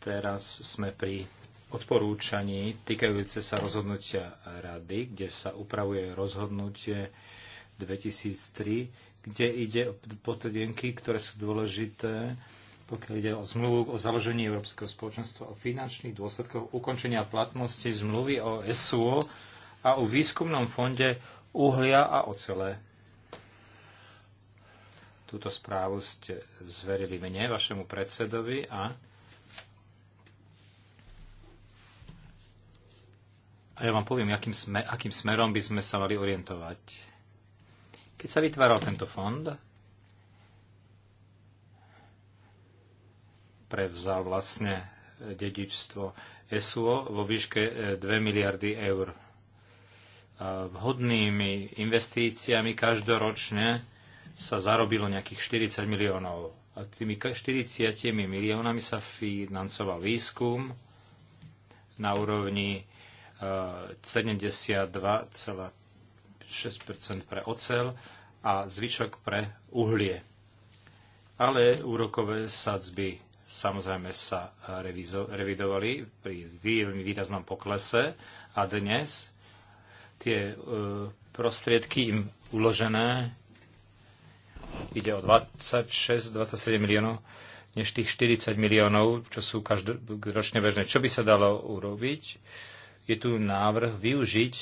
Teraz sme pri odporúčaní týkajúce sa rozhodnutia rady, kde sa upravuje rozhodnutie 2003, kde ide o podmienky, ktoré sú dôležité, pokiaľ ide o zmluvu o založení Európskeho spoločenstva o finančných dôsledkoch ukončenia platnosti zmluvy o SUO a o výskumnom fonde uhlia a ocele. Túto správu ste zverili mne, vašemu predsedovi a A ja vám poviem, akým, smer, akým smerom by sme sa mali orientovať. Keď sa vytváral tento fond, prevzal vlastne e, dedičstvo SUO vo výške 2 e, miliardy eur. Vhodnými investíciami každoročne sa zarobilo nejakých 40 miliónov. A tými 40 miliónami sa financoval výskum na úrovni 72,6 e, pre ocel a zvyšok pre uhlie. Ale úrokové sadzby samozrejme sa e, revidovali pri veľmi výraznom poklese a dnes tie e, prostriedky im uložené Ide o 26-27 miliónov, než tých 40 miliónov, čo sú každoročne bežné. Čo by sa dalo urobiť? Je tu návrh využiť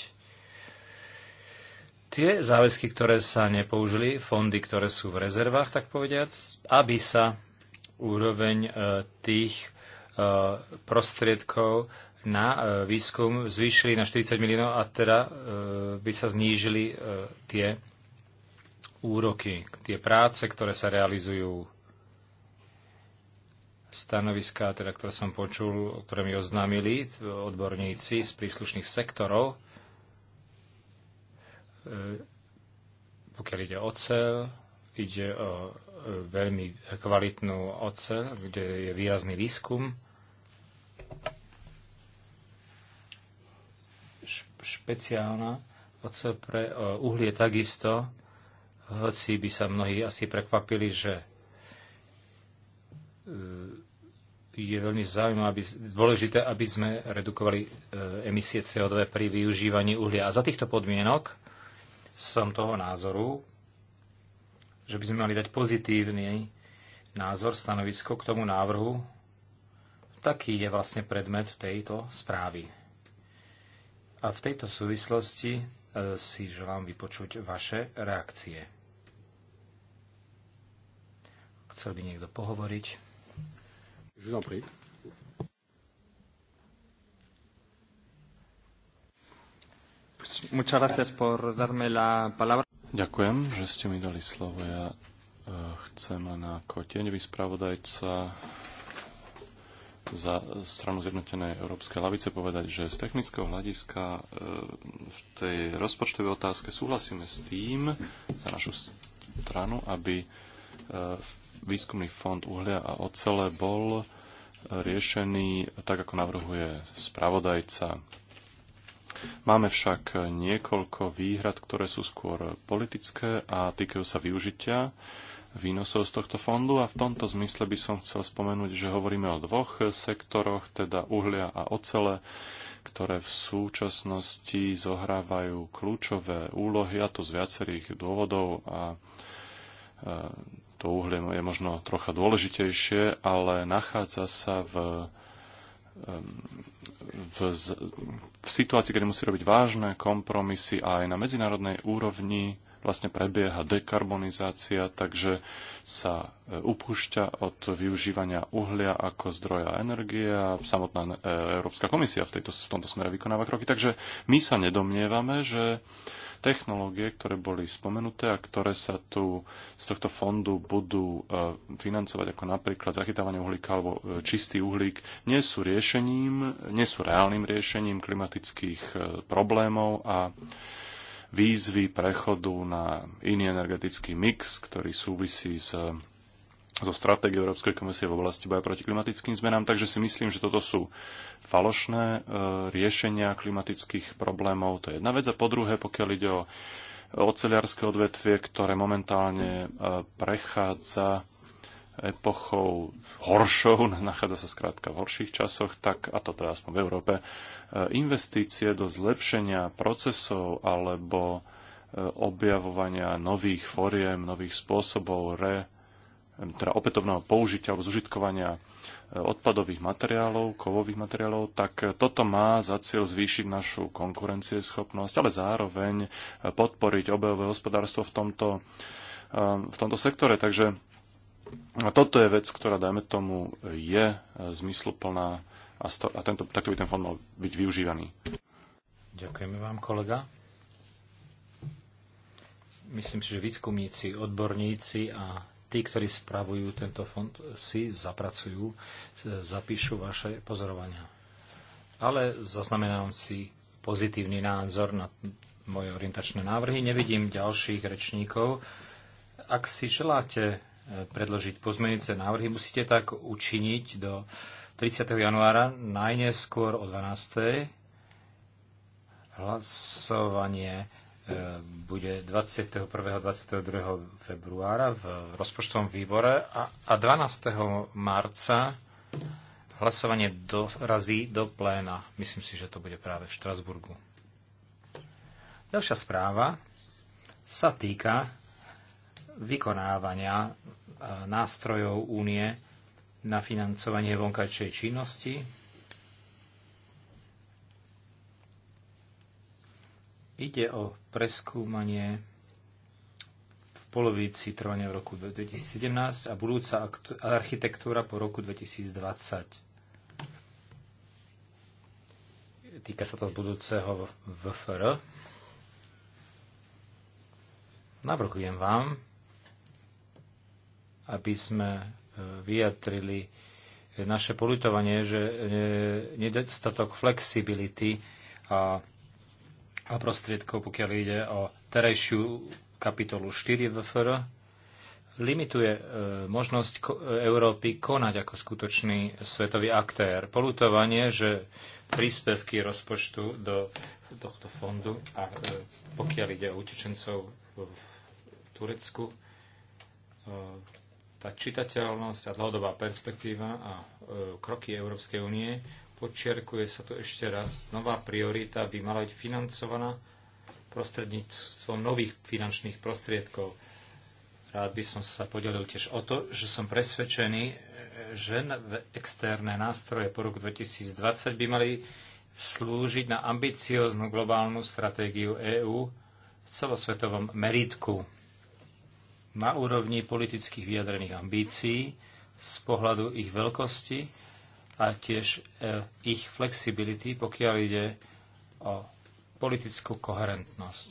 tie záväzky, ktoré sa nepoužili, fondy, ktoré sú v rezervách, tak povediac, aby sa úroveň e, tých e, prostriedkov na e, výskum zvýšili na 40 miliónov a teda by sa znížili tie úroky, tie práce, ktoré sa realizujú, stanoviská, teda, ktoré som počul, ktoré mi oznámili odborníci z príslušných sektorov, e, pokiaľ ide o cel, ide o e, veľmi kvalitnú oceľ, kde je výrazný výskum. Špeciálna oceľ pre e, uhlie takisto hoci by sa mnohí asi prekvapili, že e, je veľmi zaujímavé, aby, dôležité, aby sme redukovali e, emisie CO2 pri využívaní uhlia. A za týchto podmienok som toho názoru, že by sme mali dať pozitívny názor, stanovisko k tomu návrhu. Taký je vlastne predmet tejto správy. A v tejto súvislosti e, si želám vypočuť vaše reakcie. Chcel by niekto pohovoriť? Ďakujem, že ste mi dali slovo. Ja e, chcem len ako tieňový spravodajca za stranu Zjednotenej Európskej lavice povedať, že z technického hľadiska e, v tej rozpočtovej otázke súhlasíme s tým za našu stranu, aby v e, výskumný fond uhlia a ocele bol e, riešený tak, ako navrhuje spravodajca. Máme však niekoľko výhrad, ktoré sú skôr politické a týkajú sa využitia výnosov z tohto fondu a v tomto zmysle by som chcel spomenúť, že hovoríme o dvoch sektoroch, teda uhlia a ocele, ktoré v súčasnosti zohrávajú kľúčové úlohy, a to z viacerých dôvodov a e, to uhlie je možno trocha dôležitejšie, ale nachádza sa v, v, v situácii, kedy musí robiť vážne kompromisy a aj na medzinárodnej úrovni vlastne prebieha dekarbonizácia, takže sa e, upúšťa od využívania uhlia ako zdroja energie a samotná e, Európska komisia v, tejto, v tomto smere vykonáva kroky. Takže my sa nedomnievame, že technológie, ktoré boli spomenuté a ktoré sa tu z tohto fondu budú e, financovať, ako napríklad zachytávanie uhlíka alebo e, čistý uhlík, nie sú riešením, nie sú reálnym riešením klimatických e, problémov a výzvy prechodu na iný energetický mix, ktorý súvisí s zo stratégie Európskej komisie v oblasti boja proti klimatickým zmenám. Takže si myslím, že toto sú falošné e, riešenia klimatických problémov. To je jedna vec. A po druhé, pokiaľ ide o oceliarské odvetvie, ktoré momentálne e, prechádza epochou horšou, nachádza sa skrátka v horších časoch, tak, a to teda aspoň v Európe, e, investície do zlepšenia procesov alebo objavovania nových foriem, nových spôsobov re teda opätovného použitia alebo zužitkovania e, odpadových materiálov, kovových materiálov, tak e, toto má za cieľ zvýšiť našu konkurencieschopnosť, ale zároveň e, podporiť obehové hospodárstvo v tomto, v tomto sektore. Takže toto je vec, ktorá, dajme tomu, je zmysluplná a, sto, a tento, takto by ten fond mal byť využívaný. Ďakujeme vám, kolega. Myslím si, že výskumníci, odborníci a tí, ktorí spravujú tento fond, si zapracujú, e, zapíšu vaše pozorovania. Ale zaznamenám si pozitívny názor na moje orientačné návrhy. Nevidím ďalších rečníkov. Ak si želáte e, predložiť pozmenujúce návrhy, musíte tak učiniť do 30. januára, najneskôr o 12. Hlasovanie E, bude 21. a 22. februára v rozpočtovom výbore a, a 12. marca hlasovanie dorazí do pléna. Myslím si, že to bude práve v Štrasburgu. Ďalšia správa sa týka vykonávania e, nástrojov únie na financovanie vonkajšej činnosti Ide o preskúmanie v polovici trvania v roku 2017 a budúca architektúra po roku 2020. Týka sa to budúceho VFR. Navrhujem vám, aby sme e, vyjadrili naše politovanie, že e, nedostatok flexibility a a prostriedkov, pokiaľ ide o terejšiu kapitolu 4 VFR, er, limituje e, možnosť ko- Európy konať ako skutočný svetový aktér. Polutovanie, že príspevky rozpočtu do tohto fondu a e, pokiaľ ide o utečencov v, v Turecku, e, tá čitateľnosť a dlhodobá perspektíva a e, kroky Európskej únie Počiarkuje sa tu ešte raz, nová priorita by mala byť financovaná prostredníctvom nových finančných prostriedkov. Rád by som sa podelil tiež o to, že som presvedčený, že externé nástroje po roku 2020 by mali slúžiť na ambicióznu globálnu stratégiu EÚ v celosvetovom meritku na úrovni politických vyjadrených ambícií z pohľadu ich veľkosti a tiež e, ich flexibility, pokiaľ ide o politickú koherentnosť.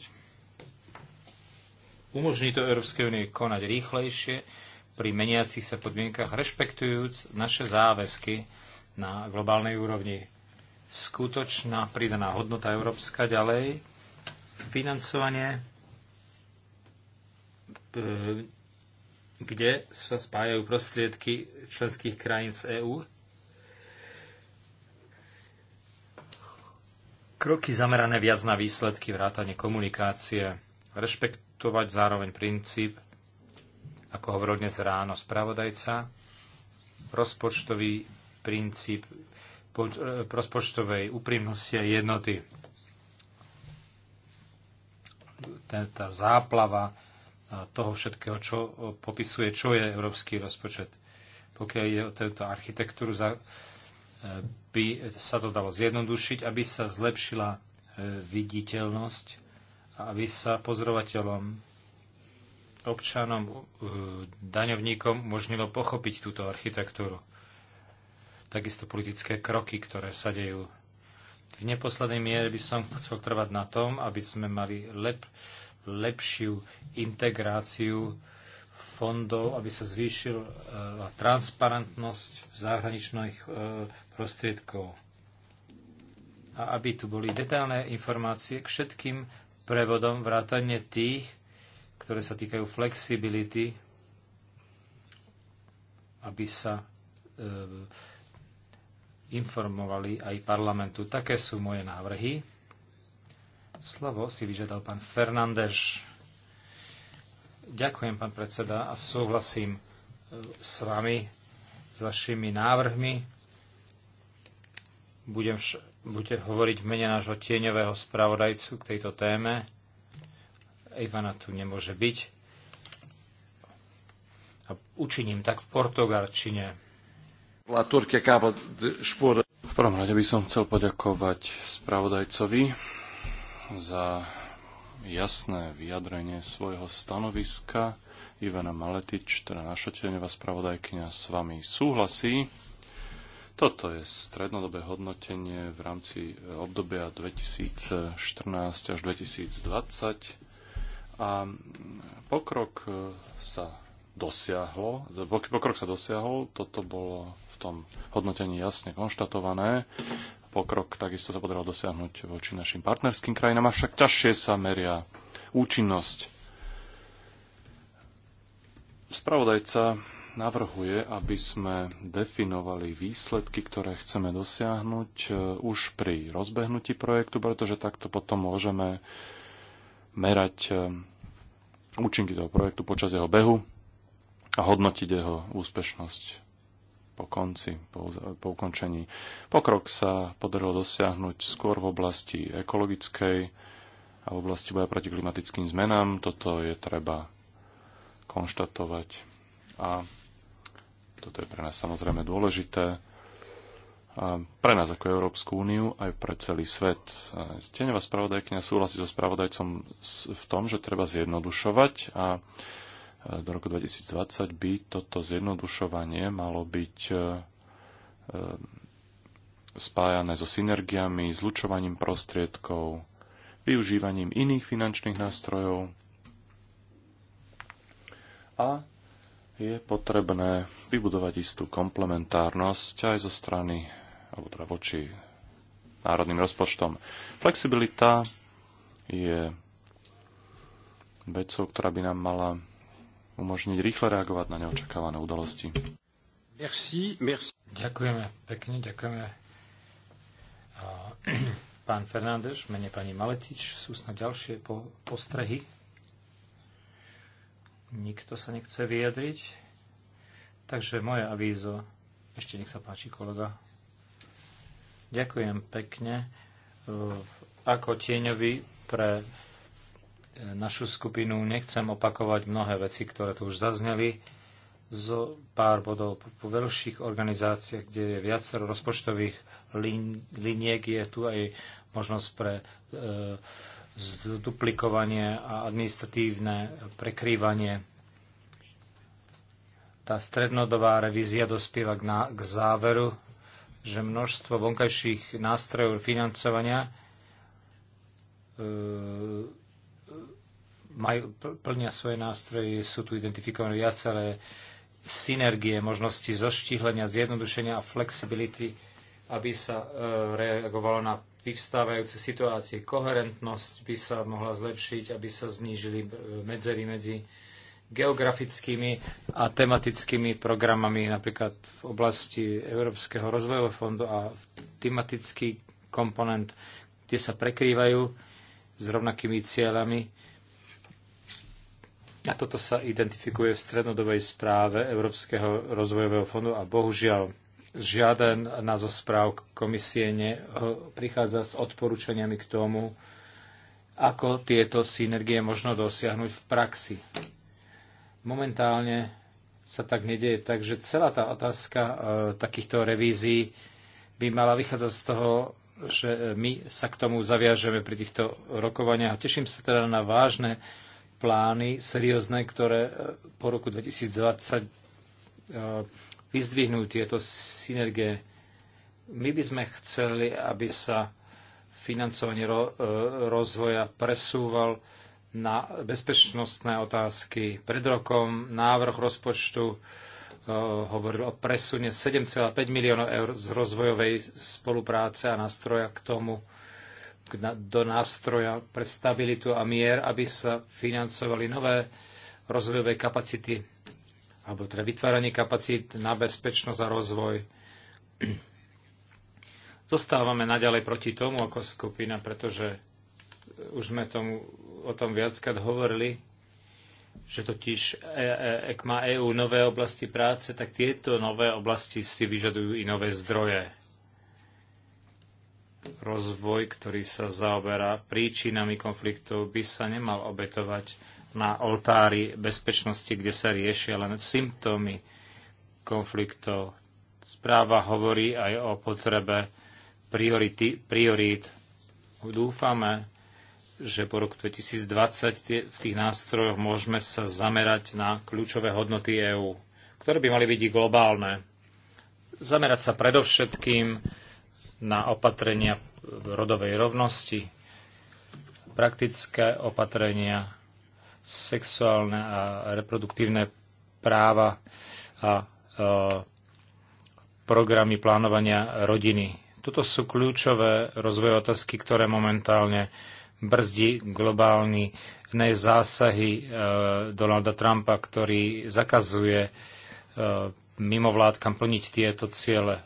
Umožní to Európskej únie konať rýchlejšie pri meniacich sa podmienkach, rešpektujúc naše záväzky na globálnej úrovni. Skutočná pridaná hodnota európska ďalej, financovanie, e, kde sa spájajú prostriedky členských krajín z EÚ Kroky zamerané viac na výsledky vrátane komunikácie, rešpektovať zároveň princíp, ako hovoril dnes ráno spravodajca, rozpočtový princíp e, rozpočtovej úprimnosti a jednoty. Tá záplava e, toho všetkého, čo e, popisuje, čo je európsky rozpočet. Pokiaľ je o tento architektúru by sa to dalo zjednodušiť, aby sa zlepšila e, viditeľnosť a aby sa pozorovateľom, občanom, e, daňovníkom umožnilo pochopiť túto architektúru. Takisto politické kroky, ktoré sa dejú. V neposlednej miere by som chcel trvať na tom, aby sme mali lep, lepšiu integráciu fondov, aby sa zvýšila e, transparentnosť v zahraničných prostriedkov. A aby tu boli detailné informácie k všetkým prevodom, vrátane tých, ktoré sa týkajú flexibility, aby sa e, informovali aj parlamentu. Také sú moje návrhy. Slovo si vyžiadal pán Fernández. Ďakujem, pán predseda, a súhlasím e, s vami, s vašimi návrhmi budem vš- bude hovoriť v mene nášho tieňového spravodajcu k tejto téme. Ivana tu nemôže byť. A učiním tak v portugalčine. V prvom rade by som chcel poďakovať spravodajcovi za jasné vyjadrenie svojho stanoviska. Ivana Maletič, teda naša tieňová spravodajkynia, s vami súhlasí toto je strednodobé hodnotenie v rámci e, obdobia 2014 až 2020 a pokrok e, sa dosiahlo, e, pokrok sa dosiahol, toto bolo v tom hodnotení jasne konštatované. Pokrok takisto sa podarilo dosiahnuť voči našim partnerským krajinám, avšak ťažšie sa meria účinnosť. Spravodajca navrhuje, aby sme definovali výsledky, ktoré chceme dosiahnuť e, už pri rozbehnutí projektu, pretože takto potom môžeme merať e, účinky toho projektu počas jeho behu a hodnotiť jeho úspešnosť po konci, po, po ukončení. Pokrok sa podarilo dosiahnuť skôr v oblasti ekologickej a v oblasti boja proti klimatickým zmenám. Toto je treba konštatovať. A toto je pre nás samozrejme dôležité. A pre nás ako Európsku úniu, aj pre celý svet. Tenevá spravodajkňa súhlasí so spravodajcom v tom, že treba zjednodušovať a e, do roku 2020 by toto zjednodušovanie malo byť e, e, spájané so synergiami, zlučovaním prostriedkov, využívaním iných finančných nástrojov a je potrebné vybudovať istú komplementárnosť aj zo strany, alebo teda voči národným rozpočtom. Flexibilita je vecou, ktorá by nám mala umožniť rýchle reagovať na neočakávané udalosti. Merci, merci. Ďakujeme pekne, ďakujeme. Pán Fernández, mene pani Maletič, sú snad ďalšie postrehy Nikto sa nechce vyjadriť. Takže moje avízo. Ešte nech sa páči, kolega. Ďakujem pekne. Eh, ako tieňovi pre eh, našu skupinu nechcem opakovať mnohé veci, ktoré tu už zazneli Z pár bodov po veľších organizáciách, kde je viacero rozpočtových liniek, je tu aj možnosť pre e, zduplikovanie a administratívne prekrývanie. Tá strednodobá revízia dospieva k, na, k záveru, že množstvo vonkajších nástrojov financovania e, majú, plnia svoje nástroje, sú tu identifikované viaceré synergie, možnosti zoštihlenia, zjednodušenia a flexibility, aby sa e, reagovalo na vyvstávajúce situácie. Koherentnosť by sa mohla zlepšiť, aby sa znížili e, medzery medzi geografickými a tematickými programami, napríklad v oblasti Európskeho rozvojového fondu a tematický komponent, kde sa prekrývajú s rovnakými cieľami. A toto sa identifikuje v strednodobej správe Európskeho rozvojového fondu a bohužiaľ Žiaden na zo správ komisie ne, eh, prichádza s odporúčaniami k tomu, ako tieto synergie možno dosiahnuť v praxi. Momentálne sa tak nedieje, takže celá tá otázka e, takýchto revízií by mala vychádzať z toho, že eh, my sa k tomu zaviažeme pri týchto rokovaniach. Teším sa teda na vážne plány, seriózne, ktoré po roku 2020 e, vyzdvihnú tieto synergie. My by sme chceli, aby sa financovanie ro- e, rozvoja presúval na bezpečnostné otázky. Pred rokom návrh rozpočtu e, hovoril o presune 7,5 miliónov eur z rozvojovej spolupráce a nástroja k tomu k na, do nástroja pre stabilitu a mier, aby sa financovali nové rozvojové kapacity alebo teda vytváranie kapacít na bezpečnosť a rozvoj. Zostávame naďalej proti tomu ako skupina, pretože už sme tomu, o tom viackrát hovorili, že totiž e e, ak má EÚ nové oblasti práce, tak tieto nové oblasti si vyžadujú i nové zdroje. Rozvoj, ktorý sa zaoberá príčinami konfliktov, by sa nemal obetovať na oltári bezpečnosti, kde sa riešia len symptómy konfliktov. Správa hovorí aj o potrebe priority, priorít. Dúfame, že po roku 2020 v tých nástrojoch môžeme sa zamerať na kľúčové hodnoty EÚ, ktoré by mali byť globálne. Zamerať sa predovšetkým na opatrenia rodovej rovnosti, praktické opatrenia sexuálne a reproduktívne práva a e, programy plánovania rodiny. Toto sú kľúčové rozvoj otázky, ktoré momentálne brzdí globálny zásahy e, Donalda Trumpa, ktorý zakazuje e, mimovládkam plniť tieto ciele.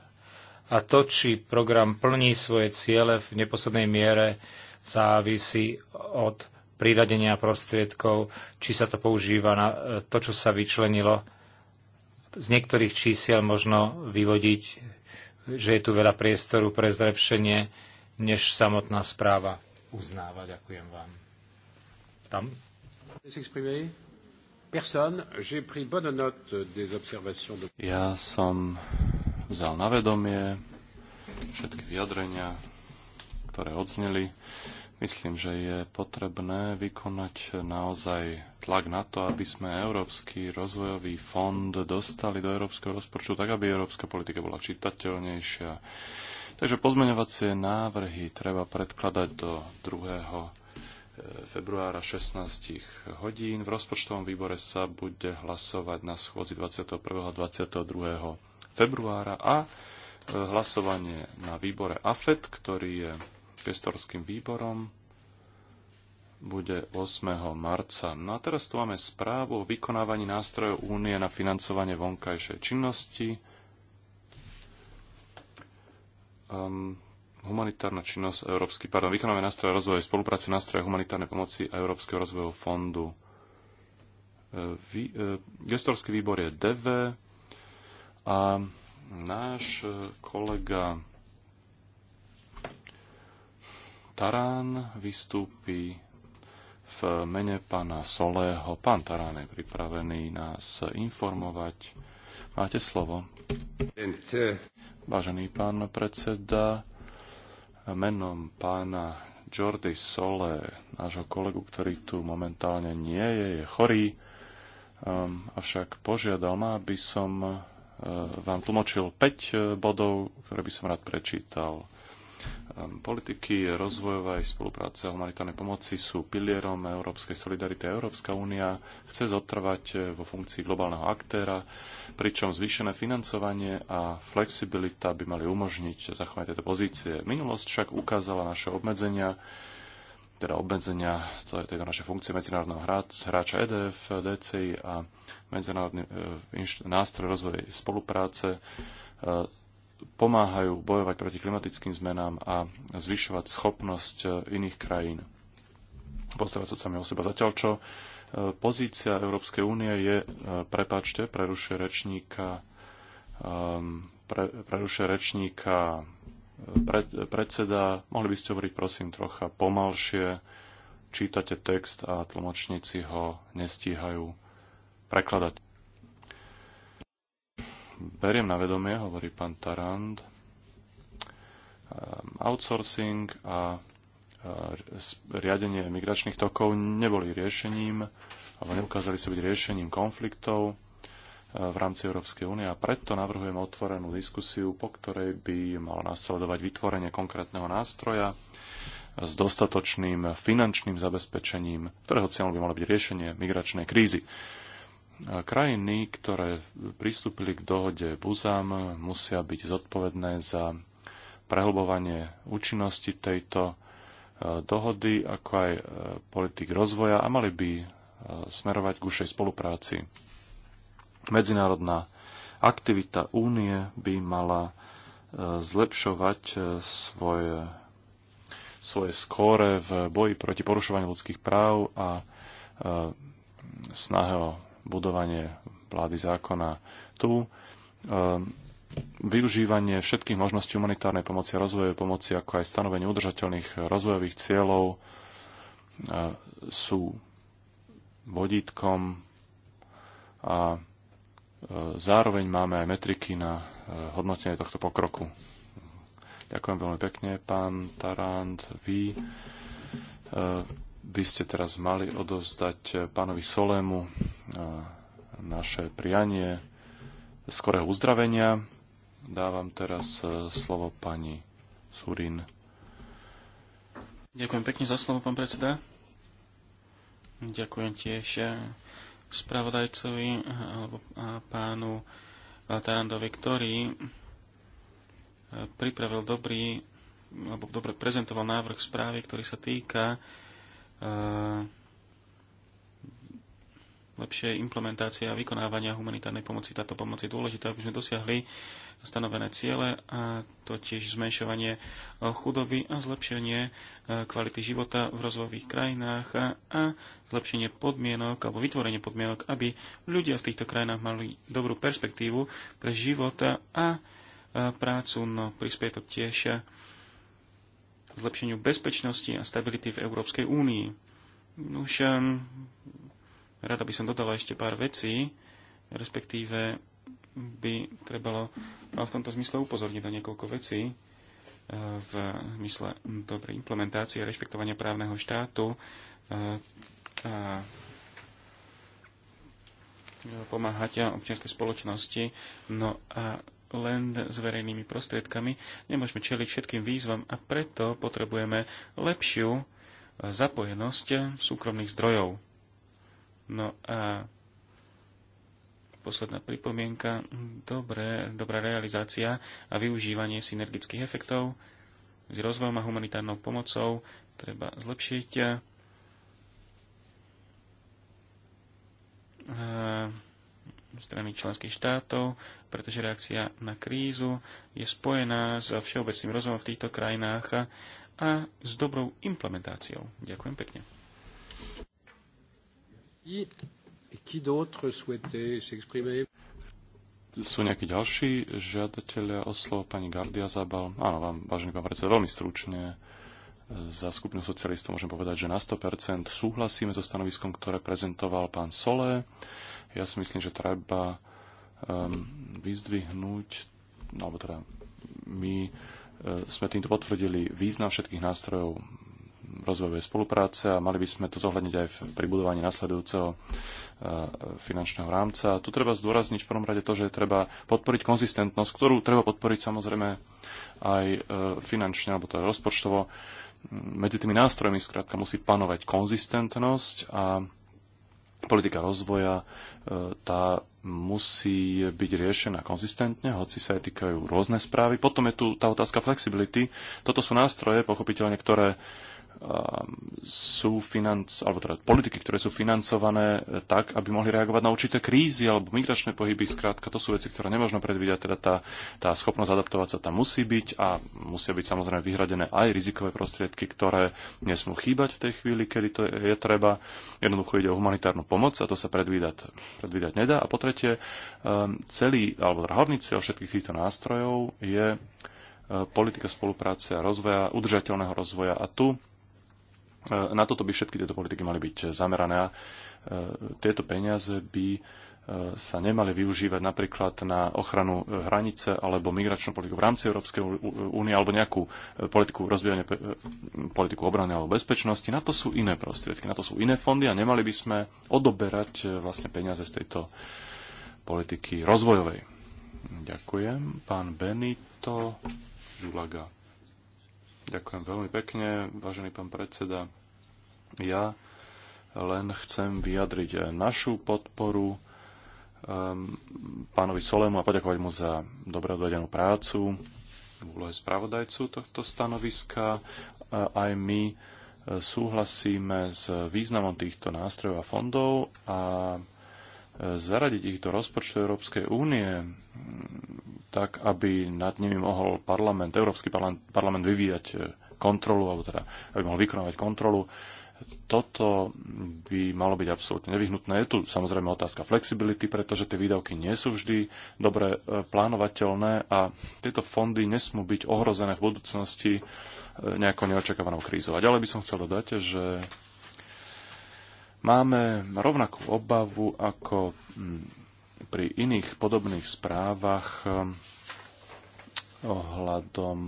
A to, či program plní svoje ciele v neposlednej miere, závisí od priradenia prostriedkov, či sa to používa na e, to, čo sa vyčlenilo. Z niektorých čísiel možno vyvodiť, že je tu veľa priestoru pre zlepšenie, než samotná správa uznáva. Ďakujem vám. Tam? Ja som vzal na vedomie všetky vyjadrenia, ktoré odzneli. Myslím, že je potrebné vykonať naozaj tlak na to, aby sme Európsky rozvojový fond dostali do európskeho rozpočtu, tak aby európska politika bola čitateľnejšia. Takže pozmeňovacie návrhy treba predkladať do 2. E, februára 16 hodín. V rozpočtovom výbore sa bude hlasovať na schôdzi 21. a 22. februára a e, hlasovanie na výbore AFET, ktorý je gestorským výborom bude 8. marca. No a teraz tu máme správu o vykonávaní nástrojov únie na financovanie vonkajšej činnosti. Um, humanitárna činnosť Európsky, pardon, vykonávanie nástroje rozvoje spolupráce nástroje humanitárnej pomoci a Európskeho rozvojového fondu. Ehm, vy, ehm, gestorský výbor je DV a náš kolega Tarán vystúpi v mene pána Solého. Pán Tarán je pripravený nás informovať. Máte slovo. Vážený pán predseda, menom pána Jordi Sole, nášho kolegu, ktorý tu momentálne nie je, je chorý, um, avšak požiadal ma, aby som uh, vám tlmočil 5 uh, bodov, ktoré by som rád prečítal. Ehm, politiky rozvojovej spolupráce a humanitárnej pomoci sú pilierom európskej solidarity. Európska únia chce zotrvať eh, vo funkcii globálneho aktéra, pričom zvýšené financovanie a flexibilita by mali umožniť zachovať tieto pozície. Minulosť však ukázala naše obmedzenia, teda obmedzenia tejto teda našej funkcie medzinárodného hráča EDF, DCI a medzinárodný eh, nástroj rozvoj spolupráce eh, pomáhajú bojovať proti klimatickým zmenám a zvyšovať schopnosť e, iných krajín postarať sa sami o seba. Zatiaľ čo e, pozícia Európskej únie je, e, prepačte, prerušuje rečníka, ehm, pre, prerušuje rečníka pred, predseda. Mohli by ste hovoriť, prosím, trocha pomalšie. Čítate text a tlmočníci ho nestíhajú prekladať. Beriem na vedomie, hovorí pán Tarand, um, outsourcing a uh, riadenie migračných tokov neboli riešením alebo neukázali sa byť riešením konfliktov uh, v rámci Európskej únie a preto navrhujem otvorenú diskusiu, po ktorej by malo nasledovať vytvorenie konkrétneho nástroja s dostatočným finančným zabezpečením, ktorého cieľom by malo byť riešenie migračnej krízy. Krajiny, ktoré pristúpili k dohode BUZAM, musia byť zodpovedné za prehlbovanie účinnosti tejto e, dohody, ako aj e, politik rozvoja a mali by e, smerovať k ušej spolupráci. Medzinárodná aktivita únie by mala zlepšovať svoje, svoje skóre v boji proti porušovaniu ľudských práv a snahe o budovanie vlády zákona tu, ehm, využívanie všetkých možností humanitárnej pomoci a rozvojovej pomoci, ako aj stanovenie udržateľných rozvojových cieľov e, sú vodítkom a e, zároveň máme aj metriky na e, hodnotenie tohto pokroku. Ďakujem veľmi pekne, pán Tarant. Vy by ste teraz mali odozdať eh, pánovi Solému eh, naše prianie skorého uzdravenia. Dávam teraz eh, slovo pani Surin. Ďakujem pekne za slovo, pán predseda. Ďakujem tiež spravodajcovi alebo pánu Tarandovi, ktorý pripravil dobrý alebo dobre prezentoval návrh správy, ktorý sa týka Eh, lepšie implementácie a vykonávania humanitárnej pomoci. Táto pomoc je dôležitá, aby sme dosiahli stanovené ciele, a totiž zmenšovanie chudoby a zlepšenie eh, kvality života v rozvojových krajinách a, a zlepšenie podmienok alebo vytvorenie podmienok, aby ľudia v týchto krajinách mali dobrú perspektívu pre života a prácu. No, prispieje to tiež eh, zlepšeniu bezpečnosti a stability v Európskej únii. Už ehm, rada by som dodala ešte pár vecí, respektíve by trebalo v tomto zmysle upozorniť na niekoľko vecí e, v zmysle dobrej implementácie a rešpektovania právneho štátu e, a pomáhať občianskej spoločnosti. No a len s verejnými prostriedkami. Nemôžeme čeliť všetkým výzvam a preto potrebujeme lepšiu e, zapojenosť súkromných zdrojov. No a posledná pripomienka, dobré, dobrá realizácia a využívanie synergických efektov s rozvojom a humanitárnou pomocou treba zlepšiť strany členských štátov, pretože reakcia na krízu je spojená s všeobecným rozvojom v týchto krajinách a s dobrou implementáciou. Ďakujem pekne. Sú nejakí ďalší žiadatelia o slovo pani Gardia Zabal? Áno, vám, vážený pán predseda, veľmi stručne za skupinu socialistov môžem povedať, že na 100% súhlasíme so stanoviskom, ktoré prezentoval pán Solé. Ja si myslím, že treba um, vyzdvihnúť, no, alebo teda my e, sme týmto potvrdili význam všetkých nástrojov rozvojovej spolupráce a mali by sme to zohľadniť aj v pribudovaní nasledujúceho e, finančného rámca. Tu treba zdôrazniť v prvom rade to, že treba podporiť konzistentnosť, ktorú treba podporiť samozrejme aj e, finančne, alebo to rozpočtovo. Medzi tými nástrojmi skrátka musí panovať konzistentnosť a politika rozvoja, e, tá musí byť riešená konzistentne, hoci sa týkajú rôzne správy. Potom je tu tá otázka flexibility. Toto sú nástroje, pochopiteľne, ktoré Ehm, sú financ, alebo teda politiky, ktoré sú financované eh, tak, aby mohli reagovať na určité krízy alebo migračné pohyby. Skrátka, to sú veci, ktoré nemôžno predvídať. Teda tá, tá schopnosť adaptovať sa tam musí byť a musia byť samozrejme vyhradené aj rizikové prostriedky, ktoré nesmú chýbať v tej chvíli, kedy to je treba. Jednoducho ide o humanitárnu pomoc a to sa predvídať, predvídať nedá. A po tretie, ehm, celý, alebo teda hlavný cieľ všetkých týchto nástrojov je eh, politika spolupráce a rozvoja, udržateľného rozvoja. A tu na toto by všetky tieto politiky mali byť zamerané a e, tieto peniaze by e, sa nemali využívať napríklad na ochranu hranice alebo migračnú politiku v rámci Európskej únie alebo nejakú e, politiku rozvíjania, politiku obrany alebo bezpečnosti. Na to sú iné prostriedky, na to sú iné fondy a nemali by sme odoberať vlastne peniaze z tejto politiky rozvojovej. Ďakujem. Pán Benito Zulaga. Ďakujem veľmi pekne, vážený pán predseda. Ja len chcem vyjadriť našu podporu um, pánovi Solemu a poďakovať mu za dobre odvedenú prácu v úlohe spravodajcu tohto stanoviska. Aj my e, súhlasíme s významom týchto nástrojov a fondov a zaradiť ich do rozpočtu Európskej únie, mm, tak aby nad nimi mohol parlament, Európsky parlament, parlament vyvíjať e, kontrolu, alebo teda, aby mohol vykonávať kontrolu. Toto by malo byť absolútne nevyhnutné. Je tu samozrejme otázka flexibility, pretože tie výdavky nie sú vždy dobre e, plánovateľné a tieto fondy nesmú byť ohrozené v budúcnosti e, nejakou neočakávanou krízou. A ďalej by som chcel dodať, že Máme rovnakú obavu ako mm, pri iných podobných správach mm, ohľadom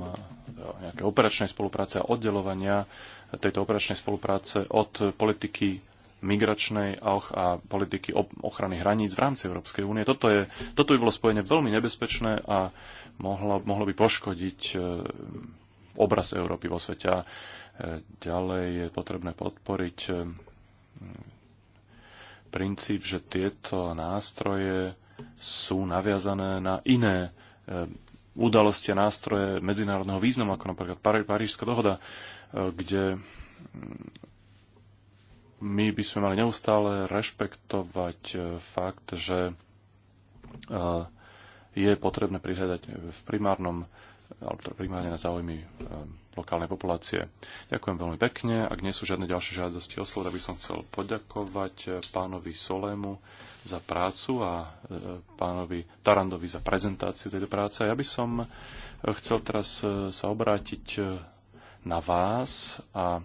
nejakej operačnej spolupráce a oddelovania tejto operačnej spolupráce od politiky migračnej a politiky ochrany hraníc v rámci Európskej únie. Toto, je, toto by bolo spojenie veľmi nebezpečné a mohlo, mohlo by poškodiť e, obraz Európy vo svete. A e, ďalej je potrebné podporiť e, princíp, že tieto nástroje sú naviazané na iné eh, udalosti a nástroje medzinárodného významu, ako napríklad Parížská dohoda, eh, kde mm, my by sme mali neustále rešpektovať eh, fakt, že je potrebné prihľadať v primárnom, alebo teda primárne na záujmy lokálnej populácie. Ďakujem veľmi pekne. Ak nie sú žiadne ďalšie žiadosti o slovo, tak by som chcel poďakovať eh, pánovi Solému za prácu a eh, pánovi Tarandovi za prezentáciu tejto práce. Ja by som eh, chcel teraz sa obrátiť na vás a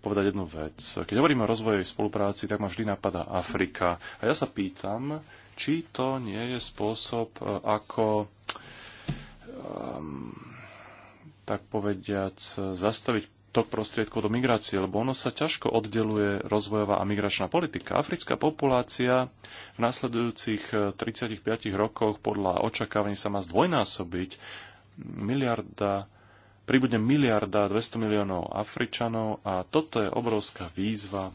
povedať jednu vec. Keď hovoríme o rozvojovej spolupráci, tak ma vždy napadá Afrika. A ja sa pýtam, či to nie je spôsob, ako um, tak povediac, zastaviť tok prostriedkov do migrácie, lebo ono sa ťažko oddeluje rozvojová a migračná politika. Africká populácia v nasledujúcich 35 eh, rokoch podľa očakávaní sa má zdvojnásobiť. Miliarda, príbude miliarda 200 miliónov Afričanov a toto je obrovská výzva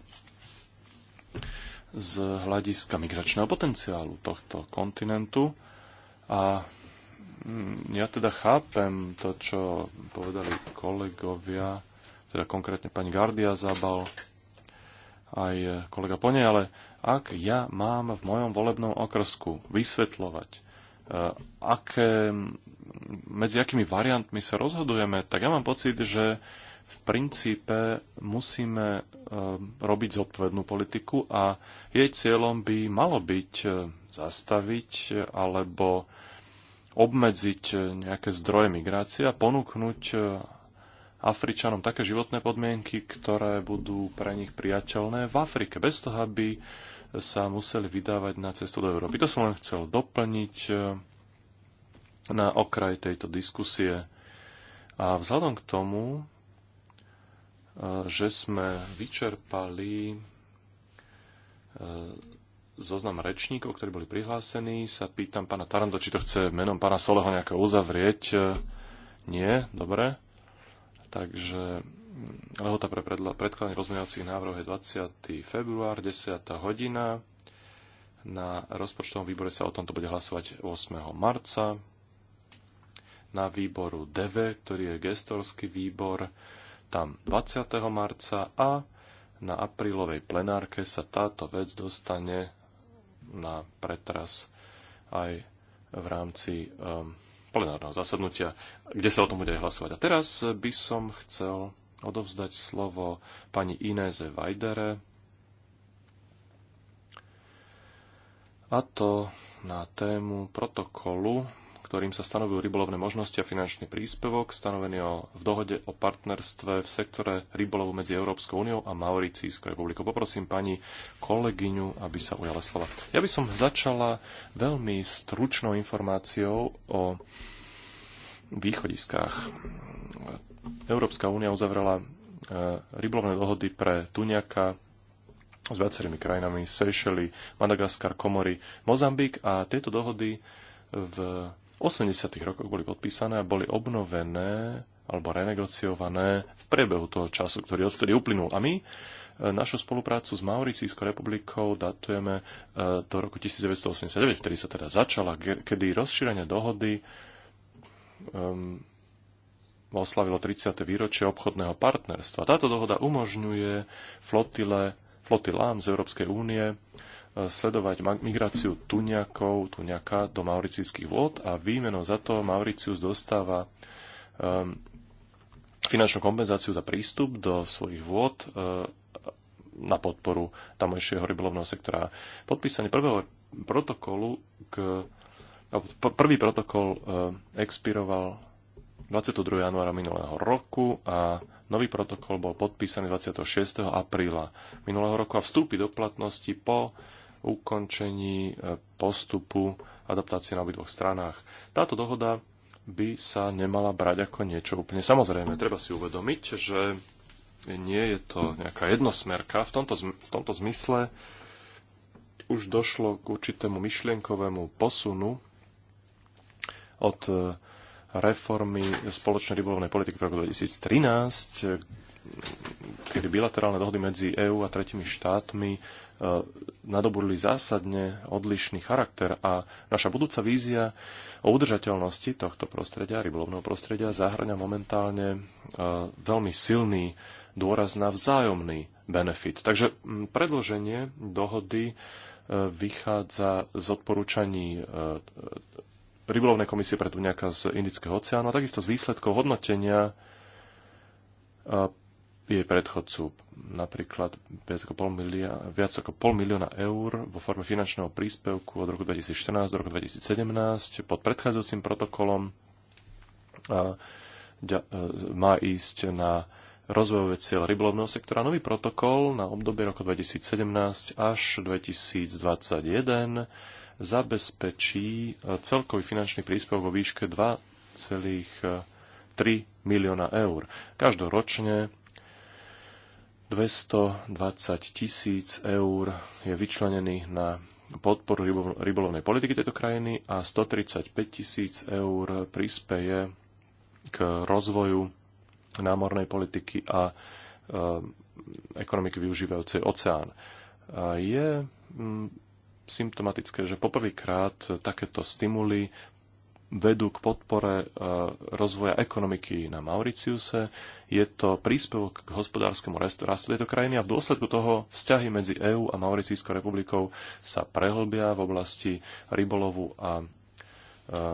z hľadiska migračného potenciálu tohto kontinentu. A Mm, ja teda chápem to, čo povedali kolegovia, teda konkrétne pani Gardia Zabal, aj kolega po nej, ale ak ja mám v mojom volebnom okrsku vysvetľovať, e, aké, medzi akými variantmi sa rozhodujeme, tak ja mám pocit, že v princípe musíme e, robiť zodpovednú politiku a jej cieľom by malo byť e, zastaviť alebo obmedziť e, nejaké zdroje migrácie a ponúknuť e, Afričanom také životné podmienky, ktoré budú pre nich priateľné v Afrike, bez toho, aby sa museli vydávať na cestu do Európy. To som len chcel doplniť e, na okraj tejto diskusie. A vzhľadom k tomu, že sme vyčerpali zoznam rečníkov, ktorí boli prihlásení. Sa pýtam pána Tarando, či to chce menom pána Soleho nejako uzavrieť. E, nie, dobre. Takže mm, lehota pre predkladanie rozmeňovacích návrhov je 20. február, 10. hodina. Na rozpočtovom výbore sa o tomto bude hlasovať 8. marca. Na výboru DV, ktorý je gestorský výbor, tam 20. marca a na aprílovej plenárke sa táto vec dostane na pretras aj v rámci ehm, plenárneho zasadnutia, kde sa o tom bude aj hlasovať. A teraz by som chcel odovzdať slovo pani Inéze Vajdere, a to na tému protokolu ktorým sa stanovujú rybolovné možnosti a finančný príspevok stanovený o, v dohode o partnerstve v sektore rybolovu medzi Európskou úniou a Mauricijskou republikou. Poprosím pani kolegyňu, aby sa ujala slova. Ja by som začala veľmi stručnou informáciou o východiskách. Európska únia uzavrela e, rybolovné dohody pre Tuniaka, s viacerými krajinami, Seychely, Madagaskar, Komory, Mozambik a tieto dohody v 80. rokoch boli podpísané a boli obnovené alebo renegociované v priebehu toho času, ktorý odvtedy uplynul. A my e, našu spoluprácu s Mauricijskou republikou datujeme e, do roku 1989, vtedy sa teda začala, kedy rozšírenie dohody um, oslavilo 30. výročie obchodného partnerstva. Táto dohoda umožňuje flotile, flotilám z Európskej únie sledovať migráciu tuňakov, tuňaka do mauricijských vôd a výmenou za to Mauricius dostáva um, finančnú kompenzáciu za prístup do svojich vôd ehm, na podporu tamojšieho rybolovného sektora. Podpísanie prvého protokolu k Prvý protokol ehm, expiroval 22. januára minulého roku a nový protokol bol podpísaný 26. apríla minulého roku a vstúpi do platnosti po ukončení e, postupu adaptácie na obidvoch stranách. Táto dohoda by sa nemala brať ako niečo úplne samozrejme. Treba si uvedomiť, že nie je to nejaká jednosmerka. V tomto, v tomto zmysle už došlo k určitému myšlienkovému posunu od e, reformy spoločnej rybolovnej politiky v roku 2013, kedy bilaterálne dohody medzi EÚ a tretimi štátmi E, nadobudli zásadne odlišný charakter a naša budúca vízia o udržateľnosti tohto prostredia, rybolovného prostredia, zahrňa momentálne e, veľmi silný dôraz na vzájomný benefit. Takže predloženie dohody e, vychádza z odporúčaní rybolovnej komisie pre Duňaka z Indického oceánu a takisto z výsledkov hodnotenia jej predchodcu napríklad viac ako, pol milióna, viac ako pol milióna eur vo forme finančného príspevku od roku 2014 do roku 2017 pod predchádzajúcim protokolom a, ďa, e, má ísť na rozvojové cieľ rybolovného sektora. Nový protokol na obdobie roku 2017 až 2021 zabezpečí e, celkový finančný príspevok vo výške 2,3 e, milióna eur. Každoročne 220 tisíc eur je vyčlenených na podporu rybolovnej politiky tejto krajiny a 135 tisíc eur prispeje k rozvoju námornej politiky a e, ekonomiky využívajúcej oceán. A je mm, symptomatické, že poprvýkrát takéto stimuly vedú k podpore e, rozvoja ekonomiky na Mauriciuse. Je to príspevok k hospodárskemu rastu tejto krajiny a v dôsledku toho vzťahy medzi EÚ a Mauricijskou republikou sa prehlbia v oblasti rybolovu a e,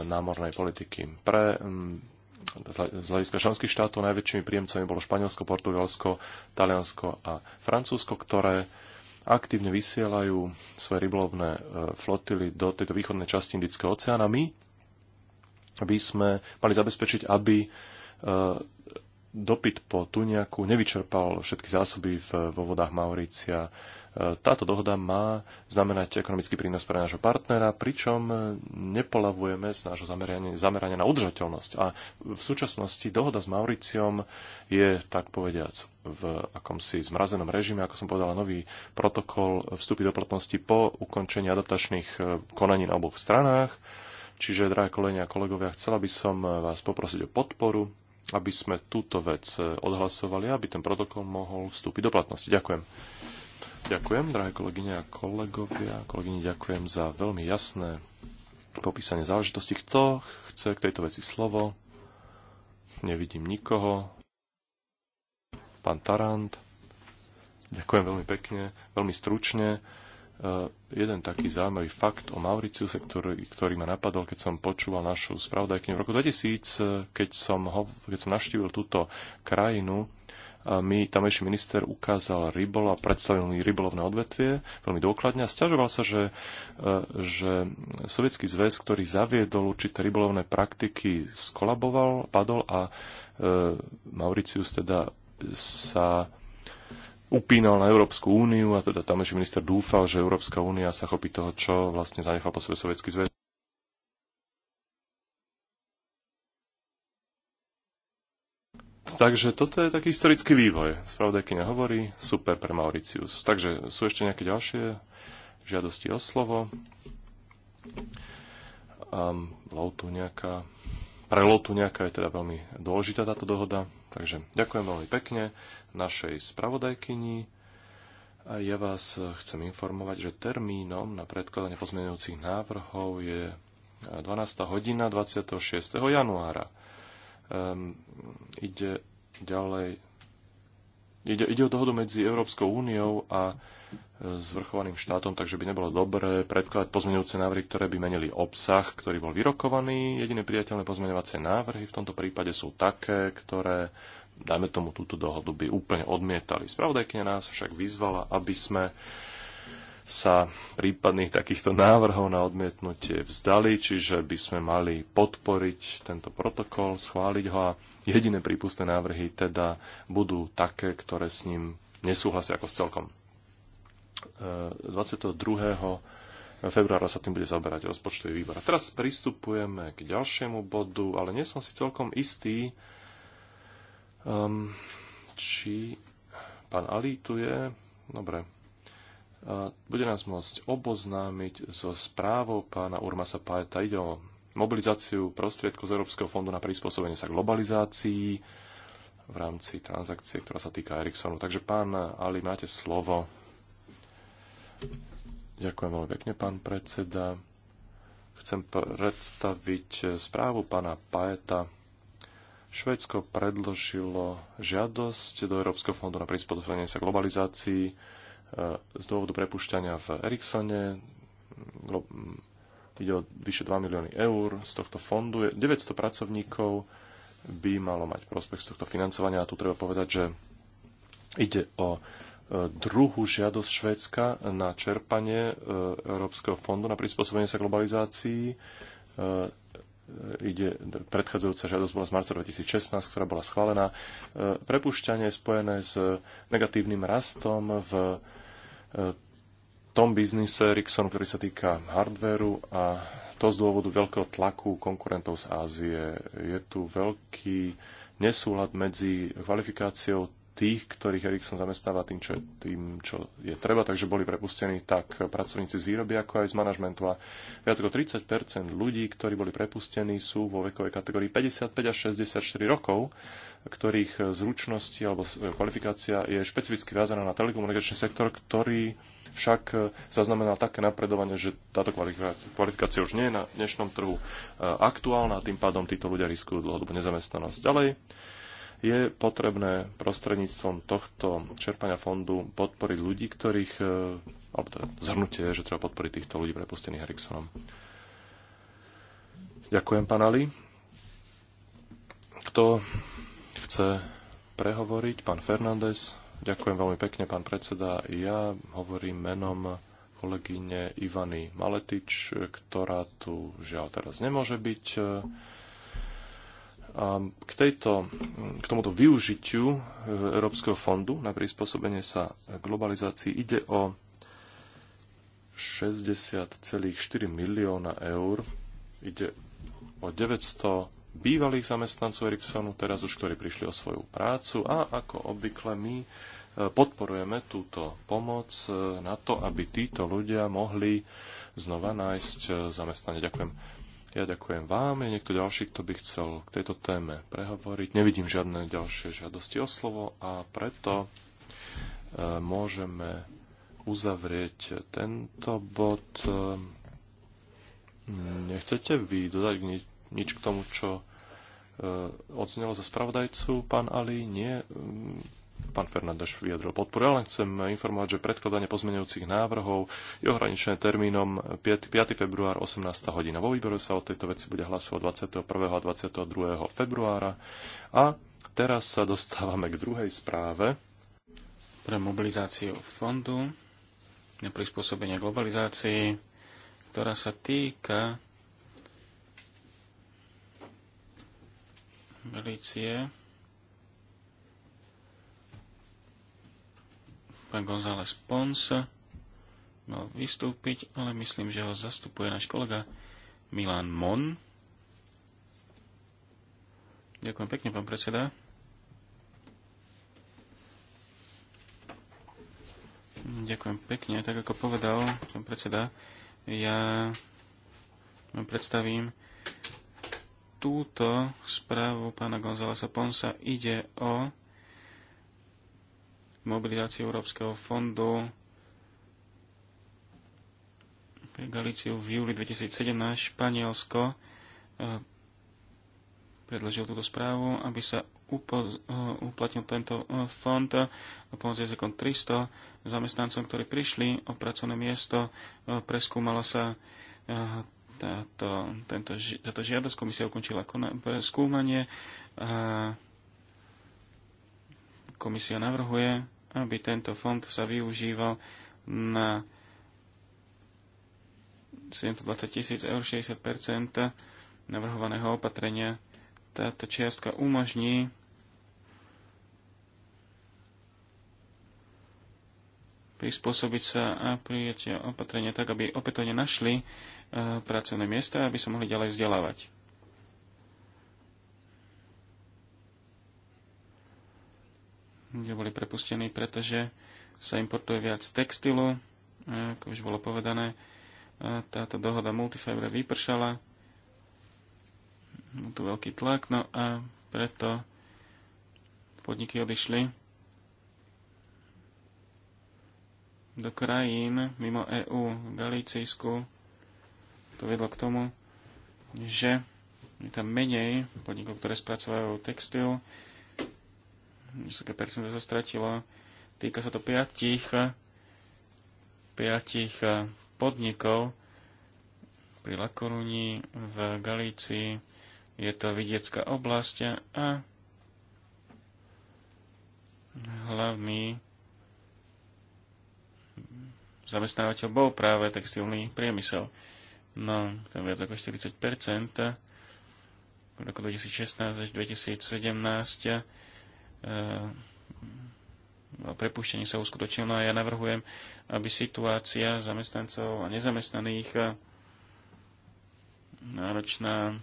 námornej politiky. Pre z hľadiska členských štátov najväčšími príjemcami bolo Španielsko, Portugalsko, Taliansko a Francúzsko, ktoré aktívne vysielajú svoje rybolovné e, flotily do tejto východnej časti Indického oceána. My by sme mali zabezpečiť, aby e, dopyt po tuniaku nevyčerpal všetky zásoby v, vo vodách Maurícia. E, táto dohoda má znamenať ekonomický prínos pre nášho partnera, pričom e, nepolavujeme z nášho zamerania, zamerania na udržateľnosť. A v súčasnosti dohoda s Mauriciom je, tak povediac, v akomsi zmrazenom režime, ako som povedala, nový protokol vstupy do platnosti po ukončení adaptačných konaní na oboch stranách Čiže, drahé kolegyne a kolegovia, chcela by som vás poprosiť o podporu, aby sme túto vec odhlasovali, aby ten protokol mohol vstúpiť do platnosti. Ďakujem. Ďakujem, drahé kolegyne a kolegovia. Kolegyne, ďakujem za veľmi jasné popísanie záležitosti. Kto chce k tejto veci slovo? Nevidím nikoho. Pán Tarant. Ďakujem veľmi pekne, veľmi stručne. Eh, jeden taký zaujímavý fakt o Mauriciuse, ktorý, ktorý ma napadol, keď som počúval našu spravodajkyňu. V roku 2000, eh, keď som, ho, keď som naštívil túto krajinu, eh, mi tamejší minister ukázal rybol a predstavil mi rybolovné odvetvie veľmi dôkladne a stiažoval sa, že, že sovietský zväz, ktorý zaviedol určité rybolovné praktiky, skolaboval, padol a e, Mauricius teda sa upínal na Európsku úniu a teda tam že minister dúfal, že Európska únia sa chopí toho, čo vlastne zanechal po sebe Sovjetský zväz. Takže toto je taký historický vývoj. Spravodajkyňa hovorí, super pre Mauricius. Takže sú ešte nejaké ďalšie žiadosti o slovo. Um, lotu nejaká, pre lotu nejaká je teda veľmi dôležitá táto dohoda. Takže ďakujem veľmi pekne našej spravodajkyni. A ja vás chcem informovať, že termínom na predkladanie pozmeňujúcich návrhov je 12. hodina 26. januára. Um, ide ďalej. Ide, ide o dohodu medzi Európskou úniou a e, zvrchovaným štátom, takže by nebolo dobré predkladať pozmeňujúce návrhy, ktoré by menili obsah, ktorý bol vyrokovaný. Jediné priateľné pozmeňovacie návrhy v tomto prípade sú také, ktoré dajme tomu túto dohodu, by úplne odmietali. Spravodajkňa nás však vyzvala, aby sme sa prípadných takýchto návrhov na odmietnutie vzdali, čiže by sme mali podporiť tento protokol, schváliť ho a jediné prípustné návrhy teda budú také, ktoré s ním nesúhlasia ako s celkom. 22. E, februára sa tým bude zaoberať rozpočtový výbor. A teraz pristupujeme k ďalšiemu bodu, ale nie som si celkom istý, Um, či pán Ali tu je? Dobre. Bude nás môcť oboznámiť so správou pána Urmasa Paeta. Ide o mobilizáciu prostriedkov z Európskeho fondu na prispôsobenie sa globalizácii v rámci transakcie, ktorá sa týka Ericssonu. Takže pán Ali, máte slovo. Ďakujem veľmi pekne, pán predseda. Chcem predstaviť správu pána Paeta Švédsko predložilo žiadosť do Európskeho fondu na prispôsobenie sa globalizácii e, z dôvodu prepušťania v Ericssone. Mm, ide o vyše 2 milióny eur z tohto fondu. 900 pracovníkov by malo mať prospech z tohto financovania a tu treba povedať, že ide o e, druhú žiadosť Švédska na čerpanie e, Európskeho fondu na prispôsobenie sa globalizácii E, ide, predchádzajúca žiadosť bola z marca 2016, ktorá bola schválená. E, prepušťanie je spojené s negatívnym rastom v e, tom biznise Rixon, ktorý sa týka hardvéru a to z dôvodu veľkého tlaku konkurentov z Ázie. Je tu veľký nesúlad medzi kvalifikáciou tých, ktorých Ericsson zamestnáva tým čo, tým, čo je treba, takže boli prepustení tak pracovníci z výroby, ako aj z manažmentu. A viac ako 30 ľudí, ktorí boli prepustení, sú vo vekovej kategórii 55 až 64 rokov, ktorých zručnosti alebo kvalifikácia je špecificky viazaná na telekomunikačný sektor, ktorý však zaznamenal také napredovanie, že táto kvalifikácia už nie je na dnešnom trhu eh, aktuálna a tým pádom títo ľudia riskujú dlhodobú nezamestnanosť. Ďalej, je potrebné prostredníctvom tohto čerpania fondu podporiť ľudí, ktorých, e, alebo to teda zhrnutie je, že treba podporiť týchto ľudí prepustených Ericssonom. Ďakujem, pán Ali. Kto chce prehovoriť? Pán Fernández. Ďakujem veľmi pekne, pán predseda. Ja hovorím menom kolegyne Ivany Maletič, ktorá tu žiaľ teraz nemôže byť e, a k, tejto, k tomuto využitiu e, Európskeho fondu na prispôsobenie sa globalizácii ide o 60,4 milióna eur. Ide o 900 bývalých zamestnancov Ericssonu, teraz už ktorí prišli o svoju prácu a ako obvykle my e, podporujeme túto pomoc e, na to, aby títo ľudia mohli znova nájsť zamestnanie. Ďakujem. Ja ďakujem vám. Je niekto ďalší, kto by chcel k tejto téme prehovoriť? Nevidím žiadne ďalšie žiadosti o slovo a preto e, môžeme uzavrieť tento bod. E, nechcete vy dodať nič k tomu, čo e, odznelo za spravodajcu, pán Ali? Nie. Mm, pán Fernández vyjadril podporu. Ja len chcem informovať, že predkladanie pozmeňujúcich návrhov je ohraničené termínom 5. február 18. hodina. Vo výbore sa o tejto veci bude hlasovať 21. a 22. februára. A teraz sa dostávame k druhej správe. Pre mobilizáciu fondu na prispôsobenie globalizácii, ktorá sa týka milície pán González Pons mal vystúpiť, ale myslím, že ho zastupuje náš kolega Milan Mon. Ďakujem pekne, pán predseda. Ďakujem pekne. Tak ako povedal pán predseda, ja predstavím túto správu pána Gonzalesa Ponsa. Ide o mobilizáciu Európskeho fondu pre Galíciu v júli 2017 Španielsko eh, predložil túto správu, aby sa eh, uplatnil tento eh, fond a pomoc jazykom 300 zamestnancom, ktorí prišli o pracovné miesto. Preskúmala sa táto, tento, táto žiadosť, komisia ukončila skúmanie. A komisia navrhuje aby tento fond sa využíval na 720 tisíc eur 60 navrhovaného opatrenia. Táto čiastka umožní prispôsobiť sa a prijať opatrenia tak, aby opätovne našli eh, pracovné miesta, aby sa mohli ďalej vzdelávať. kde boli prepustení, pretože sa importuje viac textilu, ako už bolo povedané. E, táto dohoda Multifibre vypršala, bol tu veľký tlak, no a preto podniky odišli do krajín mimo EÚ, Galicijsku. To vedlo k tomu, že je tam menej podnikov, ktoré spracovajú textil, vysoké percento sa stratilo. Týka sa to piatich, piatich eh, podnikov pri Lakoruni v Galícii. Je to vidiecká oblasť a hlavný zamestnávateľ bol práve textilný priemysel. No, to je viac ako 40 v roku 2016 až 2017 Eh, no, prepuštenie sa uskutočnilo. No a ja navrhujem, aby situácia zamestnancov a nezamestnaných eh, náročná,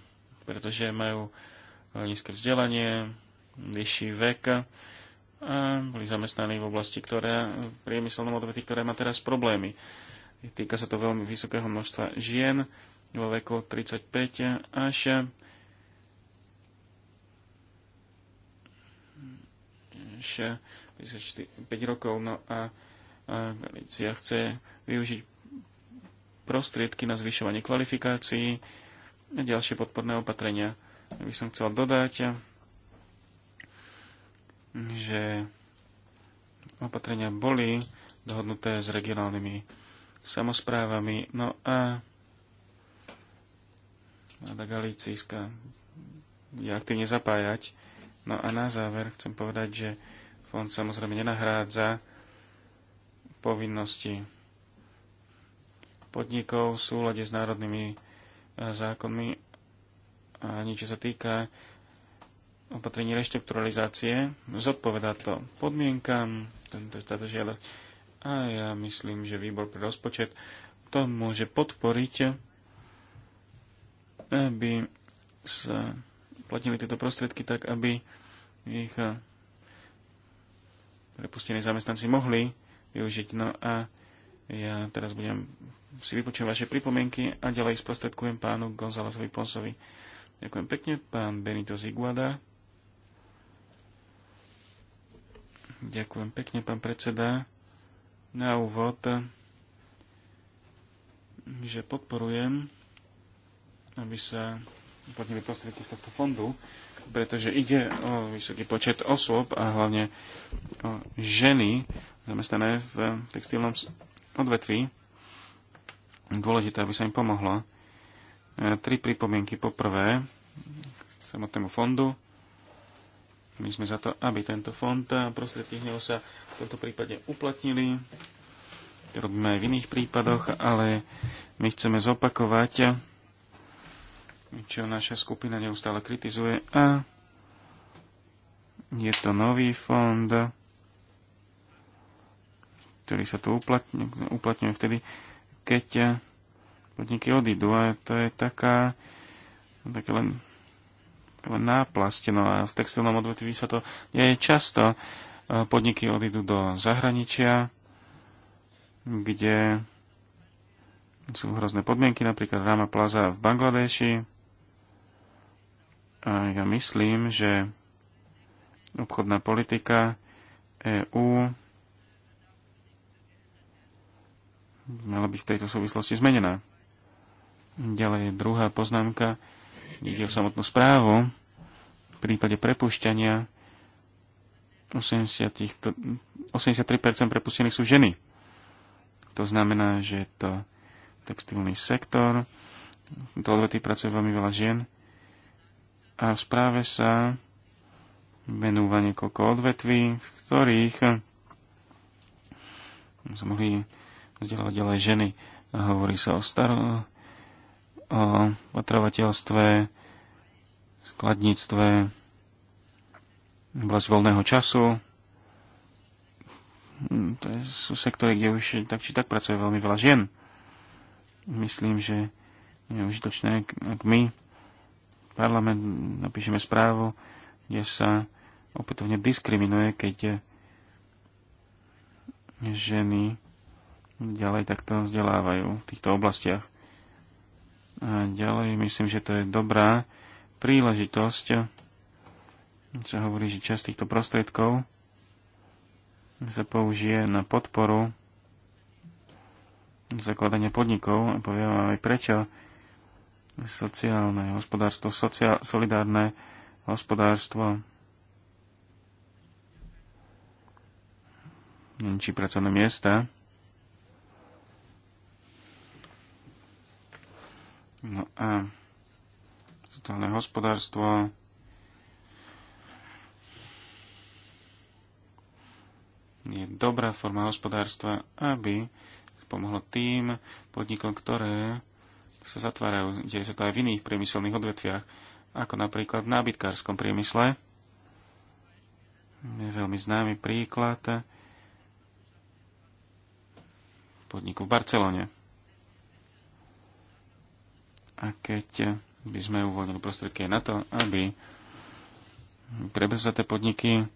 pretože majú eh, nízke vzdelanie, vyšší vek a boli zamestnaní v oblasti, ktoré, v priemyselnom odvetí, ktoré má teraz problémy. Týka sa to veľmi vysokého množstva žien vo veku 35 až 5 rokov. No a Galícia chce využiť prostriedky na zvyšovanie kvalifikácií a ďalšie podporné opatrenia. Ja by som chcel dodať, že opatrenia boli dohodnuté s regionálnymi samozprávami. No a Rada Galicíska bude aktívne zapájať No a na záver chcem povedať, že fond samozrejme nenahrádza povinnosti podnikov v súlade s národnými e, zákonmi a niečo, čo sa týka opatrení reštrukturalizácie, zodpovedá to podmienkam, tento, táto žiadosť. A ja myslím, že výbor pre rozpočet to môže podporiť, aby sa platili tieto prostriedky tak, aby ich eh, prepustení zamestnanci mohli využiť. No a ja teraz budem si vypočujem vaše pripomienky a ďalej sprostredkujem pánu Gonzalesovi Ponsovi. Ďakujem pekne, pán Benito Ziguada. Ďakujem pekne, pán predseda. Na úvod, že podporujem, aby sa uplatnili prostriedky z tohto fondu pretože ide o vysoký počet osôb a hlavne o ženy zamestnané v textilnom odvetví. Dôležité, aby sa im pomohlo. E, tri pripomienky. Poprvé, k samotnému fondu. My sme za to, aby tento fond a prostriedky hnev sa v tomto prípade uplatnili. To robíme aj v iných prípadoch, ale my chceme zopakovať čo naša skupina neustále kritizuje. A je to nový fond, ktorý sa tu uplatňuje, uplatňuje vtedy, keď podniky odídu. A to je taká, také len, len náplasť. No a v textilnom odvetví sa to je často. Podniky odídu do zahraničia, kde sú hrozné podmienky, napríklad Rama Plaza v Bangladeši, a ja myslím, že obchodná politika EÚ mala byť v tejto súvislosti zmenená. Ďalej druhá poznámka, ide o samotnú správu. V prípade prepušťania 83% prepustených sú ženy. To znamená, že to textilný sektor, to odvetí pracuje veľmi veľa žien, a v správe sa venúva niekoľko odvetví, v ktorých sa mohli vzdelávať ďalej ženy. hovorí sa o staro, o potravateľstve, skladníctve, oblasť voľného času. To sú sektory, kde už tak či tak pracuje veľmi veľa žien. Myslím, že je užitočné, ak my parlament napíšeme správu, kde sa opätovne diskriminuje, keď ženy ďalej takto vzdelávajú v týchto oblastiach. A ďalej myslím, že to je dobrá príležitosť. Sa hovorí, že časť týchto prostriedkov sa použije na podporu zakladania podnikov a poviem vám aj prečo sociálne hospodárstvo, sociál, solidárne hospodárstvo, či pracovné miesta. No a sociálne hospodárstvo je dobrá forma hospodárstva, aby pomohlo tým podnikom, ktoré sa zatvárajú. Deje sa to aj v iných priemyselných odvetviach, ako napríklad v nábytkárskom priemysle. Je veľmi známy príklad podniku v Barcelone. A keď by sme uvoľnili prostriedky na to, aby prebrzaté podniky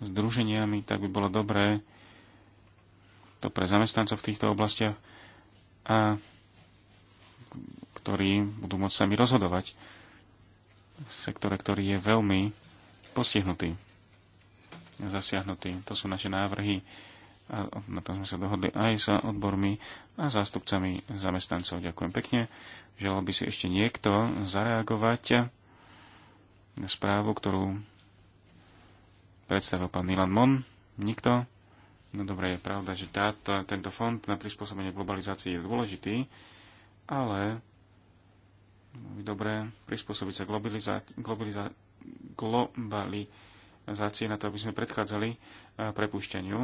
s druženiami, tak by bolo dobré to pre zamestnancov v týchto oblastiach a ktorí budú môcť sami rozhodovať v sektore, ktorý je veľmi postihnutý, zasiahnutý. To sú naše návrhy a na tom sme sa dohodli aj s odbormi a zástupcami zamestnancov. Ďakujem pekne. Želal by si ešte niekto zareagovať na správu, ktorú predstavil pán Milan Mon. Nikto? No dobre, je pravda, že táto, tento fond na prispôsobenie globalizácii je dôležitý, ale dobré prispôsobiť sa globaliza- globaliza- globalizácii na to, aby sme predchádzali e, prepušťaniu.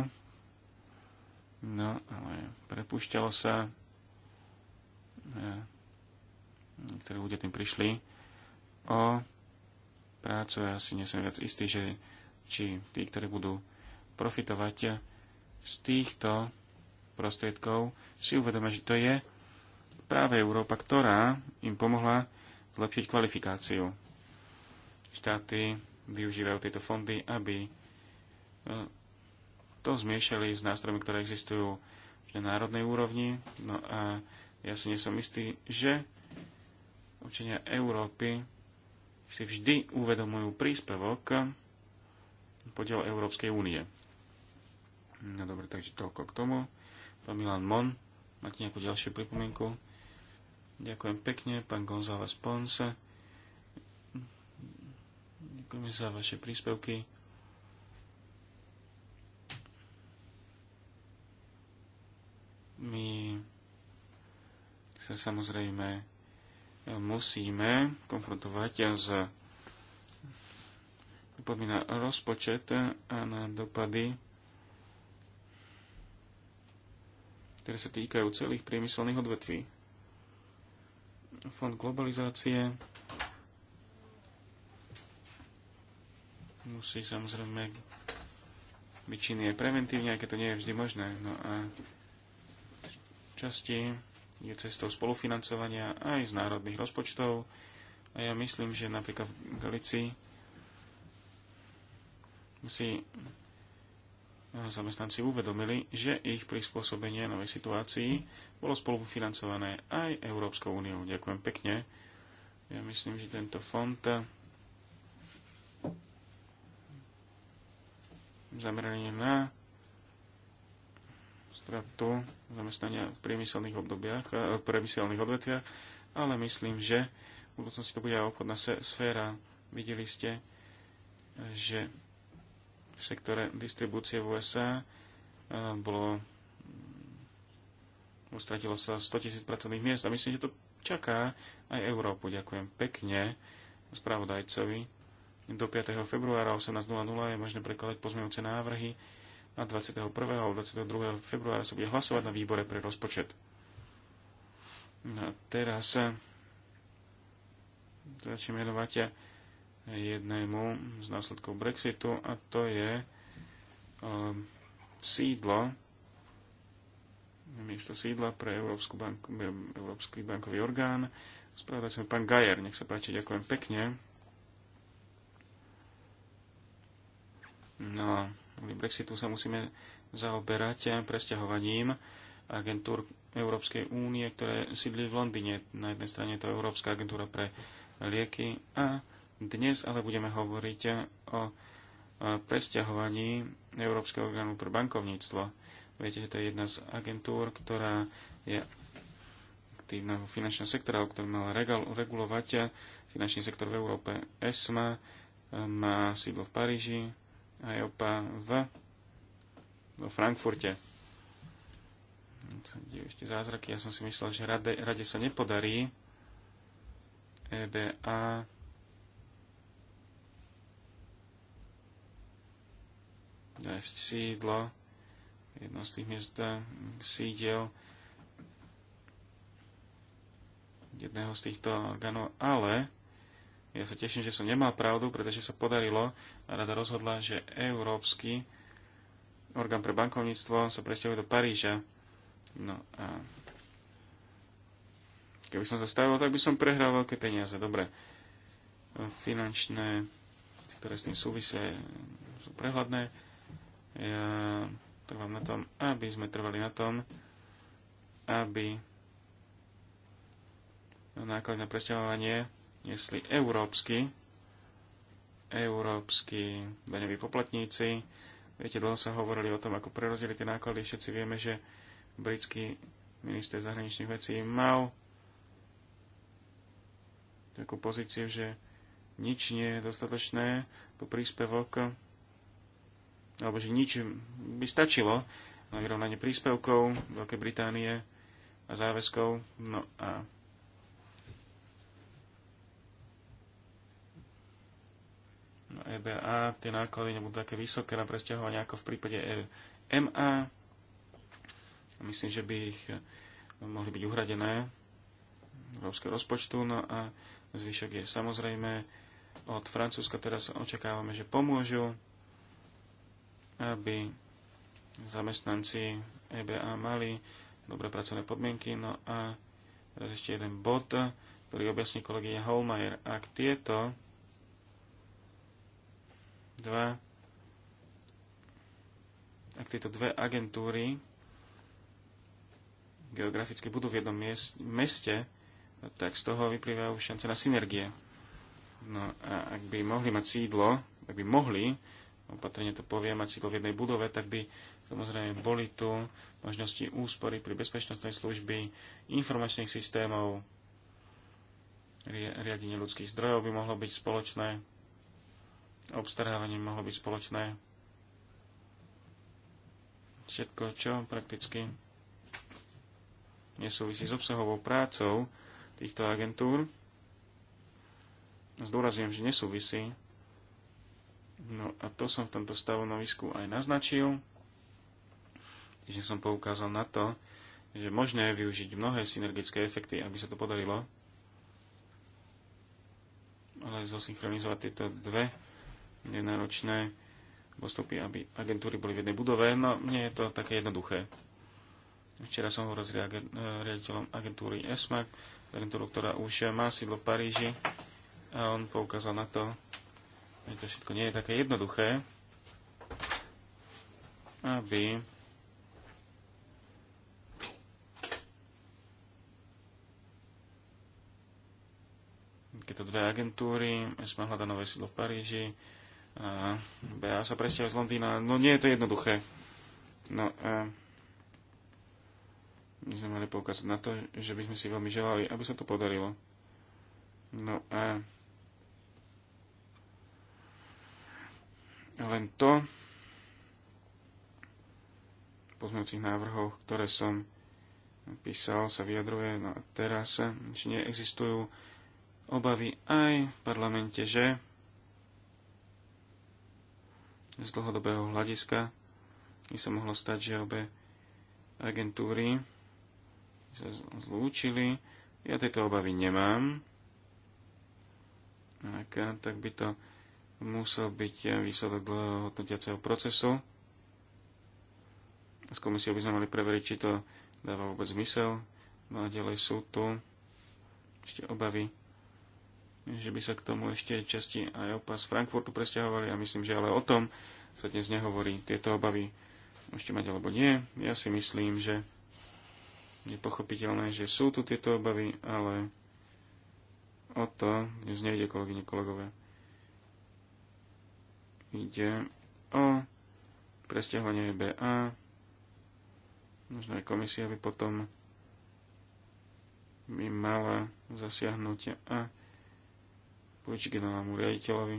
No, ale prepušťalo sa. E, niektorí ľudia tým prišli o prácu. Ja si nesem viac istý, že či tí, ktorí budú profitovať z týchto prostriedkov, si uvedome, že to je práve Európa, ktorá im pomohla zlepšiť kvalifikáciu. Štáty využívajú tieto fondy, aby e, to zmiešali s nástrojmi, ktoré existujú na národnej úrovni. No a ja si nesom istý, že občania Európy si vždy uvedomujú príspevok podiel Európskej únie. No dobre, takže toľko k tomu. Pán Milan Mon, máte nejakú ďalšiu pripomienku? Ďakujem pekne, pán González Ponce. Ďakujem za vaše príspevky. My sa samozrejme musíme konfrontovať s upomína rozpočet a na dopady, ktoré sa týkajú celých priemyselných odvetví fond globalizácie musí samozrejme byť činný aj preventívne, aj keď to nie je vždy možné. No a časti je cestou spolufinancovania aj z národných rozpočtov. A ja myslím, že napríklad v Galicii si zamestnanci uvedomili, že ich prispôsobenie novej situácii bolo spolufinancované aj Európskou úniou. Ďakujem pekne. Ja myslím, že tento fond eh, zameraný na stratu zamestnania v priemyselných obdobiach, eh, v priemyselných odvetviach, ale myslím, že v budúcnosti to bude aj obchodná sféra. Videli ste, že v sektore distribúcie v USA eh, bolo ustratilo mm, sa 100 tisíc pracovných miest a myslím, že to čaká aj Európu. Ďakujem pekne spravodajcovi. Do 5. februára 18.00 je možné prekladať pozmeňujúce návrhy a 21. a 22. februára sa bude hlasovať na výbore pre rozpočet. No a teraz eh, začneme venovať eh, jednému z následkov Brexitu a to je uh, sídlo, miesto sídla pre Európsku banku, Európsky bankový orgán. Spravedať sa pán Gajer, nech sa páči, ďakujem pekne. No, kvôli Brexitu sa musíme zaoberať presťahovaním agentúr Európskej únie, ktoré sídli v Londýne. Na jednej strane je to Európska agentúra pre lieky a dnes ale budeme hovoriť o presťahovaní Európskeho orgánu pre bankovníctvo. Viete, že to je jedna z agentúr, ktorá je aktívna vo finančnom o ktorom mala regulovať finančný sektor v Európe. ESMA e, má sídlo v Paríži a EOPA v vo Frankfurte. Ešte zázraky. Ja som si myslel, že rade, rade sa nepodarí EBA nájsť sídlo, jedno z tých miest eh, sídel jedného z týchto orgánov, ale ja sa teším, že som nemal pravdu, pretože sa podarilo a rada rozhodla, že Európsky orgán pre bankovníctvo sa presťahuje do Paríža. No a keby som zastavil, tak by som prehral veľké peniaze. Dobre, finančné, ktoré s tým súvisia, sú prehľadné ja trvám na tom, aby sme trvali na tom, aby náklad na presťahovanie nesli európsky, európsky daňoví poplatníci. Viete, dlho sa hovorili o tom, ako prerozdeli tie náklady. Všetci vieme, že britský minister zahraničných vecí mal takú pozíciu, že nič nie je dostatočné ako príspevok alebo že nič by stačilo na vyrovnanie príspevkov Veľkej Británie a záväzkov. No a no EBA tie náklady nebudú také vysoké na presťahovanie ako v prípade MA. Myslím, že by ich mohli byť uhradené európskeho rozpočtu. No a zvyšok je samozrejme od Francúzska. Teraz očakávame, že pomôžu aby zamestnanci EBA mali dobré pracovné podmienky. No a teraz ešte jeden bod, ktorý objasní kolegyňa Holmajer. Ak tieto dva ak tieto dve agentúry geograficky budú v jednom meste, no tak z toho vyplývajú šance na synergie. No a ak by mohli mať sídlo, ak by mohli opatrne to poviem, mať si to v jednej budove, tak by samozrejme boli tu možnosti úspory pri bezpečnostnej služby, informačných systémov, riadenie ľudských zdrojov by mohlo byť spoločné, obstarávanie mohlo byť spoločné, všetko, čo prakticky nesúvisí s obsahovou prácou týchto agentúr. Zdôrazňujem, že nesúvisí No a to som v tomto stavonovisku aj naznačil, že som poukázal na to, že možné je využiť mnohé synergické efekty, aby sa to podarilo, ale zosynchronizovať tieto dve nenáročné postupy, aby agentúry boli v jednej budove, no nie je to také jednoduché. Včera som hovoril s eh, riaditeľom agentúry ESMAC, agentúru, ktorá už má sídlo v Paríži a on poukázal na to, že to všetko nie je také jednoduché, aby tieto dve agentúry, sme hľada nové sídlo v Paríži, a BA sa presťahuje z Londýna. No nie je to jednoduché. No, a my sme mali poukázať na to, že by sme si veľmi želali, aby sa to podarilo. No a len to pozmeňujúcich návrhov, ktoré som písal, sa vyjadruje. No a teraz, či neexistujú obavy aj v parlamente, že z dlhodobého hľadiska by sa mohlo stať, že obe agentúry sa zlúčili. Ja tieto obavy nemám. Tak, tak by to musel byť výsledok dlhého hodnotiaceho procesu. S komisiou by sme mali preveriť, či to dáva vôbec zmysel. No a ďalej sú tu ešte obavy, že by sa k tomu ešte časti aj opa z Frankfurtu presťahovali a myslím, že ale o tom sa dnes nehovorí. Tieto obavy môžete mať alebo nie. Ja si myslím, že je pochopiteľné, že sú tu tieto obavy, ale o to dnes nejde, kolegyne, kolegovia. Ide o presťahovanie BA. Možno aj komisia by potom by mala zasiahnuť a voči generálnemu riaditeľovi,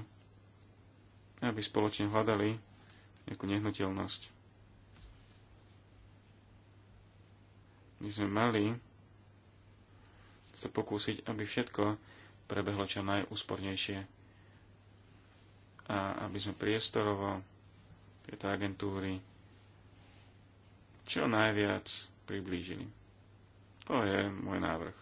aby spoločne hľadali nejakú nehnuteľnosť. My sme mali sa pokúsiť, aby všetko prebehlo čo najúspornejšie a aby sme priestorovo tieto agentúry čo najviac priblížili. To je môj návrh.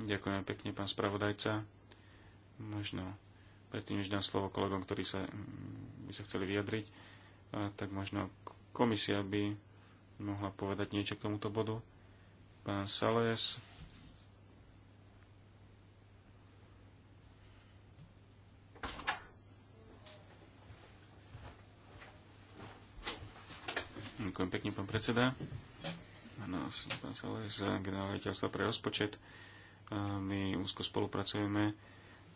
Ďakujem pekne, pán spravodajca. Možno predtým, než dám slovo kolegom, ktorí sa, by sa chceli vyjadriť, a tak možno komisia by mohla povedať niečo k tomuto bodu. Pán Sales, Ďakujem pekne, pán predseda. Áno, pán Sales, generálne pre rozpočet. My úzko spolupracujeme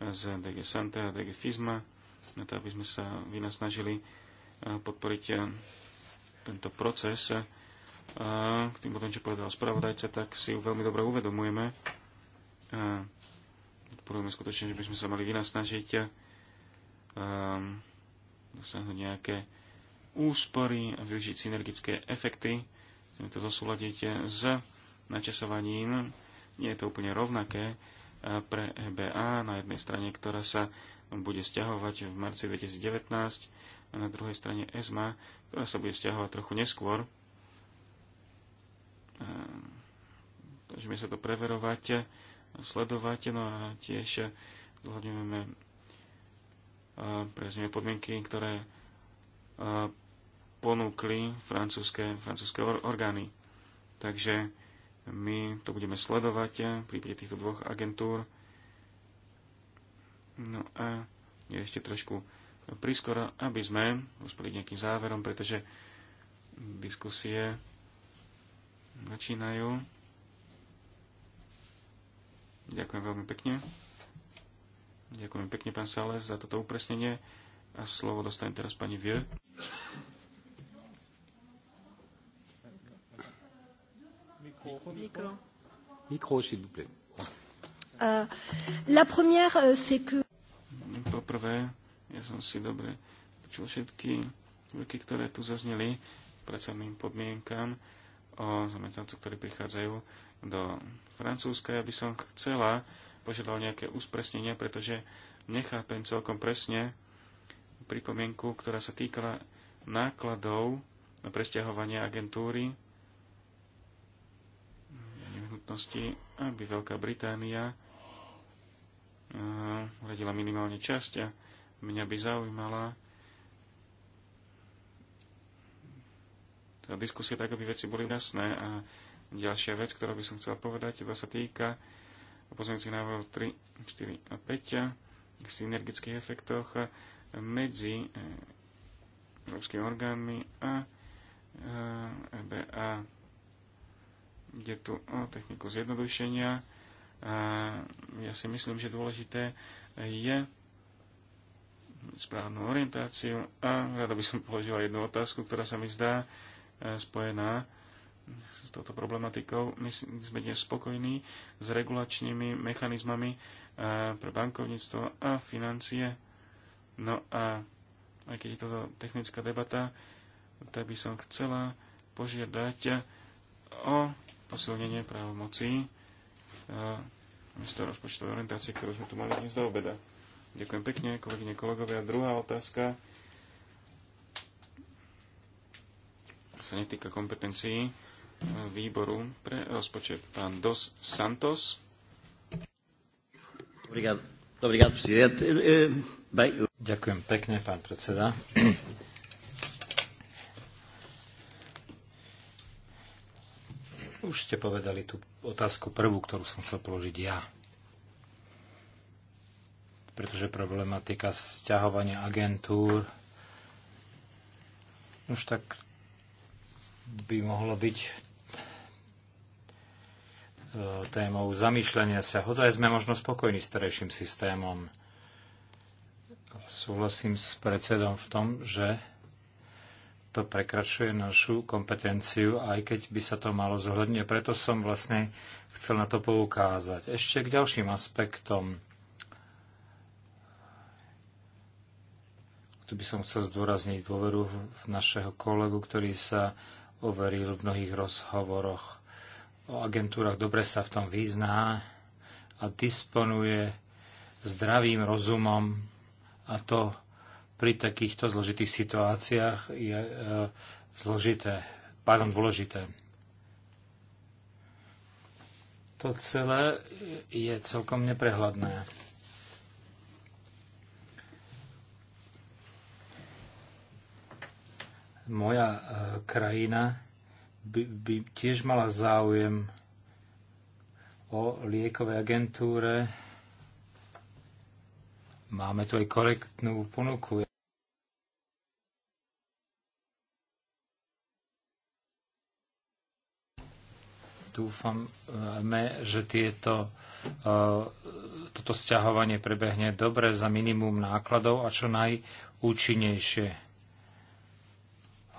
s DG Santa a DG Fisma, na to, aby sme sa vynasnažili podporiť tento proces. A k tým potom, čo povedal spravodajca, tak si ju veľmi dobre uvedomujeme. A podporujeme skutočne, že by sme sa mali vynasnažiť a dosiahnuť nejaké úspory a využiť synergické efekty. Chceme to zosúľadiť s načasovaním. Nie je to úplne rovnaké eh, pre EBA na jednej strane, ktorá sa bude stiahovať v marci 2019 a na druhej strane ESMA, ktorá sa bude stiahovať trochu neskôr. Eh, my sa to preverovať, sledovať, no a tiež zohľadňujeme eh, pre podmienky, ktoré ponúkli francúzske, francúzske orgány. Takže my to budeme sledovať v prípade týchto dvoch agentúr. No a je ešte trošku prískoro, aby sme uspeli nejakým záverom, pretože diskusie začínajú. Ďakujem veľmi pekne. Ďakujem pekne, pán Sales, za toto upresnenie. A slovo dostane teraz pani Vieux. Micro. s'il vous plaît. Euh, la première, euh, c'est que... Poprvé, ja som si dobre počul všetky ruky, ktoré tu zazneli pracovným podmienkam o zamestnancov, ktorí prichádzajú do Francúzska. Ja by som chcela požiadať nejaké uspresnenie, pretože nechápem celkom presne pripomienku, ktorá sa týkala nákladov na presťahovanie agentúry nevyhnutnosti, aby Veľká Británia hľadila eh, minimálne časť a mňa by zaujímala tá diskusia tak, aby veci boli jasné. A ďalšia vec, ktorú by som chcel povedať, to sa týka pozemcích návrhov 3, 4 a 5 eh, v synergických efektoch eh, medzi európskymi orgánmi a EBA e Ide tu o techniku zjednodušenia. ja si myslím, že dôležité je správnu orientáciu a rada by som položila jednu otázku, ktorá sa mi zdá e, spojená s touto problematikou. My sme dnes spokojní s regulačnými mechanizmami e, pre bankovníctvo a financie. No a aj keď je toto technická debata, tak by som chcela požiadať o posilnenie právomocí e, mesto rozpočtovej orientácie, ktorú sme tu mali dnes do obeda. Ďakujem pekne, kolegyne, kolegovia. Druhá otázka sa netýka kompetencií e, výboru pre rozpočet. Pán Dos Santos. dobrý, Obrigado, presidente. E, Ďakujem pekne, pán predseda. Už ste povedali tú otázku prvú, ktorú som chcel položiť ja. Pretože problematika sťahovania agentúr už tak by mohlo byť e, témou zamýšľania sa. Hodaj sme možno spokojní s starejším systémom. Súhlasím s predsedom v tom, že to prekračuje našu kompetenciu, aj keď by sa to malo zohľadniť. Preto som vlastne chcel na to poukázať. Ešte k ďalším aspektom. Tu by som chcel zdôrazniť dôveru v našeho kolegu, ktorý sa overil v mnohých rozhovoroch o agentúrach. Dobre sa v tom význá a disponuje zdravým rozumom a to pri takýchto zložitých situáciách je e, zložité, pardon, dôležité. To celé je celkom neprehľadné. Moja e, krajina by, by tiež mala záujem o liekové agentúre, Máme tu aj korektnú ponuku. dúfame, eh, že tieto, eh, toto sťahovanie prebehne dobre za minimum nákladov a čo najúčinnejšie.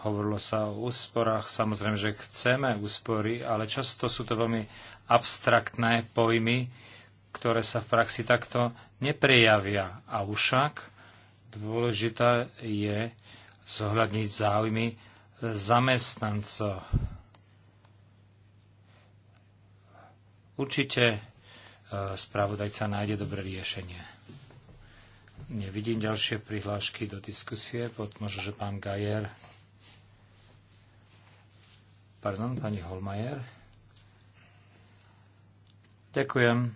Hovorilo sa o úsporách, samozrejme, že chceme úspory, ale často sú to veľmi abstraktné pojmy, ktoré sa v praxi takto neprejavia. A však dôležité je zohľadniť záujmy zamestnancov Určite e, spravodajca nájde dobré riešenie. Nevidím ďalšie prihlášky do diskusie, pod možno, že pán Gajer. Pardon, pani Holmajer. Ďakujem.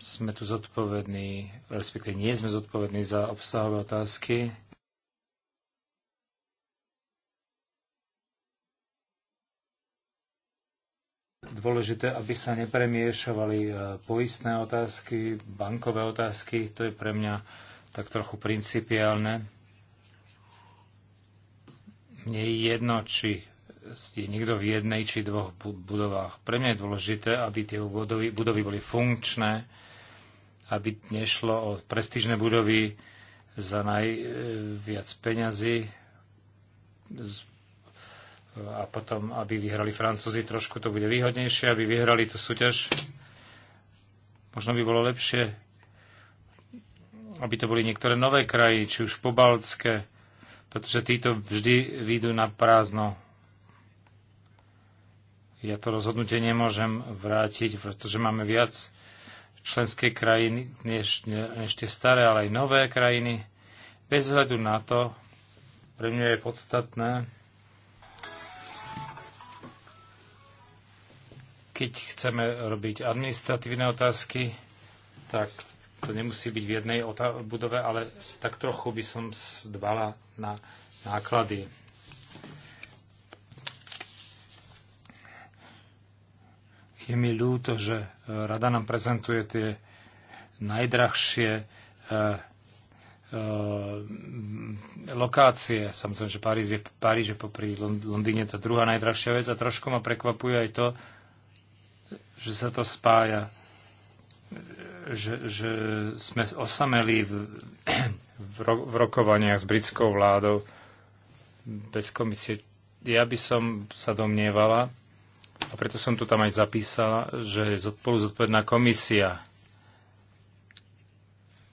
Sme tu zodpovední, respektíve nie sme zodpovední za obsahové otázky dôležité, aby sa nepremiešovali e, poistné otázky, bankové otázky. To je pre mňa tak trochu principiálne. Mne je jedno, či je niekto v jednej či dvoch budovách. Pre mňa je dôležité, aby tie budovy, budovy boli funkčné, aby nešlo o prestížne budovy za najviac e, peňazí, a potom, aby vyhrali Francúzi trošku, to bude výhodnejšie, aby vyhrali tú súťaž. Možno by bolo lepšie, aby to boli niektoré nové krajiny, či už pobaltské, pretože títo vždy výjdu na prázdno. Ja to rozhodnutie nemôžem vrátiť, pretože máme viac členské krajiny, než, než tie staré, ale aj nové krajiny. Bez hľadu na to, pre mňa je podstatné, Keď chceme robiť administratívne otázky, tak to nemusí byť v jednej budove, ale tak trochu by som zdbala na náklady. Je mi ľúto, že e, rada nám prezentuje tie najdrahšie e, e, lokácie. Samozrejme, že Paríž je, Paríž je popri Londýne tá druhá najdrahšia vec a trošku ma prekvapuje aj to, že sa to spája, že, že sme osameli v, v, ro, v rokovaniach s britskou vládou bez komisie. Ja by som sa domnievala, a preto som to tam aj zapísala, že je spolu zodpovedná komisia,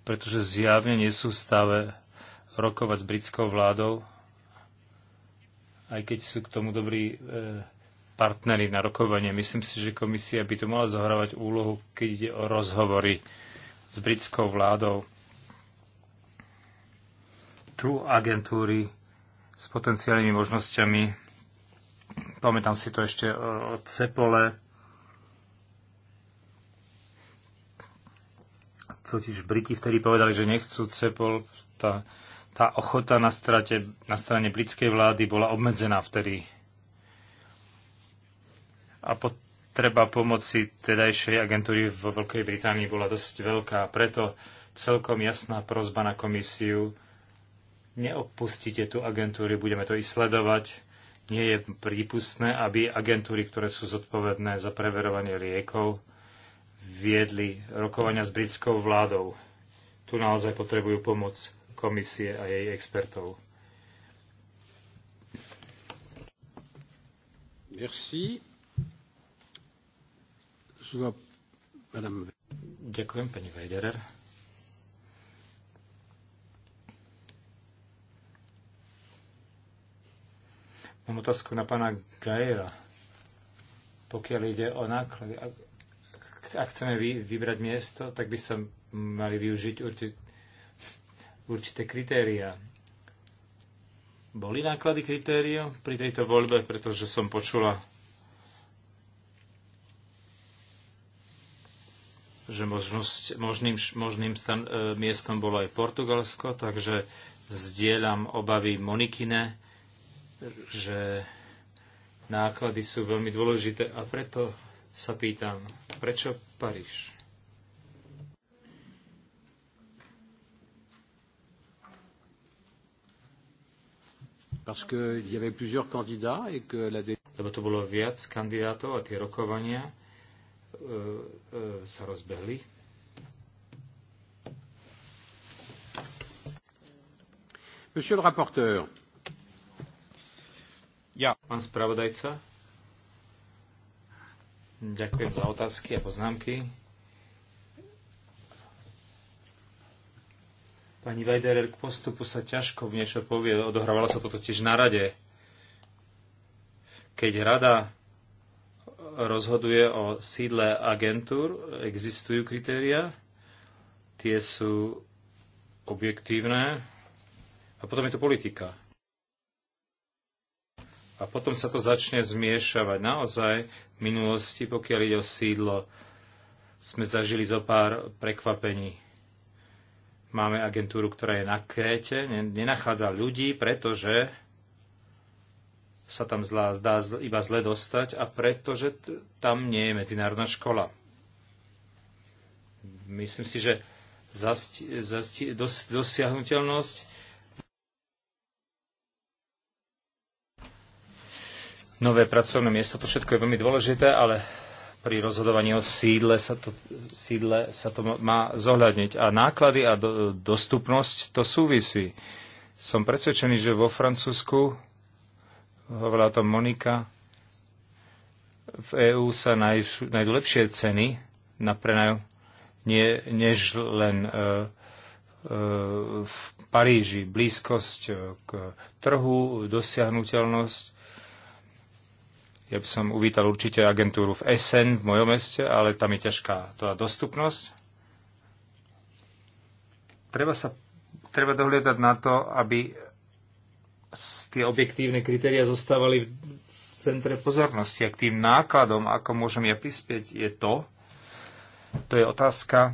pretože zjavne nie sú v stave rokovať s britskou vládou, aj keď sú k tomu dobrí e, partnery na rokovanie. Myslím si, že komisia by tu mala zohrávať úlohu, keď ide o rozhovory s britskou vládou. Tu agentúry s potenciálnymi možnosťami. Pamätám si to ešte e, o Cepole. Totiž Briti vtedy povedali, že nechcú Cepol. Tá, tá ochota na, strate, na strane britskej vlády bola obmedzená vtedy a potreba pomoci tedajšej agentúry vo Veľkej Británii bola dosť veľká. Preto celkom jasná prozba na komisiu, neopustite tú agentúru, budeme to i sledovať. Nie je prípustné, aby agentúry, ktoré sú zodpovedné za preverovanie liekov, viedli rokovania s britskou vládou. Tu naozaj potrebujú pomoc komisie a jej expertov. Merci. Ďakujem, pani Weiderer. Mám otázku na pána Gajera. Pokiaľ ide o náklady, ak, ak chceme vy, vybrať miesto, tak by sa mali využiť určité kritéria. Boli náklady kritériu pri tejto voľbe, pretože som počula že možnosť, možným, možným stan, e, miestom bolo aj Portugalsko, takže zdieľam obavy Monikine, že náklady sú veľmi dôležité a preto sa pýtam, prečo Paríž? Parce que y avait plusieurs candidats et que la lebo tu bolo viac kandidátov a tie rokovania E, e, sa rozbehli. Monsieur le rapporteur. Ja. Pán spravodajca. Ďakujem za otázky a poznámky. Pani Vajderer, k postupu sa ťažko niečo povie. Odohrávalo sa to totiž na rade. Keď rada rozhoduje o sídle agentúr. Existujú kritéria, tie sú objektívne a potom je to politika. A potom sa to začne zmiešavať. Naozaj v minulosti, pokiaľ ide o sídlo, sme zažili zo pár prekvapení. Máme agentúru, ktorá je na Kréte, nenachádza ľudí, pretože sa tam zlá, zdá iba zle dostať a pretože tam nie je medzinárodná škola. Myslím si, že zasti- zasti- dos- dosiahnutelnosť Nové pracovné miesto, to všetko je veľmi dôležité, ale pri rozhodovaní o sídle sa to, sídle sa to má zohľadniť. A náklady a do, dostupnosť to súvisí. Som presvedčený, že vo Francúzsku hovorila to Monika, v EÚ sa najš, nájdú lepšie ceny na prenajom, nie, než len e, e, v Paríži. Blízkosť e, k trhu, dosiahnutelnosť. Ja by som uvítal určite agentúru v Essen, v mojom meste, ale tam je ťažká tá dostupnosť. Treba sa treba dohliadať na to, aby tie objektívne kritéria zostávali v centre pozornosti. A k tým nákladom, ako môžem ja prispieť, je to, to je otázka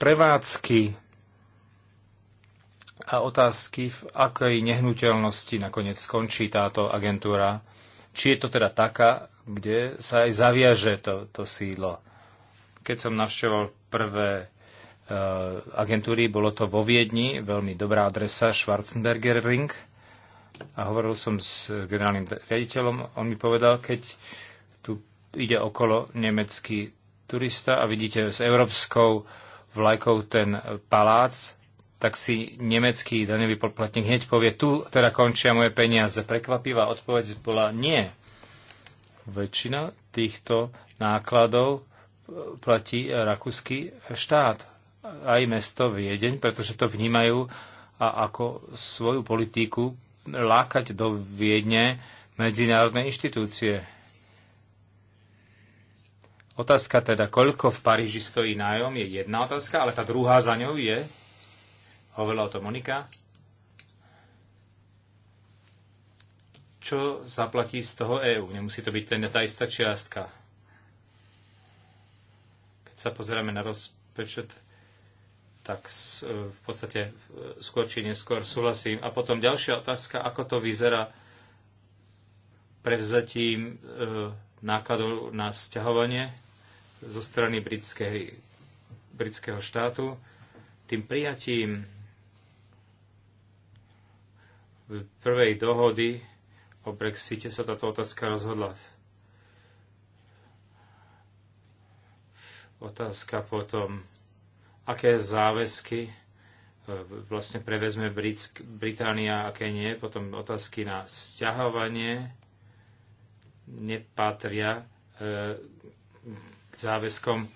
prevádzky a otázky, v akej nehnuteľnosti nakoniec skončí táto agentúra. Či je to teda taká, kde sa aj zaviaže to, to sídlo. Keď som navštevoval prvé Eh, agentúry, bolo to vo Viedni, veľmi dobrá adresa, Schwarzenberger Ring. A hovoril som s generálnym riaditeľom, on mi povedal, keď tu ide okolo nemecký turista a vidíte s európskou vlajkou ten palác, tak si nemecký daňový poplatník hneď povie, tu teda končia moje peniaze. Prekvapivá odpoveď bola nie. Väčšina týchto nákladov platí rakúsky štát aj mesto Viedeň, pretože to vnímajú a ako svoju politiku lákať do Viedne medzinárodné inštitúcie. Otázka teda, koľko v Paríži stojí nájom, je jedna otázka, ale tá druhá za ňou je, hovorila o to Monika, čo zaplatí z toho EÚ. Nemusí to byť ten, tá istá čiastka. Keď sa pozrieme na rozpočet tak e, v podstate e, skôr či neskôr súhlasím. A potom ďalšia otázka, ako to vyzerá prevzatím e, nákladov na sťahovanie zo strany britskej, britského štátu. Tým prijatím prvej dohody o Brexite sa táto otázka rozhodla. Otázka potom aké záväzky e, vlastne prevezme Britsk, Británia, aké nie. Potom otázky na sťahovanie nepatria e, k záväzkom e,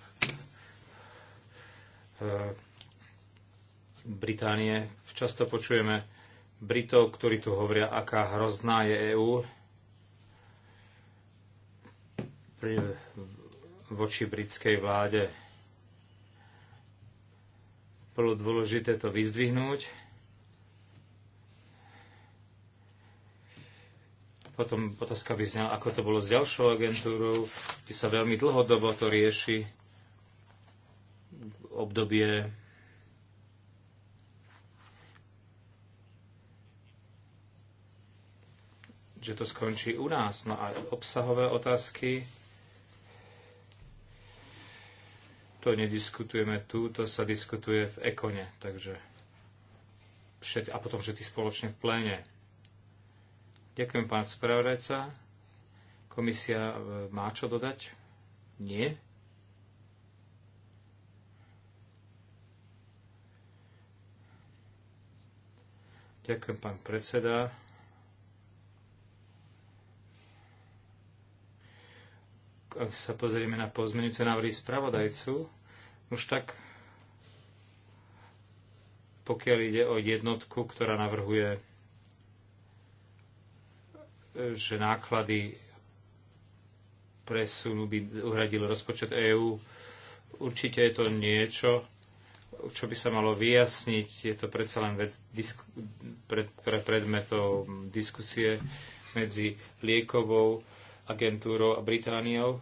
Británie. Často počujeme Britov, ktorí tu hovoria, aká hrozná je EÚ voči britskej vláde bolo dôležité to vyzdvihnúť. Potom otázka by znala, ako to bolo s ďalšou agentúrou, kde sa veľmi dlhodobo to rieši obdobie že to skončí u nás. No a obsahové otázky to nediskutujeme tu, to sa diskutuje v ekone, takže všetci, a potom všetci spoločne v pléne. Ďakujem, pán spravodajca. Komisia e, má čo dodať? Nie? Ďakujem, pán predseda. Ak sa pozrieme na pozmenujúce návrhy spravodajcu, už tak, pokiaľ ide o jednotku, ktorá navrhuje, e, že náklady presunu by uhradil rozpočet EÚ, určite je to niečo, čo by sa malo vyjasniť. Je to predsa len vec, disku, pred, pre predmetov diskusie medzi liekovou agentúrou a Britániou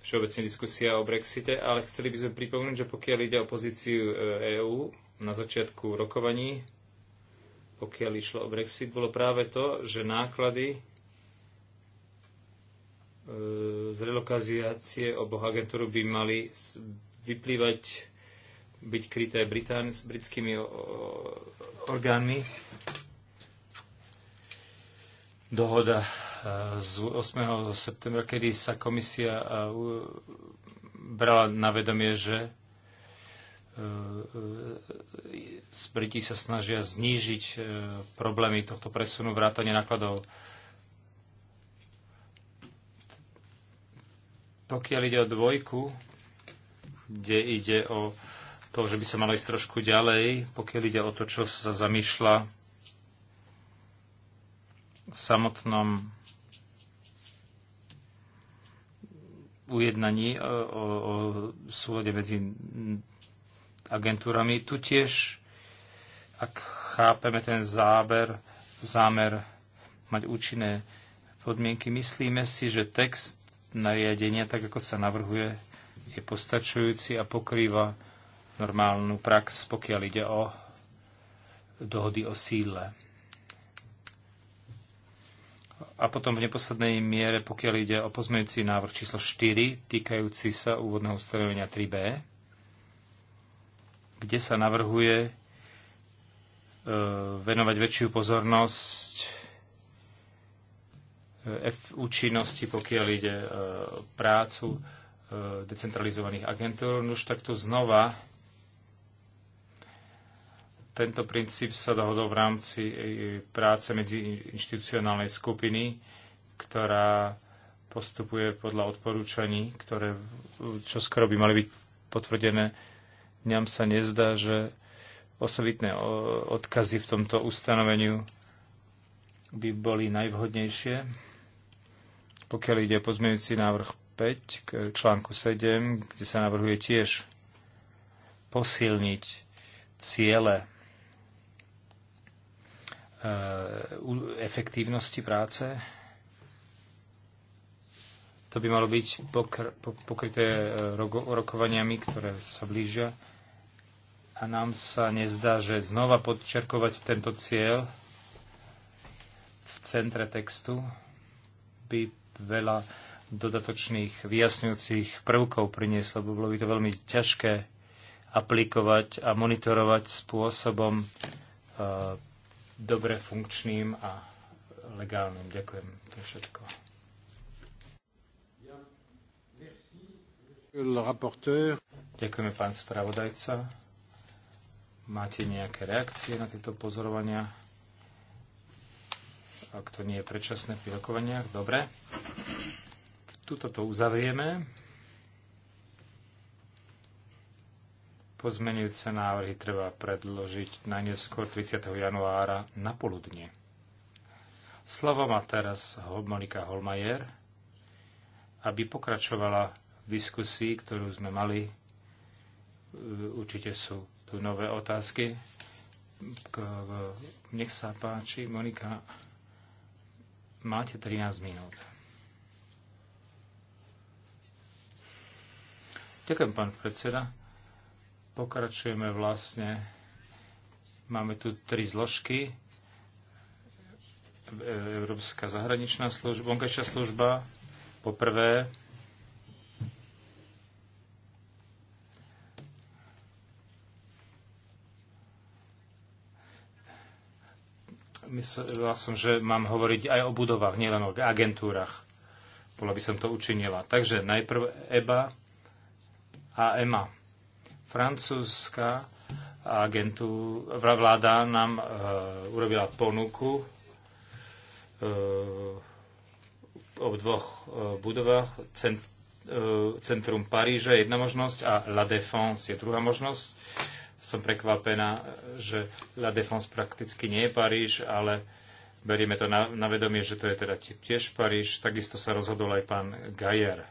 všeobecne diskusia o Brexite, ale chceli by sme pripomenúť, že pokiaľ ide o pozíciu EÚ e na začiatku rokovaní, pokiaľ išlo o Brexit, bolo práve to, že náklady e, z relokazácie oboch agentúr by mali vyplývať, byť kryté Britán, s britskými orgánmi dohoda eh, z 8. septembra, kedy sa komisia eh, brala na vedomie, že eh, z Briti sa snažia znížiť problémy tohto presunu vrátane nákladov. Pokiaľ ide o dvojku, kde ide o to, že by sa malo ísť trošku ďalej, pokiaľ ide o to, čo sa zamýšľa v samotnom ujednaní o, e, o, o súlade medzi agentúrami. Tu tiež, ak chápeme ten záber, zámer mať účinné podmienky, myslíme si, že text nariadenia, tak ako sa navrhuje, je postačujúci a pokrýva normálnu prax, pokiaľ ide o dohody o sídle. A potom v neposlednej miere, pokiaľ ide o pozmeňujúci návrh číslo 4, týkajúci sa úvodného ustanovenia 3b, kde sa navrhuje e, venovať väčšiu pozornosť e, účinnosti, pokiaľ ide o e, prácu decentralizovaných agentúr. Už takto znova tento princíp sa dohodol v rámci e, práce medzi inštitucionálnej skupiny, ktorá postupuje podľa odporúčaní, ktoré čo skoro by mali byť potvrdené. Mňam sa nezdá, že osobitné odkazy v tomto ustanoveniu by boli najvhodnejšie. Pokiaľ ide pozmeňujúci návrh 5 k článku 7, kde sa navrhuje tiež posilniť ciele Eh, efektívnosti práce. To by malo byť pokr- pokryté eh, rokovaniami, ktoré sa blížia. A nám sa nezdá, že znova podčerkovať tento cieľ v centre textu by veľa dodatočných vyjasňujúcich prvkov prinieslo, bo bolo by to veľmi ťažké aplikovať a monitorovať spôsobom eh, dobre funkčným a legálnym. Ďakujem. To je všetko. Ďakujeme, pán spravodajca. Máte nejaké reakcie na tieto pozorovania? Ak to nie je predčasné pri rokovaniach, dobre. Tuto to uzavrieme. Pozmenujúce návrhy treba predložiť najneskôr 30. januára na poludne. Slovo má teraz Monika Holmajer, aby pokračovala v diskusii, ktorú sme mali. Určite sú tu nové otázky. Nech sa páči, Monika, máte 13 minút. Ďakujem, pán predseda. Pokračujeme vlastne. Máme tu tri zložky. Európska zahraničná služba, vonkajšia služba, poprvé myslel som, že mám hovoriť aj o budovách, nielen o agentúrach. Bola by som to učinila. Takže najprv EBA a EMA. E Francúzska agentú, vláda nám e, urobila ponuku e, o dvoch e, budovách. Cent, e, Centrum Paríža je jedna možnosť a La Défense je druhá možnosť. Som prekvapená, že La Défense prakticky nie je Paríž, ale berieme to na, na vedomie, že to je teda tiež Paríž. Takisto sa rozhodol aj pán Gajer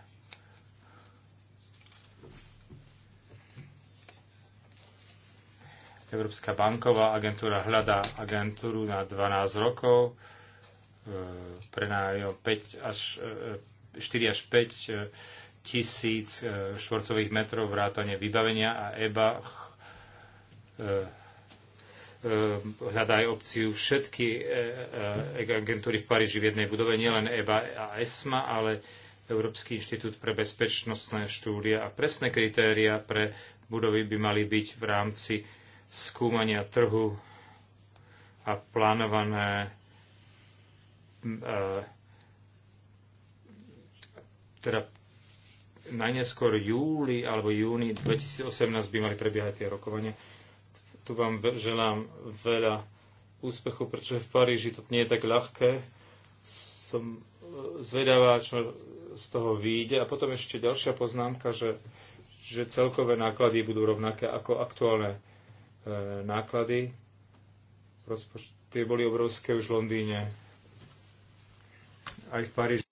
Európska banková agentúra hľadá agentúru na 12 rokov, e, pre nájom 5 až, 4 e, až 5 e, tisíc štvorcových metrov vrátane vybavenia a EBA hľadá aj opciu všetky agentúry v Paríži v jednej budove, nielen EBA a ESMA, ale Európsky inštitút pre bezpečnostné štúdie a presné kritéria pre budovy by mali byť v rámci skúmania trhu a plánované e, teda najneskôr júli alebo júni 2018 by mali prebiehať tie rokovania. Tu vám želám veľa úspechu, pretože v Paríži to nie je tak ľahké. Som e, zvedavá, čo z toho vyjde. A potom ešte ďalšia poznámka, že, že celkové náklady budú rovnaké ako aktuálne E, náklady. Rozpoč- tie boli obrovské už v Londýne, aj v Paríži.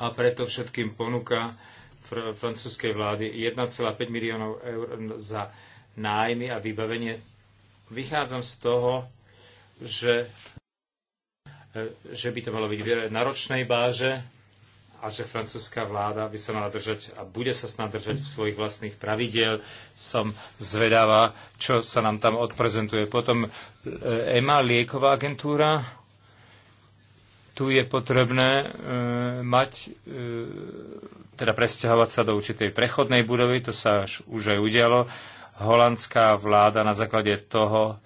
A preto všetkým ponúka fr- francúzskej vlády 1,5 miliónov eur za nájmy a vybavenie. Vychádzam z toho, že, e, že by to malo byť na ročnej báže, a že francúzska vláda by sa mala držať a bude sa snad držať v svojich vlastných pravidiel. Som zvedavá, čo sa nám tam odprezentuje. Potom e, EMA, lieková agentúra. Tu je potrebné e, mať, e, teda presťahovať sa do určitej prechodnej budovy, to sa až, už aj udialo. Holandská vláda na základe toho,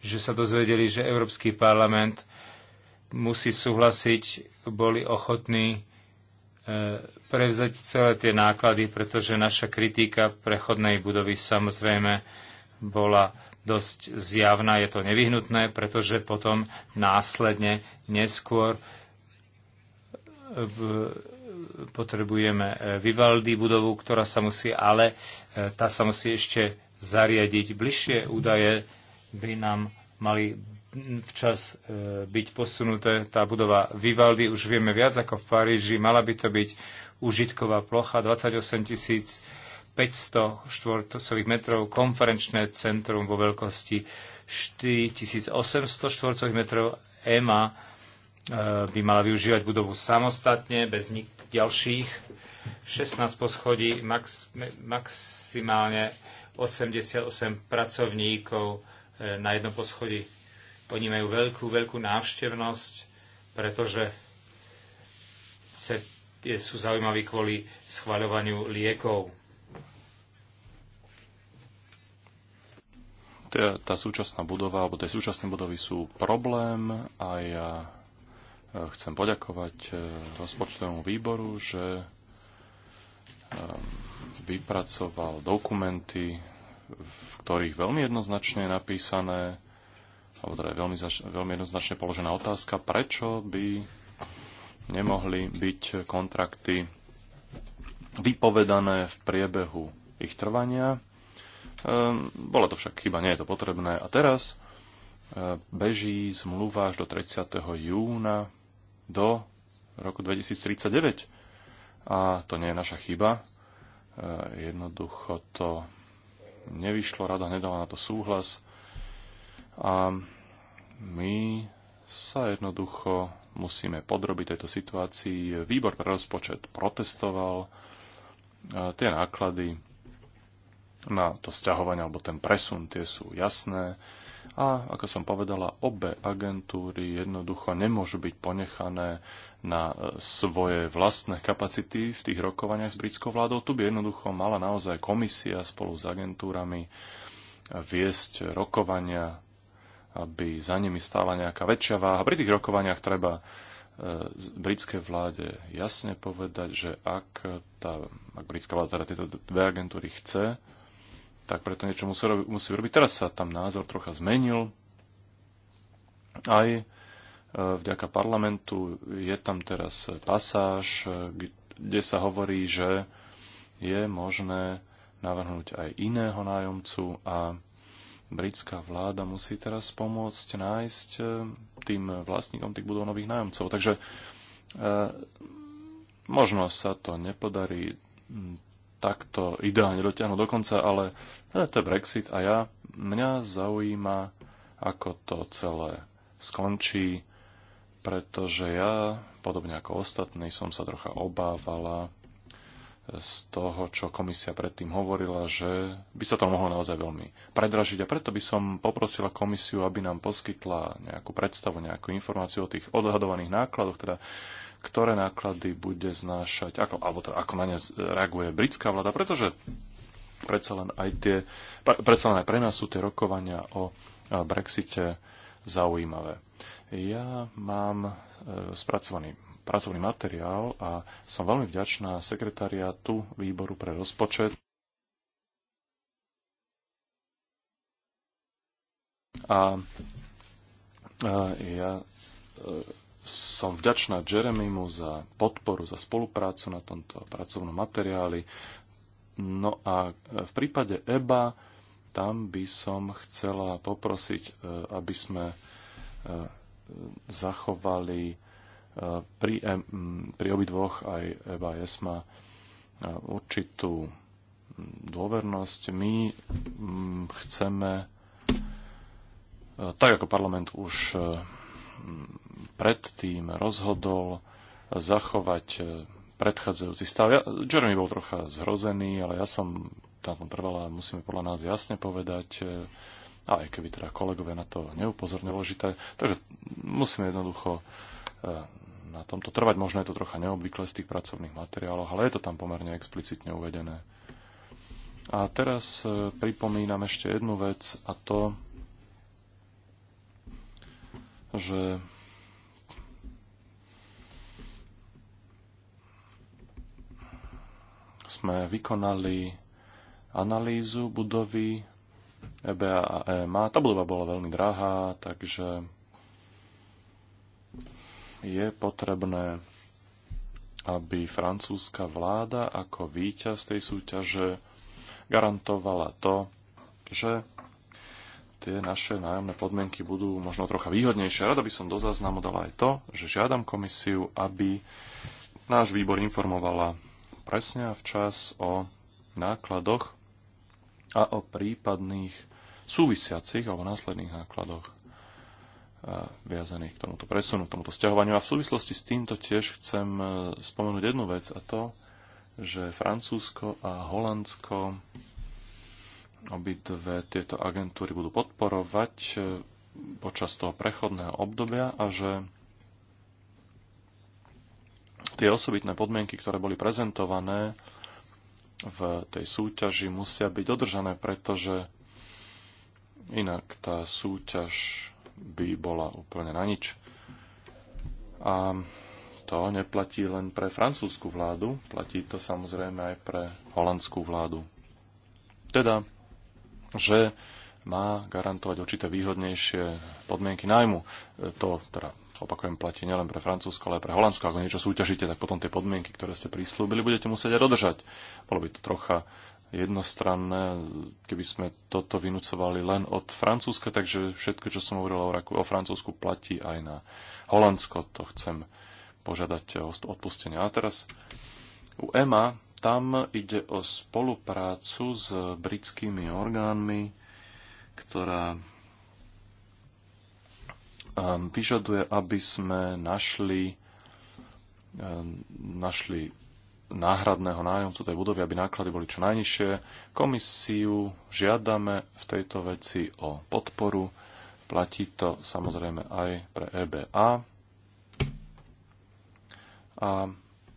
že sa dozvedeli, že Európsky parlament musí súhlasiť, boli ochotní E, prevzať celé tie náklady, pretože naša kritika prechodnej budovy samozrejme bola dosť zjavná, je to nevyhnutné, pretože potom následne neskôr e, potrebujeme e, Vivaldy budovu, ktorá sa musí, ale tá sa musí ešte zariadiť. Bližšie údaje by nám mali včas e, byť posunuté. Tá budova Vivaldy už vieme viac ako v Paríži. Mala by to byť užitková plocha 28 500 štvorcových metrov, konferenčné centrum vo veľkosti 4800 štvorcových metrov. EMA e, by mala využívať budovu samostatne, bez nik- ďalších. 16 poschodí, max- maximálne 88 pracovníkov e, na jednom poschodí oni majú veľkú, veľkú návštevnosť, pretože sú zaujímaví kvôli schvaľovaniu liekov. Tá, tá súčasná budova, alebo tie súčasné budovy sú problém a ja e, chcem poďakovať e, rozpočtovému výboru, že e, vypracoval dokumenty, v ktorých veľmi jednoznačne je napísané, alebo teda je veľmi, veľmi jednoznačne položená otázka, prečo by nemohli byť kontrakty vypovedané v priebehu ich trvania. Ehm, bola to však chyba, nie je to potrebné. A teraz e, beží zmluva až do 30. júna do roku 2039. A to nie je naša chyba. E, jednoducho to nevyšlo, rada nedala na to súhlas a my sa jednoducho musíme podrobiť tejto situácii. Výbor pre rozpočet protestoval e, tie náklady na to sťahovanie alebo ten presun, tie sú jasné. A ako som povedala, obe agentúry jednoducho nemôžu byť ponechané na e, svoje vlastné kapacity v tých rokovaniach s britskou vládou. Tu by jednoducho mala naozaj komisia spolu s agentúrami e, viesť rokovania aby za nimi stála nejaká väčšia váha. Pri tých rokovaniach treba e, britskej vláde jasne povedať, že ak, tá, ak britská vláda teda tieto dve agentúry chce, tak preto niečo musí, robiť, musí robiť. Teraz sa tam názor trocha zmenil. Aj e, vďaka parlamentu je tam teraz pasáž, e, kde sa hovorí, že je možné navrhnúť aj iného nájomcu a britská vláda musí teraz pomôcť nájsť e, tým vlastníkom tých budov nových nájomcov. Takže e, možno sa to nepodarí takto ideálne dotiahnuť do konca, ale e, to je Brexit a ja, mňa zaujíma, ako to celé skončí, pretože ja, podobne ako ostatní, som sa trocha obávala z toho, čo komisia predtým hovorila, že by sa to mohlo naozaj veľmi predražiť. A preto by som poprosila komisiu, aby nám poskytla nejakú predstavu, nejakú informáciu o tých odhadovaných nákladoch, teda ktoré náklady bude znášať, ako, alebo teda, ako na ne reaguje britská vláda, pretože predsa len aj, tie, predsa len aj pre nás sú tie rokovania o Brexite zaujímavé. Ja mám e, spracovaný pracovný materiál a som veľmi vďačná sekretariátu výboru pre rozpočet a e, ja e, som vďačná Jeremimu za podporu, za spoluprácu na tomto pracovnom materiáli. No a e, v prípade EBA tam by som chcela poprosiť, aby sme zachovali pri, pri obidvoch aj EBA a ESMA e, určitú dôvernosť. My chceme, e, tak ako parlament už e, predtým rozhodol, zachovať predchádzajúci stav. Ja, Jeremy bol trocha zhrozený, ale ja som tam tom trvala, musíme podľa nás jasne povedať, aj keby teda kolegovia na to neupozornili, že takže musíme jednoducho na tomto trvať. Možno je to trocha neobvyklé z tých pracovných materiálov, ale je to tam pomerne explicitne uvedené. A teraz e, pripomínam ešte jednu vec a to, že sme vykonali analýzu budovy EBA a EMA. E tá budova bola veľmi drahá, takže je potrebné, aby francúzska vláda ako víťaz tej súťaže garantovala to, že tie naše nájomné podmienky budú možno trocha výhodnejšie. Rada by som do záznamu dala aj to, že žiadam komisiu, aby náš výbor informovala presne a včas o nákladoch a o prípadných súvisiacich alebo následných nákladoch viazaných k tomuto presunu, k tomuto sťahovaniu. A v súvislosti s týmto tiež chcem e, spomenúť jednu vec a to, že Francúzsko a Holandsko obidve tieto agentúry budú podporovať e, počas toho prechodného obdobia a že tie osobitné podmienky, ktoré boli prezentované v tej súťaži, musia byť dodržané, pretože inak tá súťaž by bola úplne na nič. A to neplatí len pre francúzsku vládu, platí to samozrejme aj pre holandskú vládu. Teda, že má garantovať určité výhodnejšie podmienky nájmu. To teda opakujem, platí nielen pre Francúzsko, ale aj pre Holandsko. Ako niečo súťažíte, tak potom tie podmienky, ktoré ste prislúbili, budete musieť aj dodržať. Bolo by to trocha jednostranné, keby sme toto vynúcovali len od Francúzska, takže všetko, čo som hovoril o, Raku, o Francúzsku, platí aj na Holandsko. To chcem požiadať o odpustenie. A teraz u EMA, tam ide o spoluprácu s britskými orgánmi, ktorá ehm, vyžaduje, aby sme našli, ehm, našli náhradného nájomcu tej budovy, aby náklady boli čo najnižšie. Komisiu žiadame v tejto veci o podporu. Platí to samozrejme aj pre EBA. A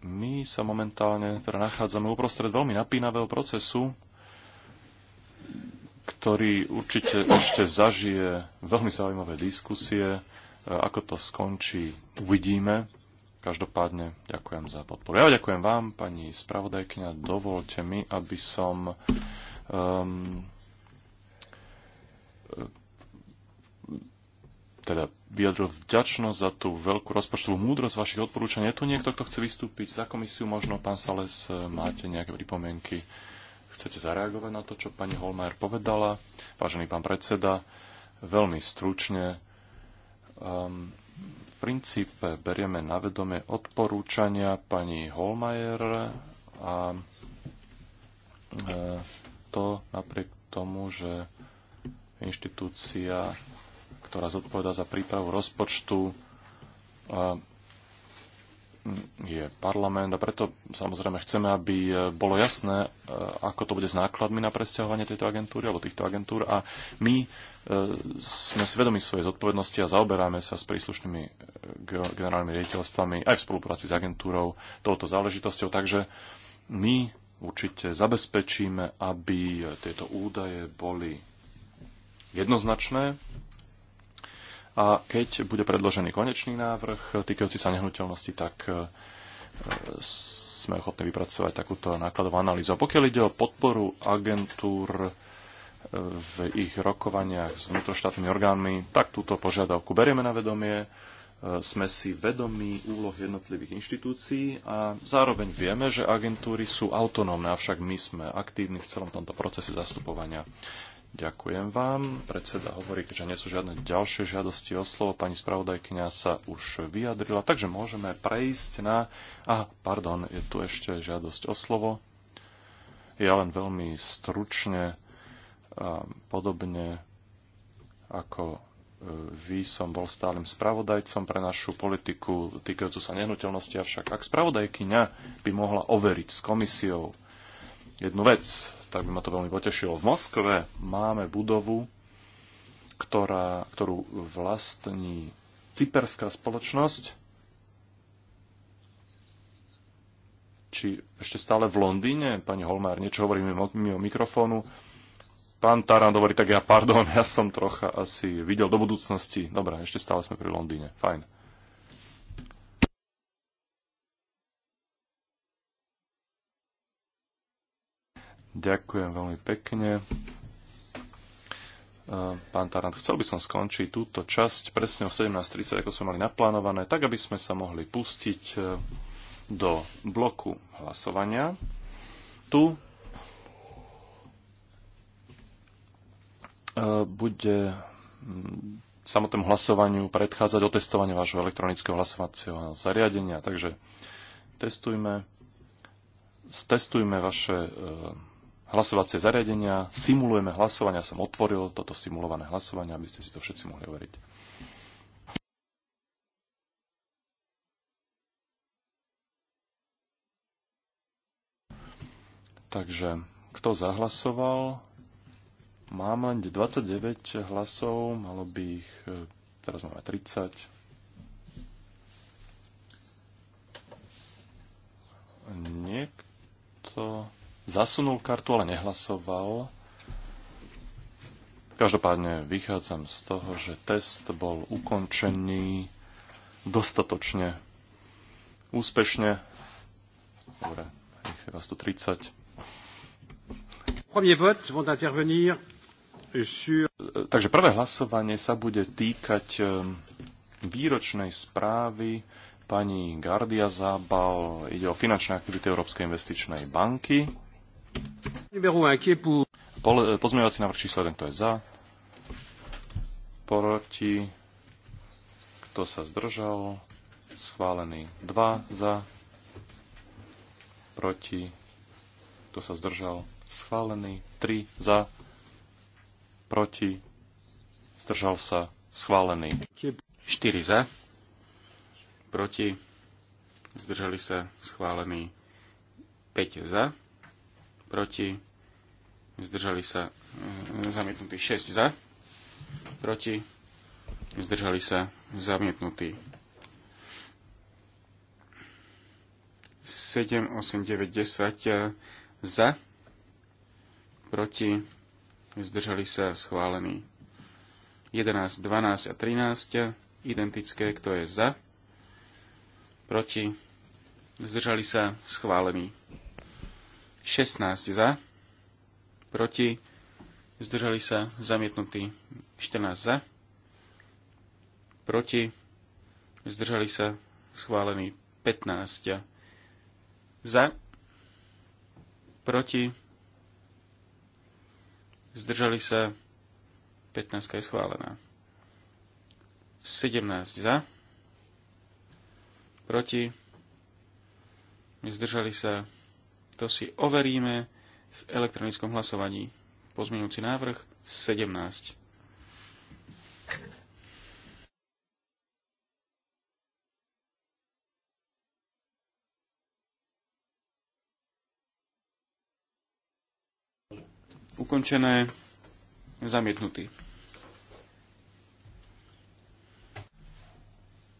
my sa momentálne teda nachádzame uprostred veľmi napínavého procesu, ktorý určite ešte zažije veľmi zaujímavé diskusie. E, ako to skončí, uvidíme Každopádne ďakujem za podporu. Ja ďakujem vám, pani spravodajkňa. Dovolte mi, aby som um, teda vyjadril vďačnosť za tú veľkú rozpočtovú múdrosť vašich odporúčaní. Je tu niekto, kto chce vystúpiť za komisiu? Možno, pán Sales, e, máte nejaké pripomienky? Chcete zareagovať na to, čo pani Holmajer povedala? Vážený pán predseda, veľmi stručne. Um, princípe berieme na vedomie odporúčania pani Holmajer a e, to napriek tomu, že inštitúcia, ktorá zodpoveda za prípravu rozpočtu, e, je parlament a preto samozrejme chceme, aby e, bolo jasné, e, ako to bude s nákladmi na presťahovanie tejto agentúry alebo týchto agentúr a my e, sme svedomi svojej zodpovednosti a zaoberáme sa s príslušnými generálnymi riaditeľstvami aj v spolupráci s agentúrou touto záležitosťou, takže my určite zabezpečíme, aby tieto údaje boli jednoznačné a keď bude predložený konečný návrh týkajúci sa nehnuteľnosti, tak e, sme ochotní vypracovať takúto nákladovú analýzu. A pokiaľ ide o podporu agentúr e, v ich rokovaniach s vnútroštátnymi orgánmi, tak túto požiadavku berieme na vedomie e, sme si vedomí úloh jednotlivých inštitúcií a zároveň vieme, že agentúry sú autonómne, avšak my sme aktívni v celom tomto procese zastupovania Ďakujem vám. Predseda hovorí, že nie sú žiadne ďalšie žiadosti o slovo. Pani spravodajkynia sa už vyjadrila, takže môžeme prejsť na... A, pardon, je tu ešte žiadosť o slovo. Ja len veľmi stručne, podobne ako e, vy som bol stálym spravodajcom pre našu politiku týkajúcu sa nehnuteľnosti, avšak ak spravodajkyňa by mohla overiť s komisiou jednu vec, tak by ma to veľmi potešilo. V Moskve máme budovu, ktorá, ktorú vlastní cyperská spoločnosť, či ešte stále v Londýne, pani Holmár, niečo hovorí mimo, mimo mikrofónu. Pán Taran hovorí, tak ja pardon, ja som trocha asi videl do budúcnosti. Dobre, ešte stále sme pri Londýne, fajn. Ďakujem veľmi pekne. E, pán Tarant, chcel by som skončiť túto časť presne o 17.30, ako sme mali naplánované, tak aby sme sa mohli pustiť e, do bloku hlasovania. Tu e, bude mm, samotnému hlasovaniu predchádzať otestovanie vášho elektronického hlasovacieho zariadenia. Takže testujme, testujme vaše hlasovacie zariadenia, simulujeme hlasovania, som otvoril toto simulované hlasovanie, aby ste si to všetci mohli overiť. Takže kto zahlasoval? Mám len 29 hlasov, malo by ich, e, teraz máme 30. Niekto zasunul kartu, ale nehlasoval. Každopádne vychádzam z toho, že test bol ukončený dostatočne úspešne. Dobre, ich vás tu 30. Takže prvé hlasovanie sa bude týkať ehm, výročnej správy pani Gardia Zábal. Ide o finančné aktivity Európskej investičnej banky. Eh, pozmeňovací návrh číslo 1, kto je za? Proti? Kto sa zdržal? Schválený 2 za? Proti? Kto sa zdržal? Schválený 3 za? Proti? Zdržal sa? Schválený 4 za? Proti? Zdržali sa? Schválený 5 za? proti, zdržali sa mm, zamietnutí 6 za, proti, zdržali sa zamietnutí 7, 8, 9, 10 za, proti, zdržali sa schválení 11, 12 a 13 e, identické, kto je za, proti, zdržali sa schválení 16 za, proti, zdržali sa zamietnutí 14 za, proti, zdržali sa schválení 15 za, proti, zdržali sa 15 je schválená. 17 za, proti, zdržali sa to si overíme v elektronickom hlasovaní. Pozmeňujúci návrh 17. Ukončené. Zamietnutý.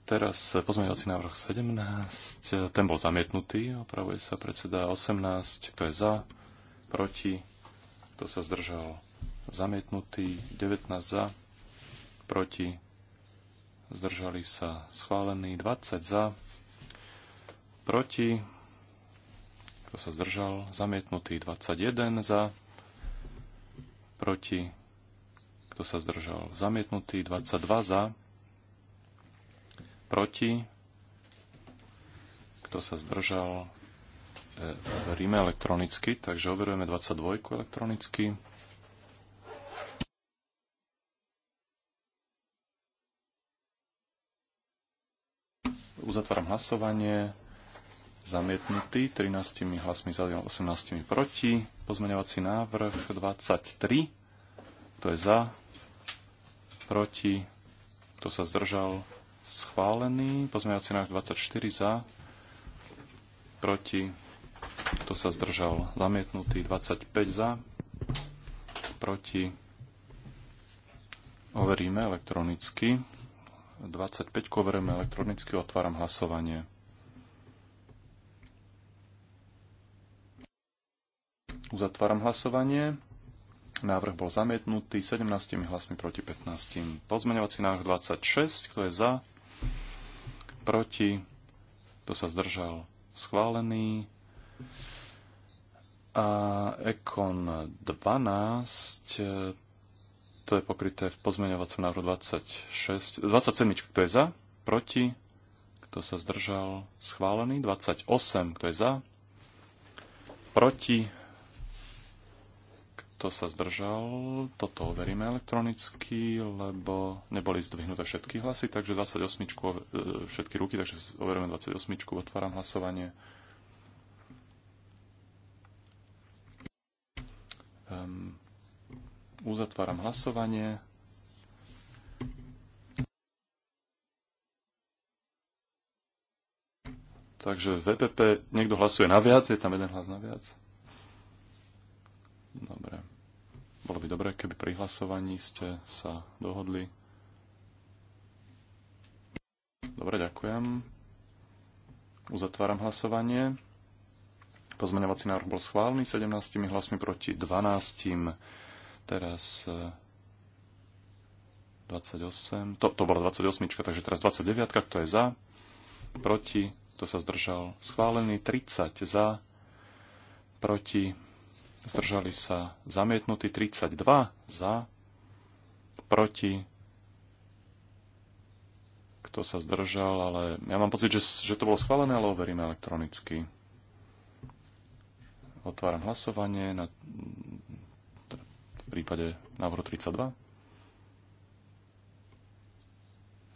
Teraz pozmeňovací návrh 17, ten bol zamietnutý, opravuje sa predseda 18, kto je za, proti, kto sa zdržal, zamietnutý, 19 za, proti, zdržali sa, schválený, 20 za, proti, kto sa zdržal, zamietnutý, 21 za, proti, kto sa zdržal, zamietnutý, 22 za, proti, kto sa zdržal v e, Ríme elektronicky, takže overujeme 22 elektronicky. Uzatváram hlasovanie. Zamietnutý 13 hlasmi za 18 proti. Pozmeňovací návrh 23. To je za, proti, kto sa zdržal, schválený. Pozmeňovací návrh 24 za, proti, kto sa zdržal, zamietnutý. 25 za, proti, overíme elektronicky. 25 overíme elektronicky, otváram hlasovanie. Uzatváram hlasovanie. Návrh bol zamietnutý 17 hlasmi proti 15. Pozmeňovací návrh 26, kto je za, proti, kto sa zdržal, schválený. A Ekon 12, to je pokryté v pozmeňovacom návrhu 26, 27, kto je za, proti, kto sa zdržal, schválený. 28, kto je za, proti, kto sa zdržal, toto overíme elektronicky, lebo neboli zdvihnuté všetky hlasy, takže 28, e, všetky ruky, takže overíme 28, otváram hlasovanie. Um, uzatváram hlasovanie. Takže VPP, e niekto hlasuje na viac, je tam jeden hlas na viac. Dobre. Bolo by dobré, keby pri hlasovaní ste sa dohodli. Dobre, ďakujem. Uzatváram hlasovanie. Pozmeňovací návrh bol schválený 17 hlasmi proti 12. Teraz 28. Eh, to, to bola 28, takže teraz 29, kto je za, proti, kto sa zdržal, schválený 30 za, proti, zdržali sa zamietnutí 32 za, proti, kto sa zdržal, ale ja mám pocit, že, že to bolo schválené, ale overíme elektronicky. Otváram hlasovanie na, teda v prípade návrhu 32.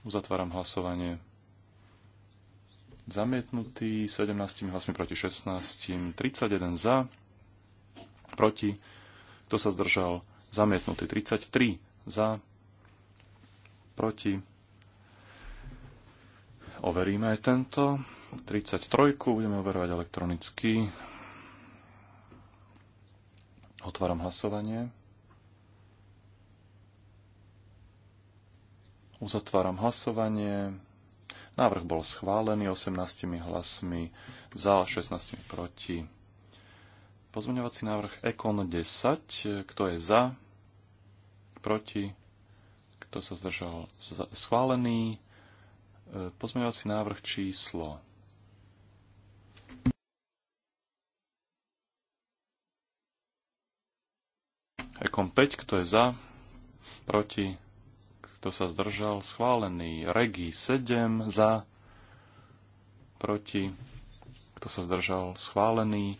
Uzatváram hlasovanie. Zamietnutý 17 hlasmi proti 16, 31 za, proti, kto sa zdržal, zamietnutý 33 za, proti. Overíme aj tento. 33 budeme overovať elektronicky. Otváram hlasovanie. Uzatváram hlasovanie. Návrh bol schválený 18 hlasmi za, 16 proti. Pozmeňovací návrh Ekon 10. Kto je za? Proti? Kto sa zdržal? Schválený. E, pozmeňovací návrh číslo Ekon 5, kto je za, proti, kto sa zdržal, schválený. Regi 7, za, proti, kto sa zdržal, schválený.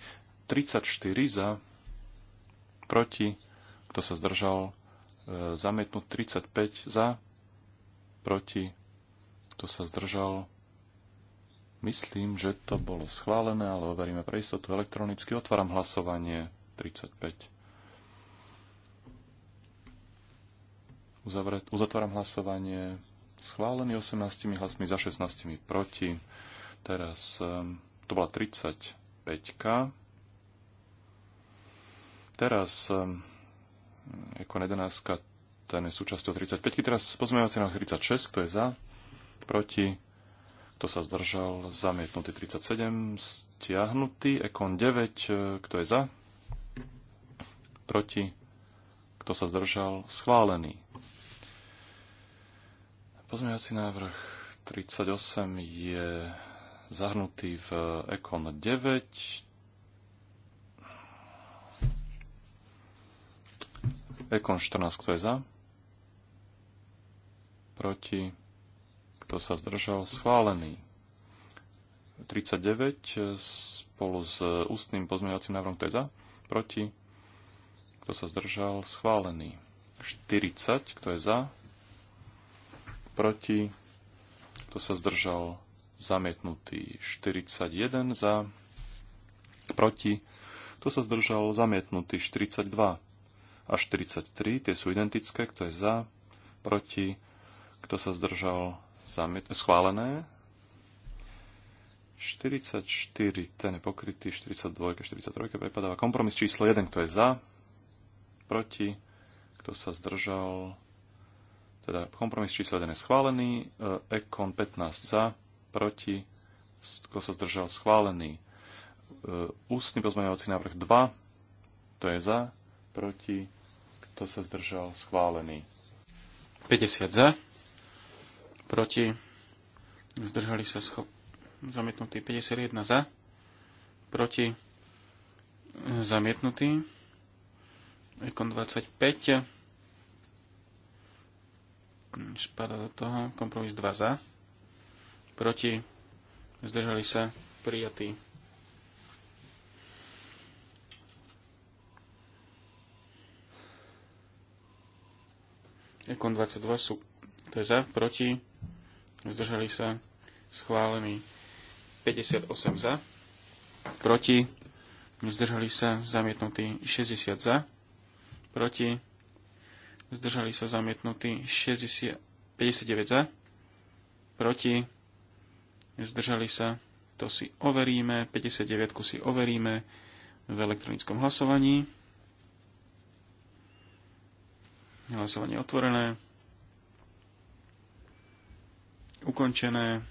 34 za, proti, kto sa zdržal, e, zamietnúť 35 za, proti, kto sa zdržal. Myslím, že to bolo schválené, ale overíme pre istotu elektronicky. Otváram hlasovanie 35. Uzavret, uzatváram hlasovanie. Schválený 18 hlasmi za 16 proti. Teraz e, to bola 35. Teraz ehm, Ekon 11, ten je súčasťou 35. Teraz pozmeňovací na 36, kto je za, proti, kto sa zdržal, zamietnutý 37, stiahnutý, Ekon 9, ehm, kto je za, proti, kto sa zdržal, schválený. Pozmeňovací návrh 38 je zahrnutý v Ekon 9, Ekon 14, kto je za? Proti? Kto sa zdržal? Schválený. 39 eh, spolu s eh, ústnym pozmeňovacím návrhom, kto je za? Proti? Kto sa zdržal? Schválený. 40, kto je za? Proti? Kto sa zdržal? Zamietnutý. 41 za? Proti? Kto sa zdržal? Zamietnutý. 42 až 43, tie sú identické, kto je za, proti, kto sa zdržal, zamiet- schválené. 44, ten je pokrytý, 42, 43 prepadáva. Kompromis číslo 1, kto je za, proti, kto sa zdržal, teda kompromis číslo 1 je schválený, e, Ekon 15 za, proti, kto sa zdržal, schválený. E, ústny pozmeňovací návrh 2, to je za, proti, kto sa zdržal, schválený. 50 za, proti, zdržali sa schop, zamietnutí 51 za, proti, zamietnutí ekon 25, spada do toho, kompromis 2 za, proti, zdržali sa, prijatí. Ekon 22 sú, to je za, proti, zdržali sa, schválený 58 za, proti, zdržali sa, zamietnutý 60 za, proti, zdržali sa, zamietnutý 60, 59 za, proti, zdržali sa, to si overíme, 59 si overíme v elektronickom hlasovaní. Hlasovanie otvorené. Ukončené.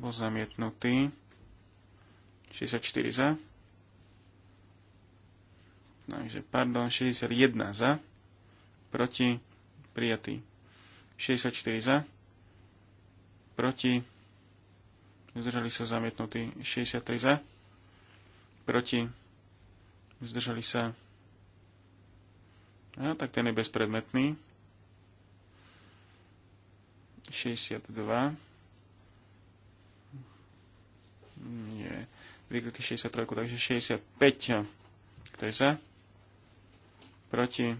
Bol zamietnutý. 64 za. Takže, pardon, 61 za. Proti. Prijatý. 64 za. Proti. Zdržali sa zamietnutí 63 za. Proti. Zdržali sa a, tak ten je bezpredmetný. 62 nie vykrytý 63, takže 65. Kto je za? Proti?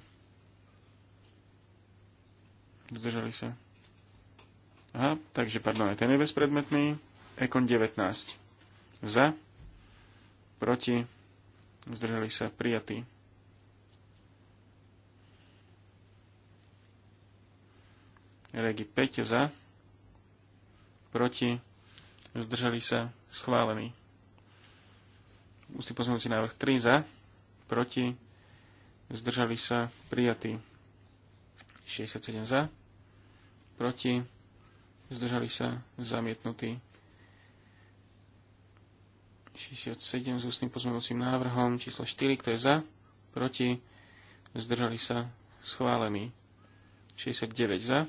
Zdržali sa. Aha, takže pardon, aj ten je bezpredmetný. Ekon 19. Za? Proti? Zdržali sa. Prijatý. Regi 5 za, proti, zdržali sa, schválený. Ústny pozmeňujúci návrh 3 za, proti, zdržali sa, prijatý. 67 za, proti, zdržali sa, zamietnutý. 67 s ústnym pozmeňujúcim návrhom číslo 4, kto je za, proti, zdržali sa, schválený. 69 za,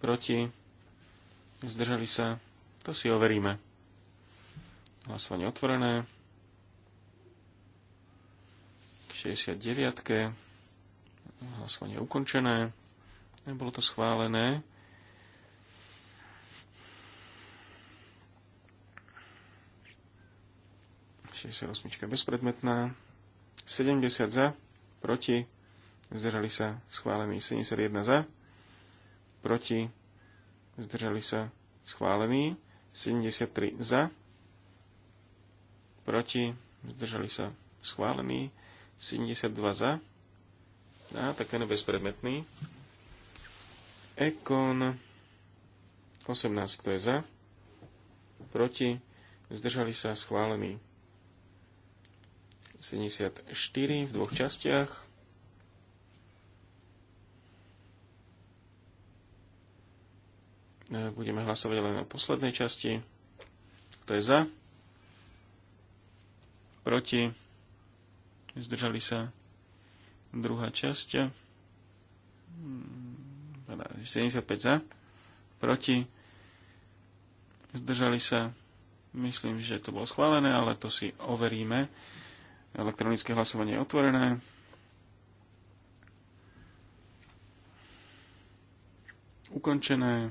proti, zdržali sa, to si overíme. Hlasovanie otvorené. K 69. Hlasovanie ukončené. Nebolo to schválené. osmička bezpredmetná. 70 za, proti, zdržali sa schválený 71 za, proti, zdržali sa schválení, 73 za, proti, zdržali sa schválení, 72 za, a tak ten je bezpredmetný. Ekon 18, kto je za, proti, zdržali sa schválení. 74 v dvoch častiach, E, budeme hlasovať len o poslednej časti. Kto je za? Proti? Zdržali sa? Druhá časť. 75 teda, za. Proti? Zdržali sa? Myslím, že to bolo schválené, ale to si overíme. Elektronické hlasovanie je otvorené. Ukončené.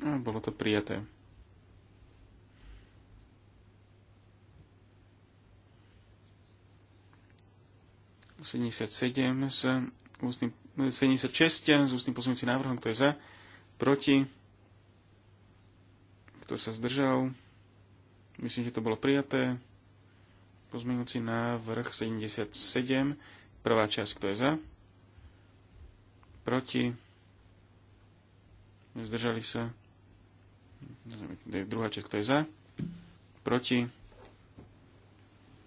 A bolo to prijaté. sedem s 76 s ústnym posunúcim návrhom, kto je za, proti, kto sa zdržal. Myslím, že to bolo prijaté. Pozmeňujúci návrh 77, prvá časť, kto je za, proti, zdržali sa, Druhá časť, kto je za, proti.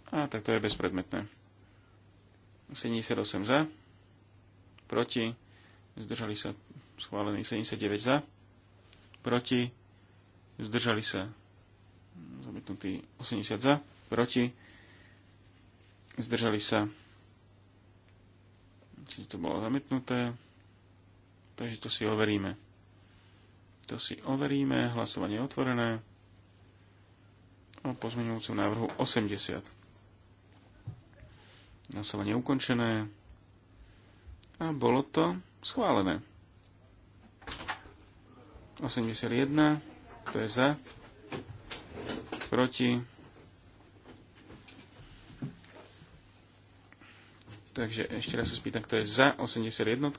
A tak to je bezpredmetné. 78 za, proti. Zdržali sa schválení 79 za, proti. Zdržali sa zamietnutí 80 za, proti. Zdržali sa či to bolo zamietnuté. Takže to si overíme. To si overíme. Hlasovanie je otvorené o pozmeňujúcom návrhu 80. Hlasovanie ukončené. A bolo to schválené. 81. To je za. Proti. Takže ešte raz sa spýtam, kto je za 81.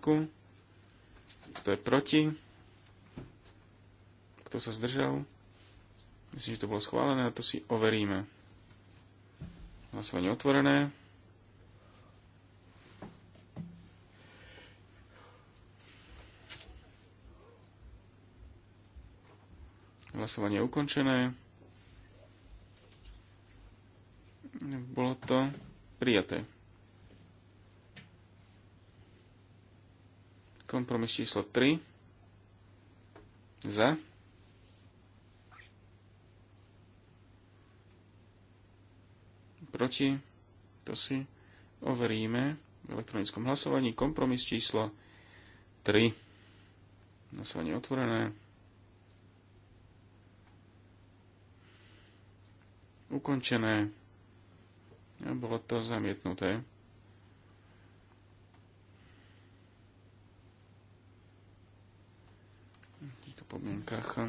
Kto je proti kto sa zdržal. Myslím, že to bolo schválené a to si overíme. Hlasovanie otvorené. Hlasovanie je ukončené. Bolo to prijaté. Kompromis číslo 3. Za. proti, to si overíme v elektronickom hlasovaní. Kompromis číslo 3. Hlasovanie otvorené. Ukončené. A bolo to zamietnuté. V týchto podmienkach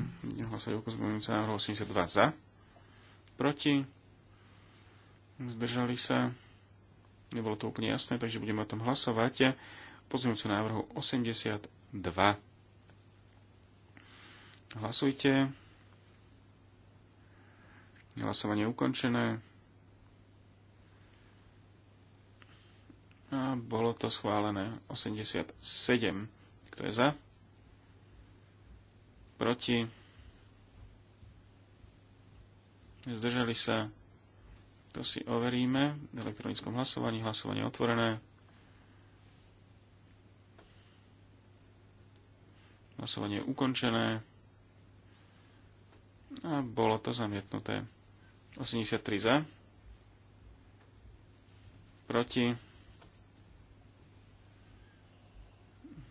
hlasovali o 82 za, proti zdržali sa, nebolo to úplne jasné, takže budeme o tom hlasovať. sa návrhu 82. Hlasujte. Hlasovanie ukončené. A bolo to schválené 87. Kto je za? Proti? Zdržali sa? To si overíme v elektronickom hlasovaní. Hlasovanie otvorené. Hlasovanie je ukončené. A bolo to zamietnuté. 83 za. Proti.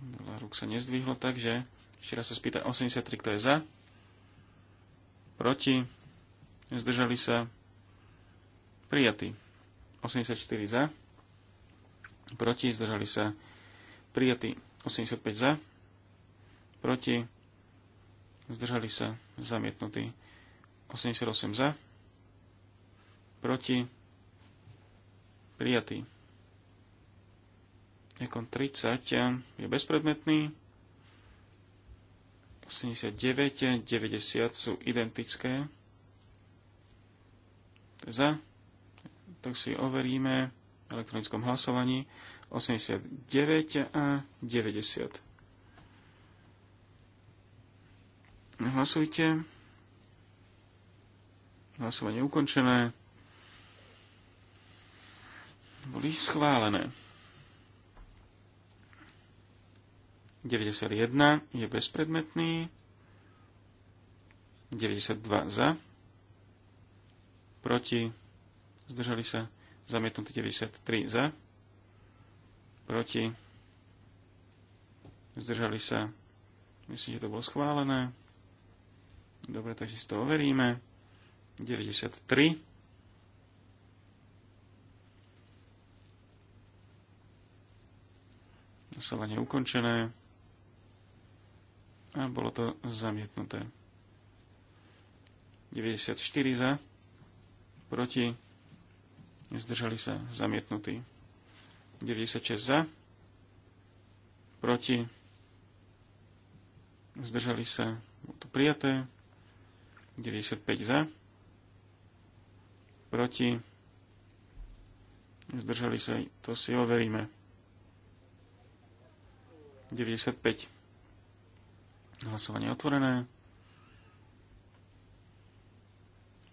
Veľa rúk sa nezdvihlo, takže ešte raz sa spýta 83, kto je za. Proti. Zdržali sa prijatý. 84 za, proti, zdržali sa prijatí 85 za, proti, zdržali sa zamietnutí 88 za, proti, prijatí. Ekon 30 je bezpredmetný, 89, 90 sú identické, za, tak si overíme v elektronickom hlasovaní 89 a 90. Hlasujte. Hlasovanie ukončené. Boli schválené. 91 je bezpredmetný. 92 za. Proti zdržali sa, zamietnutí 93 za, proti, zdržali sa, myslím, že to bolo schválené, dobre, takže si to overíme, 93, hlasovanie ukončené a bolo to zamietnuté. 94 za, proti, zdržali sa zamietnutí. 96 za, proti, zdržali sa, bolo to prijaté, 95 za, proti, zdržali sa, to si overíme. 95. Hlasovanie otvorené.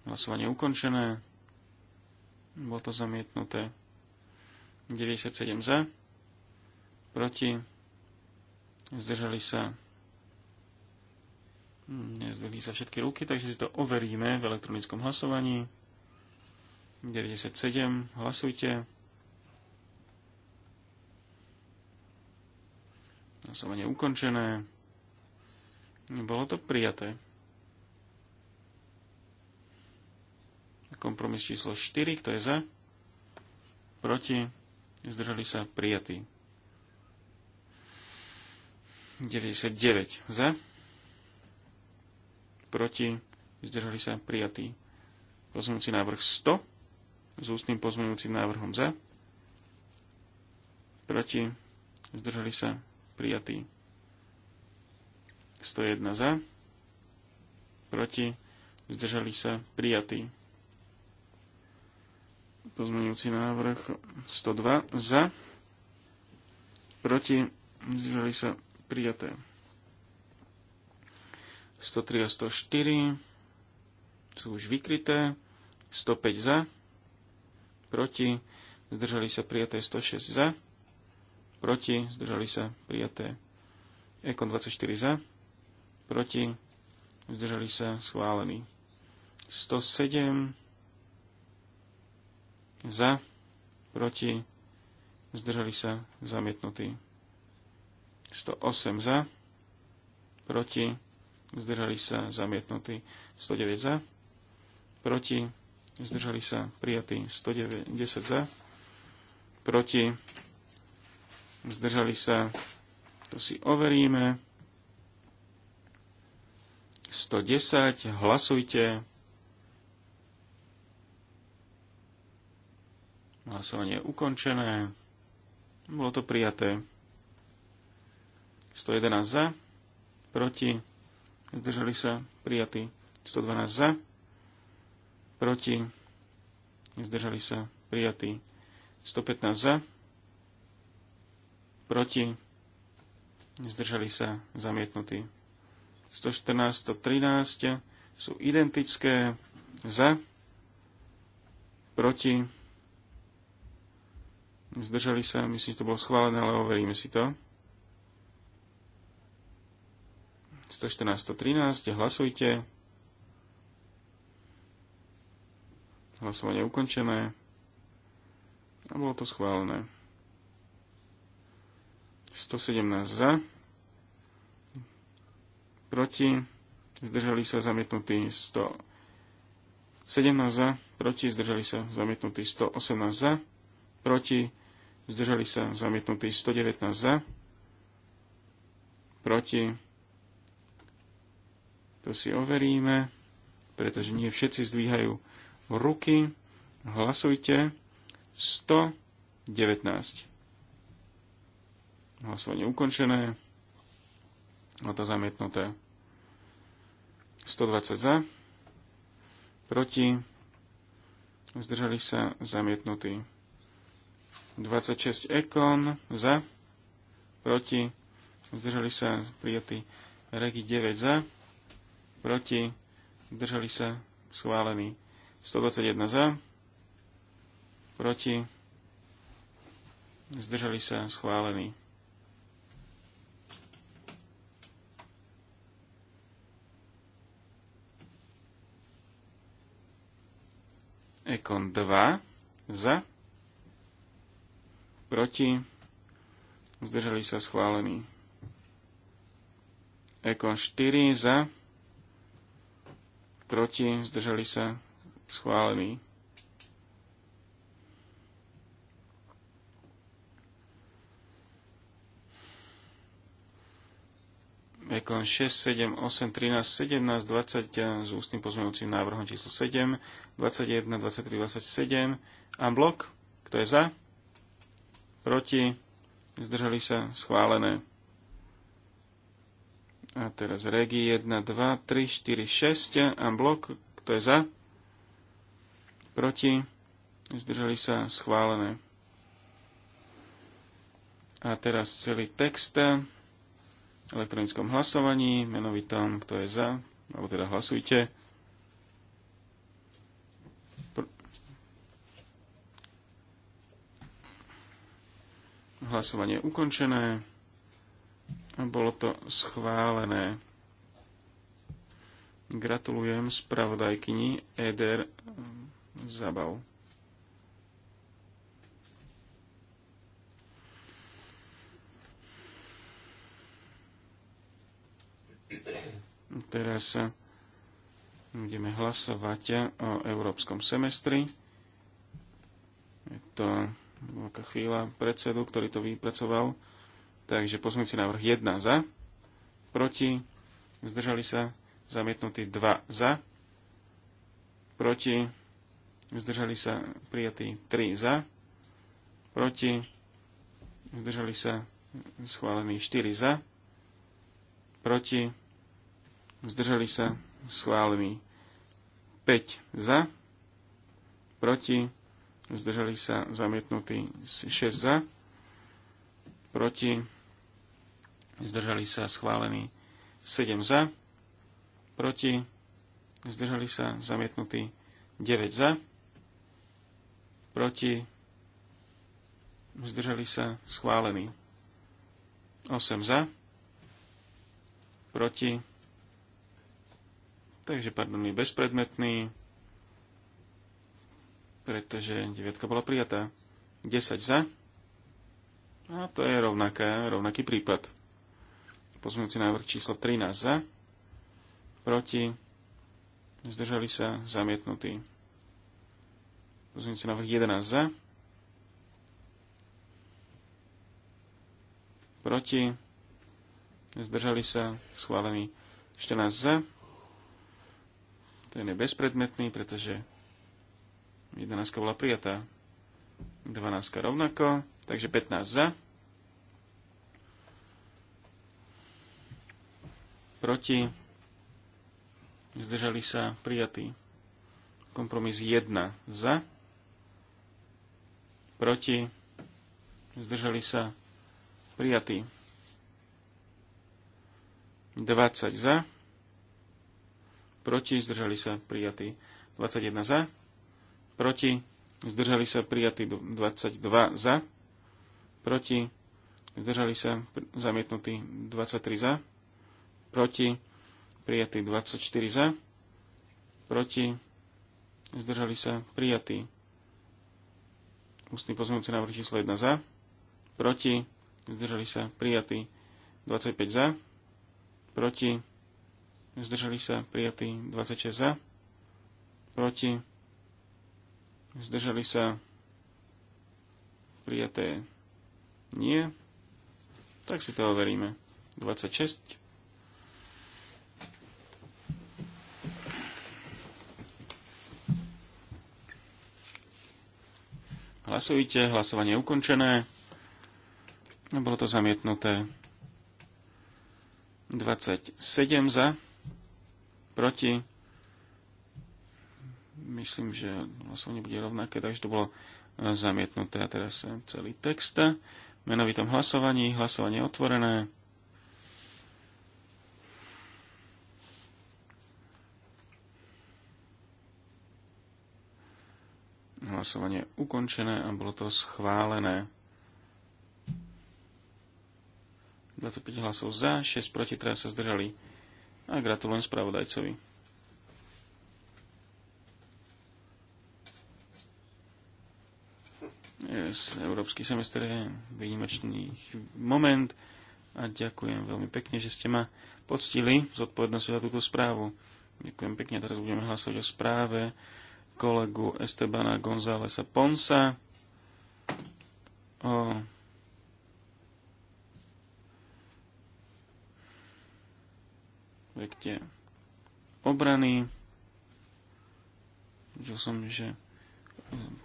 Hlasovanie ukončené. Bolo to zamietnuté. 97 za. Proti. Zdržali sa. nezdržali sa všetky ruky, takže si to overíme v elektronickom hlasovaní. 97. Hlasujte. Hlasovanie ukončené. Bolo to prijaté. Kompromis číslo 4, kto je za? Proti? Zdržali sa prijatí. 99 za. Proti? Zdržali sa prijatí. Pozmeňujúci návrh 100 s ústnym pozmeňujúcim návrhom za. Proti? Zdržali sa prijatí. 101 za. Proti? Zdržali sa prijatí. Pozmeňujúci návrh 102 za. Proti. Zdržali sa prijaté. 103 a 104 sú už vykryté. 105 za. Proti. Zdržali sa prijaté 106 za. Proti. Zdržali sa prijaté. Ekon 24 za. Proti. Zdržali sa schválený. 107 za, proti, zdržali sa zamietnutí. 108 za, proti, zdržali sa zamietnutí. 109 za, proti, zdržali sa prijatí. 110 za, proti, zdržali sa, to si overíme. 110, hlasujte. Hlasovanie je ukončené. Bolo to prijaté. 111 za, proti, zdržali sa, prijatí. 112 za, proti, zdržali sa, prijatí. 115 za, proti, zdržali sa, zamietnutí. 114, 113 sú identické za, proti, Zdržali sa, myslím, že to bolo schválené, ale overíme si to. 114, 113, hlasujte. Hlasovanie ukončené. A bolo to schválené. 117 za. Proti. Zdržali sa zamietnutí 117 za. Proti. Zdržali sa zamietnutí 118 za. Proti zdržali sa zamietnutí 119 za, proti, to si overíme, pretože nie všetci zdvíhajú ruky, hlasujte 119. Hlasovanie ukončené, a to zamietnuté 120 za, proti, zdržali sa zamietnutí 26 ekon za, proti, zdržali sa prijatí regi 9 za, proti, zdržali sa schválení 121 za, proti, zdržali sa schválení. Ekon 2 za, proti, zdržali sa schválení. Ekon 4 za, proti, zdržali sa schválení. Ekon 6, 7, 8, 13, 17, 20 s ústnym pozmeňujúcim návrhom číslo 7, 21, 23, 27 a blok. Kto je za? proti, zdržali sa schválené. A teraz regi 1, 2, 3, 4, 6 a blok, kto je za, proti, zdržali sa schválené. A teraz celý text v elektronickom hlasovaní, menovitom, kto je za, alebo teda hlasujte. Hlasovanie ukončené a bolo to schválené. Gratulujem spravodajkyni Eder Zabal. Teraz budeme hlasovať o európskom semestri. Je to veľká chvíľa predsedu, ktorý to vypracoval. Takže pozmeňujúci návrh 1 za, proti, zdržali sa, zamietnutí 2 za, proti, zdržali sa, prijatí 3 za, proti, zdržali sa, schválený 4 za, proti, zdržali sa, schválený 5 za, proti, zdržali sa zamietnutí 6 za, proti, zdržali sa schválení 7 za, proti, zdržali sa zamietnutí 9 za, proti, zdržali sa schválení 8 za, proti, takže pardon, je bezpredmetný, pretože 9 bola prijatá. 10 za. A to je rovnaká, rovnaký prípad. Pozmeňujúci návrh číslo 13 za. Proti. Zdržali sa zamietnutí. Pozmeňujúci návrh 11 za. Proti. Zdržali sa schválený 14 za. Ten je bezpredmetný, pretože 11 bola prijatá. 12 rovnako, takže 15 za. Proti. Zdržali sa prijatí. Kompromis 1 za. Proti. Zdržali sa prijatí. 20 za. Proti. Zdržali sa prijatí. 21 za proti, zdržali sa prijatí 22 za, proti, zdržali sa zamietnutí 23 za, proti, prijatí 24 za, proti, zdržali sa prijatí. Ústny pozmeňujúci návrh číslo 1 za, proti, zdržali sa prijatí 25 za, proti, zdržali sa prijatí 26 za, proti, Zdržali sa? Prijaté? Nie. Tak si to overíme. 26. Hlasujte, hlasovanie je ukončené. Bolo to zamietnuté. 27 za, proti, myslím, že hlasovanie bude rovnaké, takže to bolo e, zamietnuté. A teraz e, celý text. E, menovitom hlasovaní, hlasovanie otvorené. Hlasovanie ukončené a bolo to schválené. 25 hlasov za, 6 proti, teraz sa zdržali. A gratulujem spravodajcovi. európsky semestre je výnimočný moment a ďakujem veľmi pekne, že ste ma poctili z odpovednosti za túto správu. Ďakujem pekne, teraz budeme hlasovať o správe kolegu Estebana Gonzálesa Ponsa o vekte obrany. Videl som, že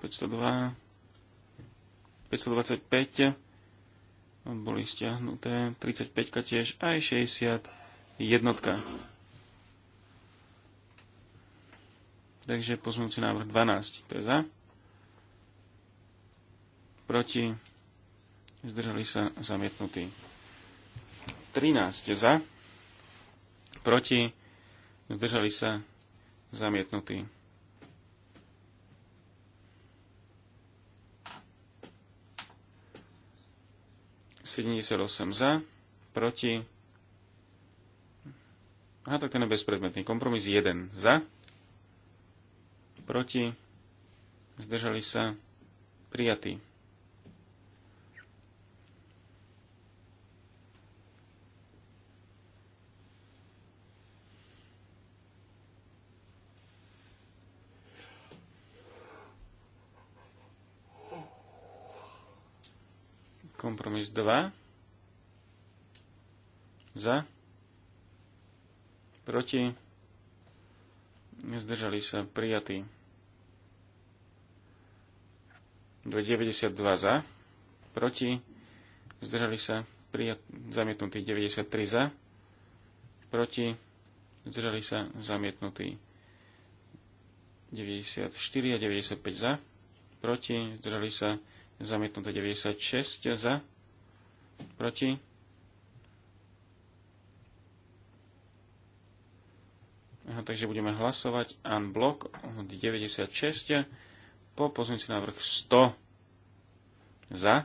502 525 boli stiahnuté, 35 tiež aj 60 jednotka. Takže pozmúci návrh 12. To je za. Proti. Zdržali sa zamietnutí. 13 za. Proti. Zdržali sa zamietnutí. 78 za, proti. Aha, tak ten je bezpredmetný. Kompromis 1 za, proti. Zdržali sa prijatí. Kompromis 2. Za. Proti. Zdržali sa prijatí. 92 za. Proti. Zdržali sa prijat, zamietnutí 93 za. Proti. Zdržali sa zamietnutí 94 a 95 za. Proti. Zdržali sa zamietnuté 96 za, proti, Aha, takže budeme hlasovať unblock blok 96 po pozmeňujúci návrh 100 za,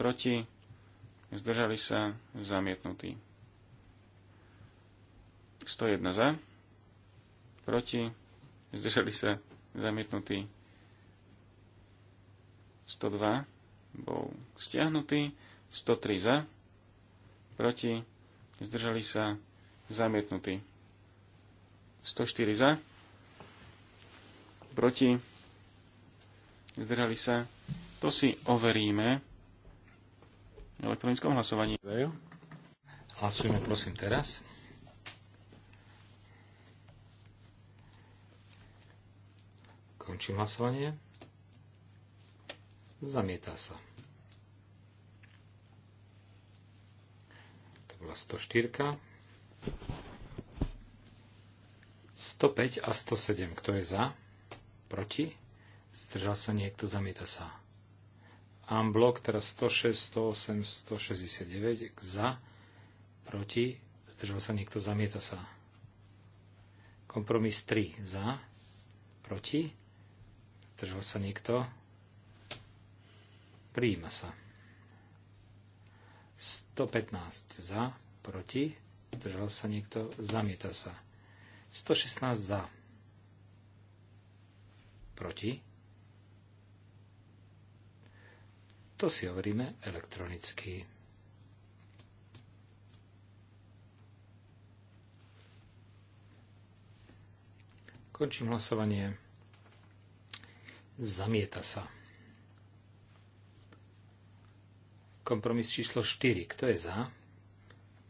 proti, zdržali sa zamietnutí. 101 za, proti, zdržali sa zamietnutí. 102 bol stiahnutý, 103 za, proti, zdržali sa, zamietnutý. 104 za, proti, zdržali sa. To si overíme v elektronickom hlasovaní. Hlasujeme prosím teraz. Končím hlasovanie. Zamieta sa. To bola 104. 105 a 107. Kto je za? Proti? Zdržal sa niekto? Zamieta sa. Amblok teraz 106, 108, 169. Za? Proti? Zdržal sa niekto? Zamieta sa. Kompromis 3. Za? Proti? Zdržal sa niekto? Prijíma sa. 115 za, proti, držal sa niekto, zamieta sa. 116 za, proti. To si overíme elektronicky. Končím hlasovanie. Zamieta sa. Kompromis číslo 4. Kto je za?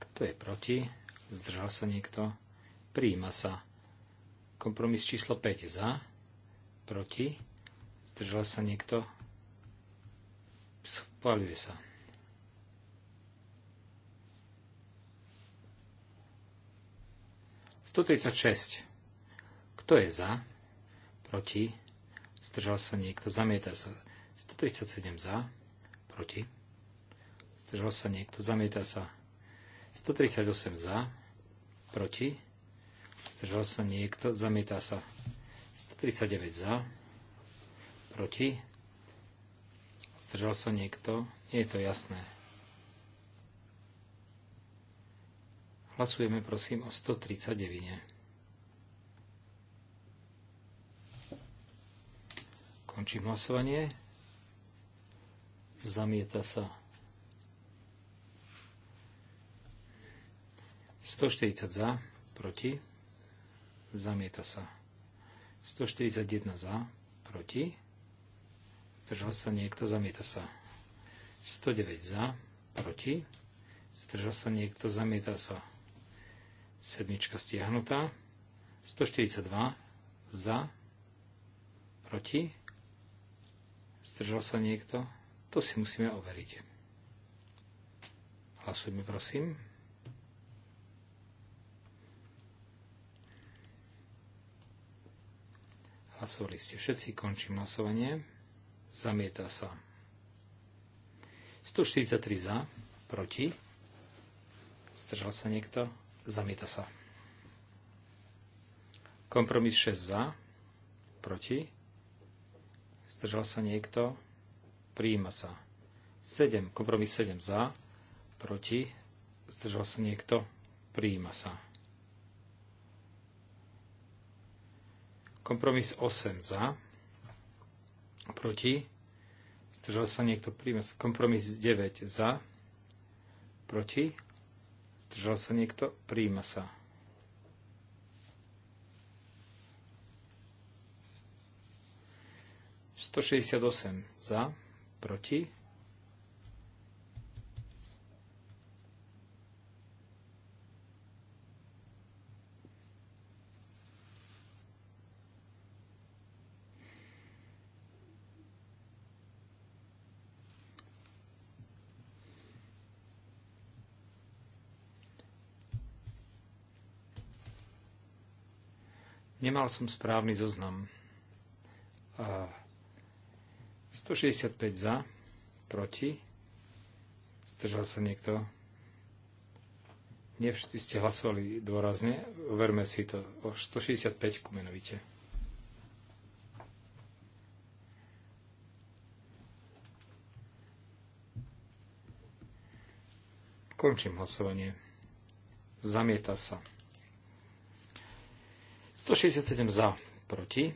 Kto je proti? Zdržal sa niekto? Príjima sa. Kompromis číslo 5. Za? Proti? Zdržal sa niekto? Schváľuje sa. šesť. Kto je za? Proti? Zdržal sa niekto? Zamieta sa. 137 za? Proti? Zdržal sa niekto. Zamieta sa. 138 za. Proti. Zdržal sa niekto. Zamieta sa. 139 za. Proti. Zdržal sa niekto. Nie je to jasné. Hlasujeme prosím o 139. Končím hlasovanie. Zamieta sa. 140 za, proti, zamieta sa. 141 za, proti, zdržal sa niekto, zamieta sa. 109 za, proti, zdržal sa niekto, zamieta sa. Sedmička stiahnutá. 142 za, proti, zdržal sa niekto, to si musíme overiť. Hlasujme, prosím. Hlasovali ste všetci, končím hlasovanie. Zamieta sa. 143 za, proti. Zdržal sa niekto? Zamieta sa. Kompromis 6 za, proti. Zdržal sa niekto? Prijíma sa. 7, kompromis 7 za, proti. Zdržal sa niekto? Prijíma sa. Kompromis 8 za, proti, zdržal sa niekto, príjme sa. Kompromis 9 za, proti, zdržal sa niekto, príjme sa. Sto za, proti, Nemal som správny zoznam. 165 za, proti. Zdržal sa niekto? Nie všetci ste hlasovali dôrazne. Overme si to o 165 kumenovite. Končím hlasovanie. Zamieta sa. 167 za, proti.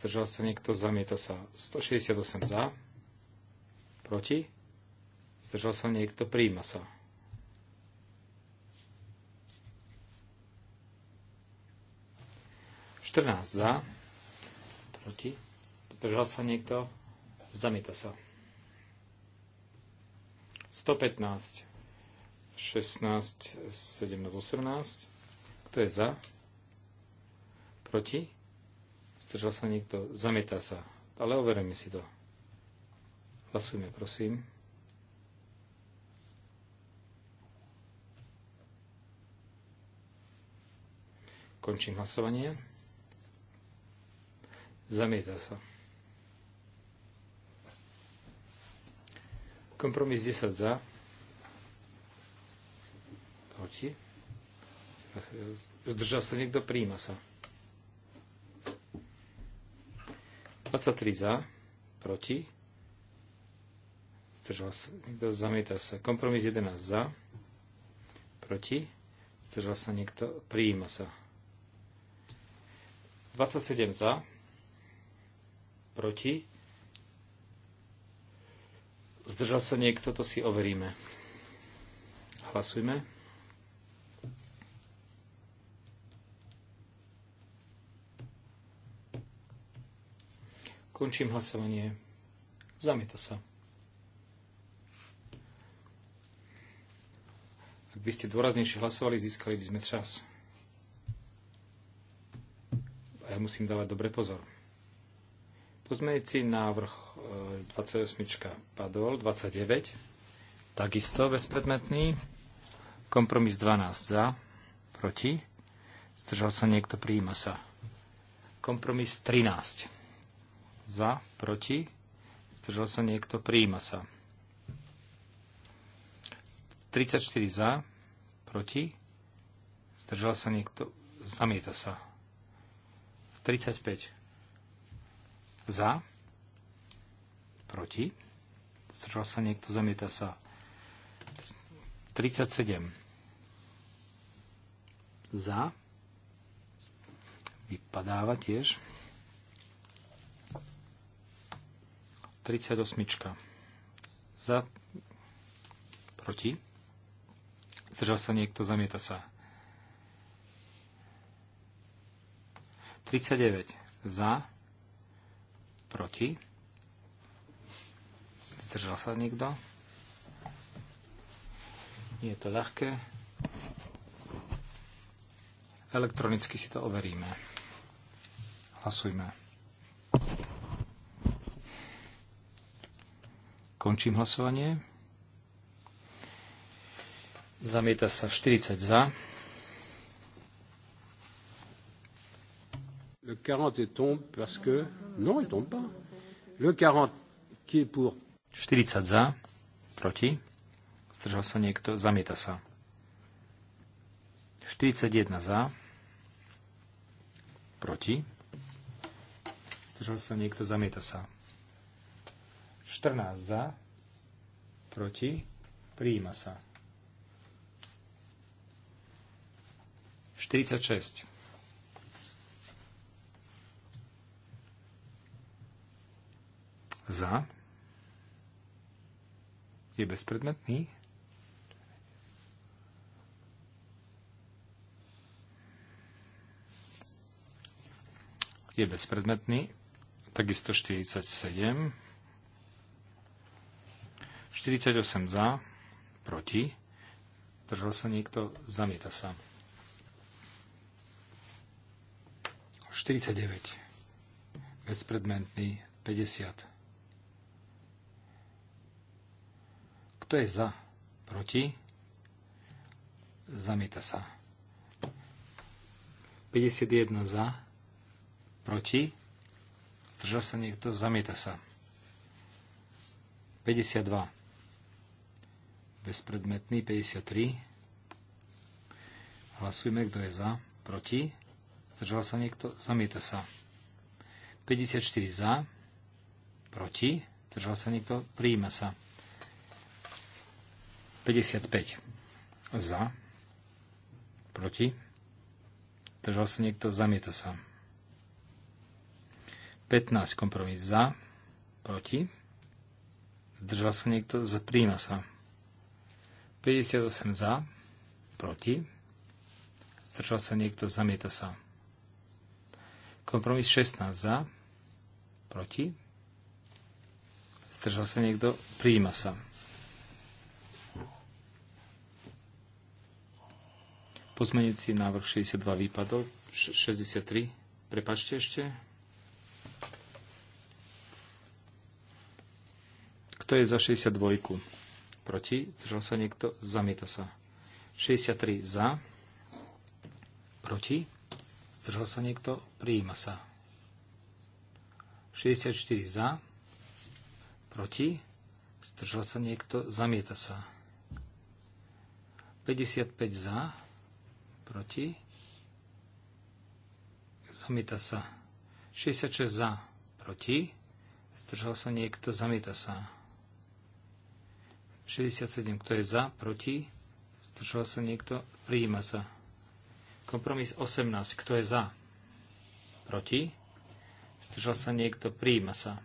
Zdržal sa niekto, zamieta sa. 168 za, proti. Zdržal sa niekto, príjma sa. 14 za, proti. Zdržal sa niekto, zamieta sa. 115, 16, 17, 18. Kto je za? Proti? Zdržal sa niekto? Zamieta sa. Ale overejme si to. Hlasujme, prosím. Končím hlasovanie. Zamieta sa. Kompromis 10 za. Proti. Zdržal sa niekto, príjma sa. 23 za, proti, zdržal sa, niekto zamieta sa. Kompromis 11 za, proti, zdržal sa niekto, prijíma sa. 27 za, proti, zdržal sa niekto, to si overíme. Hlasujme. Končím hlasovanie. Zamieta sa. Ak by ste dôraznejšie hlasovali, získali by sme čas. A ja musím dávať dobre pozor. Pozmejci návrh 28 e, padol, 29, takisto bezpredmetný. Kompromis 12 za, proti. Zdržal sa niekto, prijíma sa. Kompromis 13 za, proti, zdržal sa niekto, prijíma sa. 34 za, proti, zdržal sa niekto, zamieta sa. 35 za, proti, zdržal sa niekto, zamieta sa. 37 za, vypadáva tiež. 38. Za, proti. Zdržal sa niekto, zamieta sa. 39. Za, proti. Zdržal sa niekto. Nie je to ľahké. Elektronicky si to overíme. Hlasujme. Končím hlasovanie. Zamieta sa 40 za. Le 40 est tombe parce que... Non, il tombe pas. Le 40 qui est pour... 40 za, proti. Zdržal sa niekto, zamieta sa. 41 za, proti. Zdržal sa niekto, zamieta sa. 14 za, proti, prijíma sa. 46. Za je bezpredmetný. Je bezpredmetný. Takisto 47. 48 za, proti, držal sa niekto, zamieta sa. 49, bezpredmentný, 50. Kto je za, proti, zamieta sa. 51 za, proti, zdržal sa niekto, zamieta sa. 52 bezpredmetný 53. Hlasujeme, kto je za, proti. Zdržal sa niekto? Zamieta sa. 54 za, proti. Zdržal sa niekto? Prijíma sa. 55 za, proti. Zdržal sa niekto? Zamieta sa. 15 kompromis za, proti. Zdržal sa niekto? Prijíma sa. 58 za, proti. Zdržal sa niekto, zamieta sa. Kompromis 16 za, proti. Zdržal sa niekto, prijíma sa. Pozmenujúci návrh 62 výpadov, 63, prepačte ešte. Kto je za 62? proti, zdržal sa niekto, zamieta sa. 63 za, proti, zdržal sa niekto, prijíma sa. 64 za, proti, zdržal sa niekto, zamieta sa. 55 za, proti, zamieta sa. 66 za, proti, zdržal sa niekto, zamieta sa. 67. Kto je za? Proti? Zdržal sa niekto? Prijíma sa. Kompromis 18. Kto je za? Proti? Zdržal sa niekto? Prijíma sa.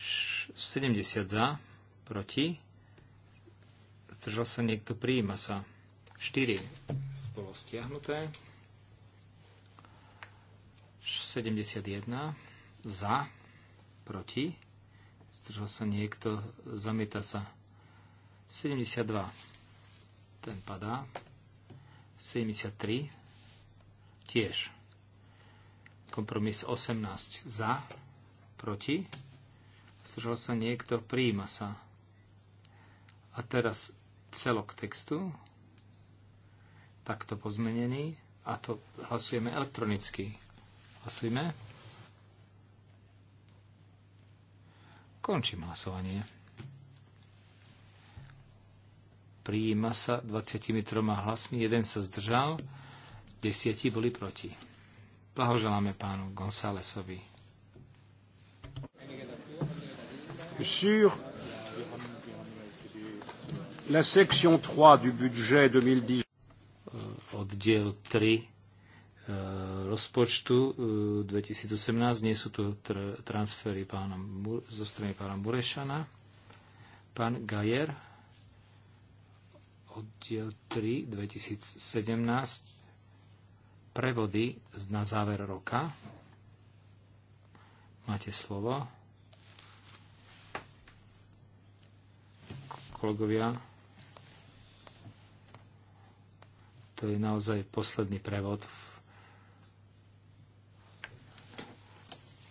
70 za? Proti? Zdržal sa niekto? Prijíma sa. 4 spolo stiahnuté. 71 za? Proti? zdržal sa niekto, zamieta sa. 72, ten padá. 73, tiež. Kompromis 18, za, proti. Zdržal sa niekto, prijíma sa. A teraz celok textu, takto pozmenený, a to hlasujeme elektronicky. Hlasujeme. Končím hlasovanie. Prijíma sa 23 hlasmi, jeden sa zdržal, desiatí boli proti. Blahoželáme pánu Gonzálesovi. la section 3 du budget 2010. Oddiel 3 E, rozpočtu 2018. E, Nie sú tu tr- transfery pána, zo strany pána Burešana, Pán Gajer, oddiel 3 2017, prevody na záver roka. Máte slovo. Kolegovia, to je naozaj posledný prevod v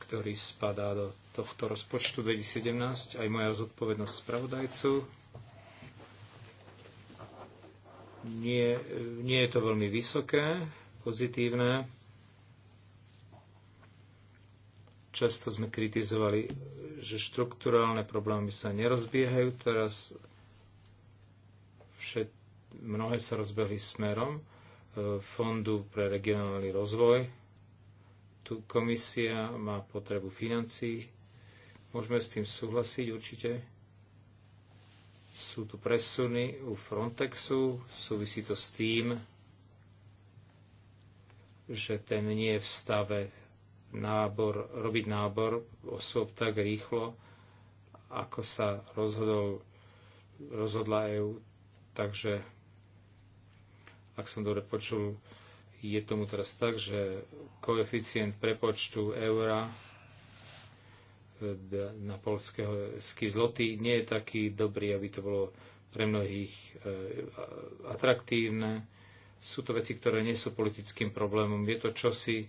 ktorý spadá do tohto rozpočtu 2017, aj moja zodpovednosť spravodajcu. Nie, nie je to veľmi vysoké, pozitívne. Často sme kritizovali, že štruktúrálne problémy sa nerozbiehajú. Teraz všet, mnohé sa rozbehli smerom eh, fondu pre regionálny rozvoj tu komisia má potrebu financií. Môžeme s tým súhlasiť určite. Sú tu presuny u Frontexu, súvisí to s tým, že ten nie je v stave nábor, robiť nábor osôb tak rýchlo, ako sa rozhodol, rozhodla EU. Takže, ak som dobre počul, je tomu teraz tak, že koeficient prepočtu eura e, na polského zloty nie je taký dobrý, aby to bolo pre mnohých e, atraktívne. Sú to veci, ktoré nie sú politickým problémom. Je to čosi,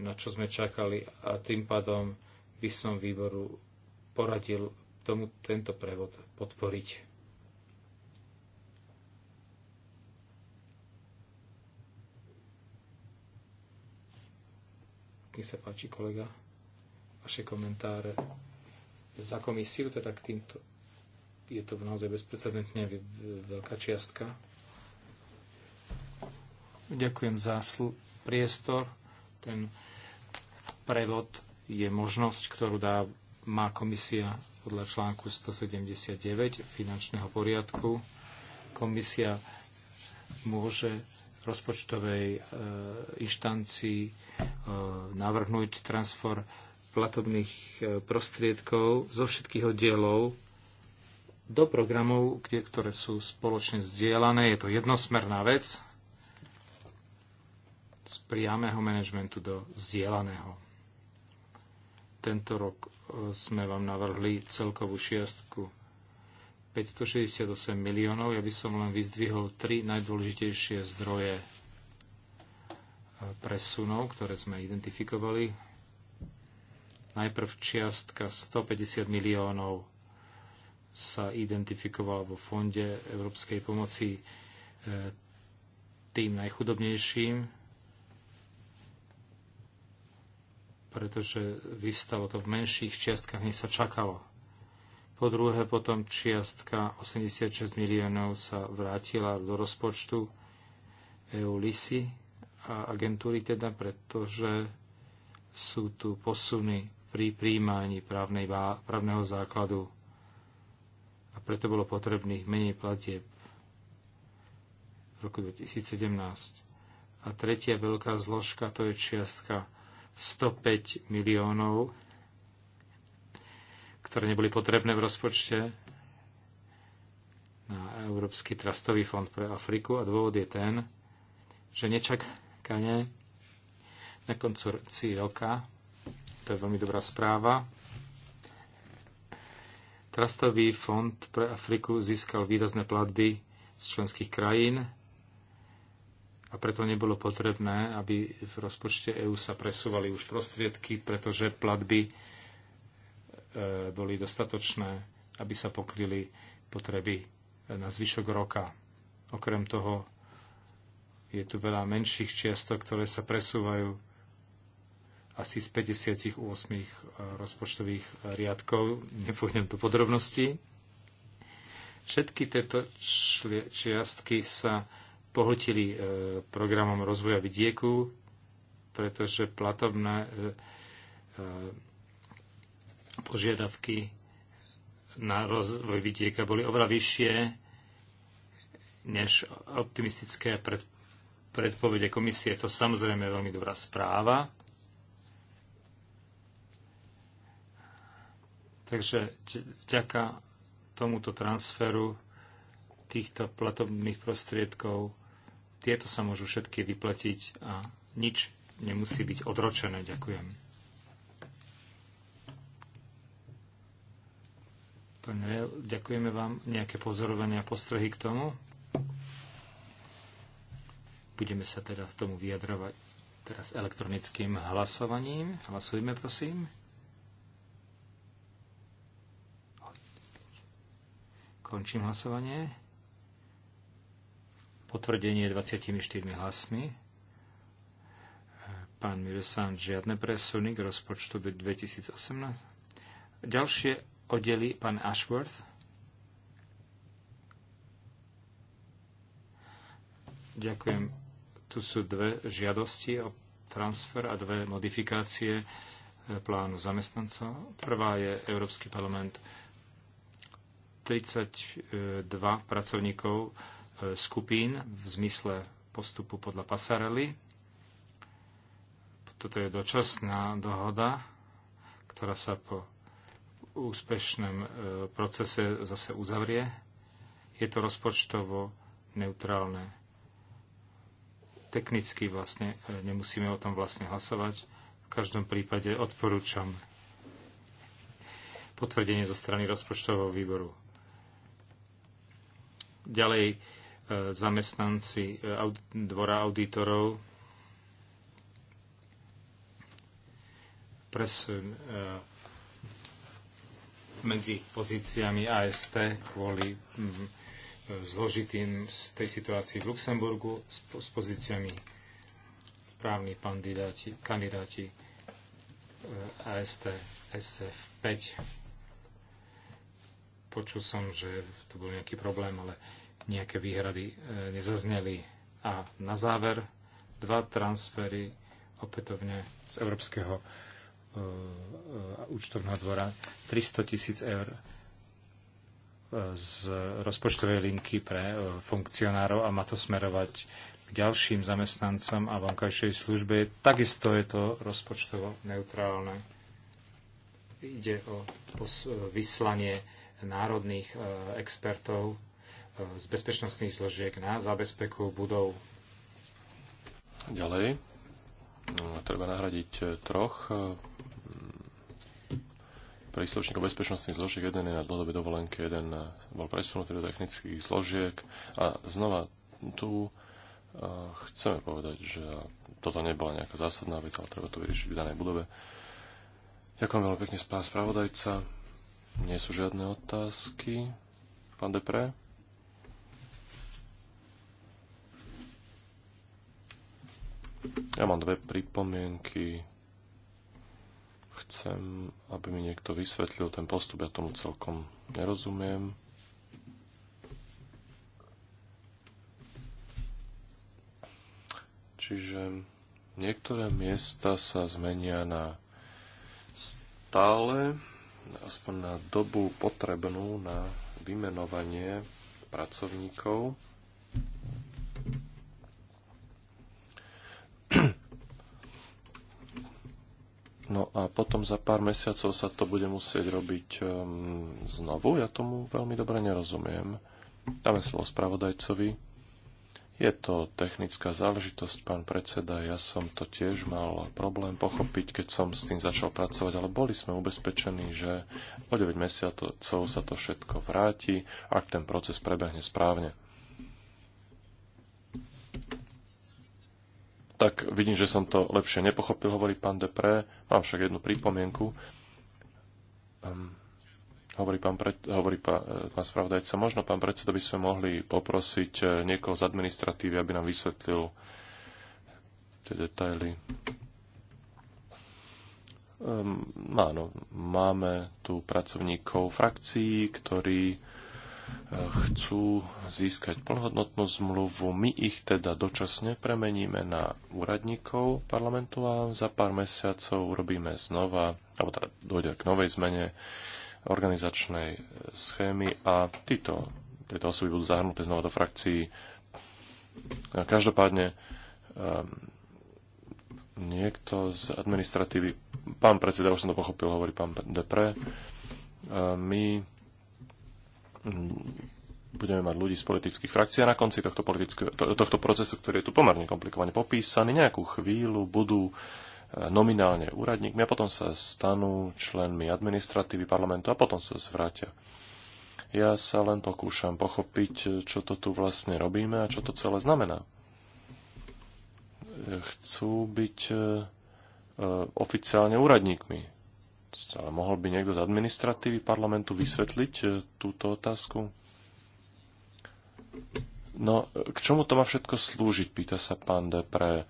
na čo sme čakali a tým pádom by som výboru poradil tomu tento prevod podporiť. Nech sa páči, kolega, vaše komentáre za komisiu, teda k týmto. Je to naozaj bezprecedentne veľká čiastka. Ďakujem za priestor. Ten prevod je možnosť, ktorú dá, má komisia podľa článku 179 finančného poriadku. Komisia môže rozpočtovej e, inštancii e, navrhnúť transfer platobných e, prostriedkov zo všetkých oddielov do programov, ktoré sú spoločne zdieľané. Je to jednosmerná vec z priamého manažmentu do zdieľaného. Tento rok sme vám navrhli celkovú šiestku 568 miliónov. Ja by som len vyzdvihol tri najdôležitejšie zdroje e, presunov, ktoré sme identifikovali. Najprv čiastka 150 miliónov sa identifikovala vo Fonde Európskej pomoci e, tým najchudobnejším, pretože vystalo to v menších čiastkách, než sa čakalo po druhé, potom čiastka 86 miliónov sa vrátila do rozpočtu EU LISI a agentúry teda, pretože sú tu posuny pri príjmaní právnej, právneho základu a preto bolo potrebných menej platieb v roku 2017. A tretia veľká zložka to je čiastka 105 miliónov ktoré neboli potrebné v rozpočte na Európsky trastový fond pre Afriku a dôvod je ten, že nečakane na konci roka, to je veľmi dobrá správa, Trastový fond pre Afriku získal výrazné platby z členských krajín a preto nebolo potrebné, aby v rozpočte EÚ sa presúvali už prostriedky, pretože platby E, boli dostatočné, aby sa pokryli potreby e, na zvyšok roka. Okrem toho je tu veľa menších čiastok, ktoré sa presúvajú asi z 58 e, rozpočtových riadkov. Nepôjdem do podrobností. Všetky tieto čiastky sa pohltili programom rozvoja vidieku, pretože platobné požiadavky na rozvoj vidieka boli oveľa vyššie než optimistické pred, predpovede komisie. To samozrejme je veľmi dobrá správa. Takže vďaka tomuto transferu týchto platobných prostriedkov tieto sa môžu všetky vyplatiť a nič nemusí byť odročené. Ďakujem. Pane, ďakujeme vám nejaké pozorovania a postrehy k tomu. Budeme sa teda k tomu vyjadrovať teraz elektronickým hlasovaním. Hlasujme, prosím. Končím hlasovanie. Potvrdenie 24 hlasmi. Pán Mirosan, žiadne presuny k rozpočtu 2018. Ďalšie oddeli pán Ashworth. Ďakujem. Tu sú dve žiadosti o transfer a dve modifikácie e, plánu zamestnanca. Prvá je Európsky parlament 32 pracovníkov e, skupín v zmysle postupu podľa pasarely. Toto je dočasná dohoda, ktorá sa po úspešnom e, procese zase uzavrie. Je to rozpočtovo neutrálne. Technicky vlastne e, nemusíme o tom vlastne hlasovať. V každom prípade odporúčam potvrdenie zo strany rozpočtového výboru. Ďalej e, zamestnanci dvora auditorov presun medzi pozíciami AST kvôli mm, zložitým z tej situácii v Luxemburgu s, s pozíciami správni kandidáti, kandidáti e, AST SF5. Počul som, že tu bol nejaký problém, ale nejaké výhrady e, nezazneli. A na záver dva transfery opätovne z Európskeho E, e, účtovného dvora 300 tisíc eur e, z rozpočtovej linky pre funkcionárov a má to smerovať k ďalším zamestnancom a vonkajšej službe. Takisto je to rozpočtovo neutrálne. Ide o vyslanie národných expertov z bezpečnostných zložiek na zabezpeku budov. Ďalej no, treba nahradiť troch príslušníkov bezpečnostných zložiek, jeden je na dlhodobé dovolenke, jeden bol presunutý do technických zložiek. A znova tu e, chceme povedať, že toto nebola nejaká zásadná vec, ale treba to vyriešiť v danej budove. Ďakujem veľmi pekne, pán spravodajca. Nie sú žiadne otázky. Pán Depre? Ja mám dve pripomienky Chcem, aby mi niekto vysvetlil ten postup, ja tomu celkom nerozumiem. Čiže niektoré miesta sa zmenia na stále, aspoň na dobu potrebnú na vymenovanie pracovníkov No a potom za pár mesiacov sa to bude musieť robiť um, znovu. Ja tomu veľmi dobre nerozumiem. Dáme slovo spravodajcovi. Je to technická záležitosť, pán predseda. Ja som to tiež mal problém pochopiť, keď som s tým začal pracovať, ale boli sme ubezpečení, že o 9 mesiacov sa to všetko vráti, ak ten proces prebehne správne. tak vidím, že som to lepšie nepochopil, hovorí pán Depré. Mám však jednu pripomienku. Um, hovorí pán, pred, hovorí pán, e, pán spravodajca, možno pán predseda by sme mohli poprosiť e, niekoho z administratívy, aby nám vysvetlil tie detaily. Um, áno, máme tu pracovníkov frakcií, ktorí chcú získať plnohodnotnú zmluvu. My ich teda dočasne premeníme na úradníkov parlamentu a za pár mesiacov urobíme znova, alebo teda dojde k novej zmene organizačnej schémy a títo, tieto osoby budú zahrnuté znova do frakcií. Každopádne um, niekto z administratívy, pán predseda, už som to pochopil, hovorí pán Depre, ehm, my budeme mať ľudí z politických frakcií a na konci tohto, to, tohto procesu, ktorý je tu pomerne komplikovane popísaný, nejakú chvíľu budú e, nominálne úradníkmi a potom sa stanú členmi administratívy parlamentu a potom sa zvrátia. Ja sa len pokúšam pochopiť, čo to tu vlastne robíme a čo to celé znamená. Chcú byť e, e, oficiálne úradníkmi. Ale mohol by niekto z administratívy parlamentu vysvetliť e, túto otázku? No, k čomu to má všetko slúžiť, pýta sa pán Depre,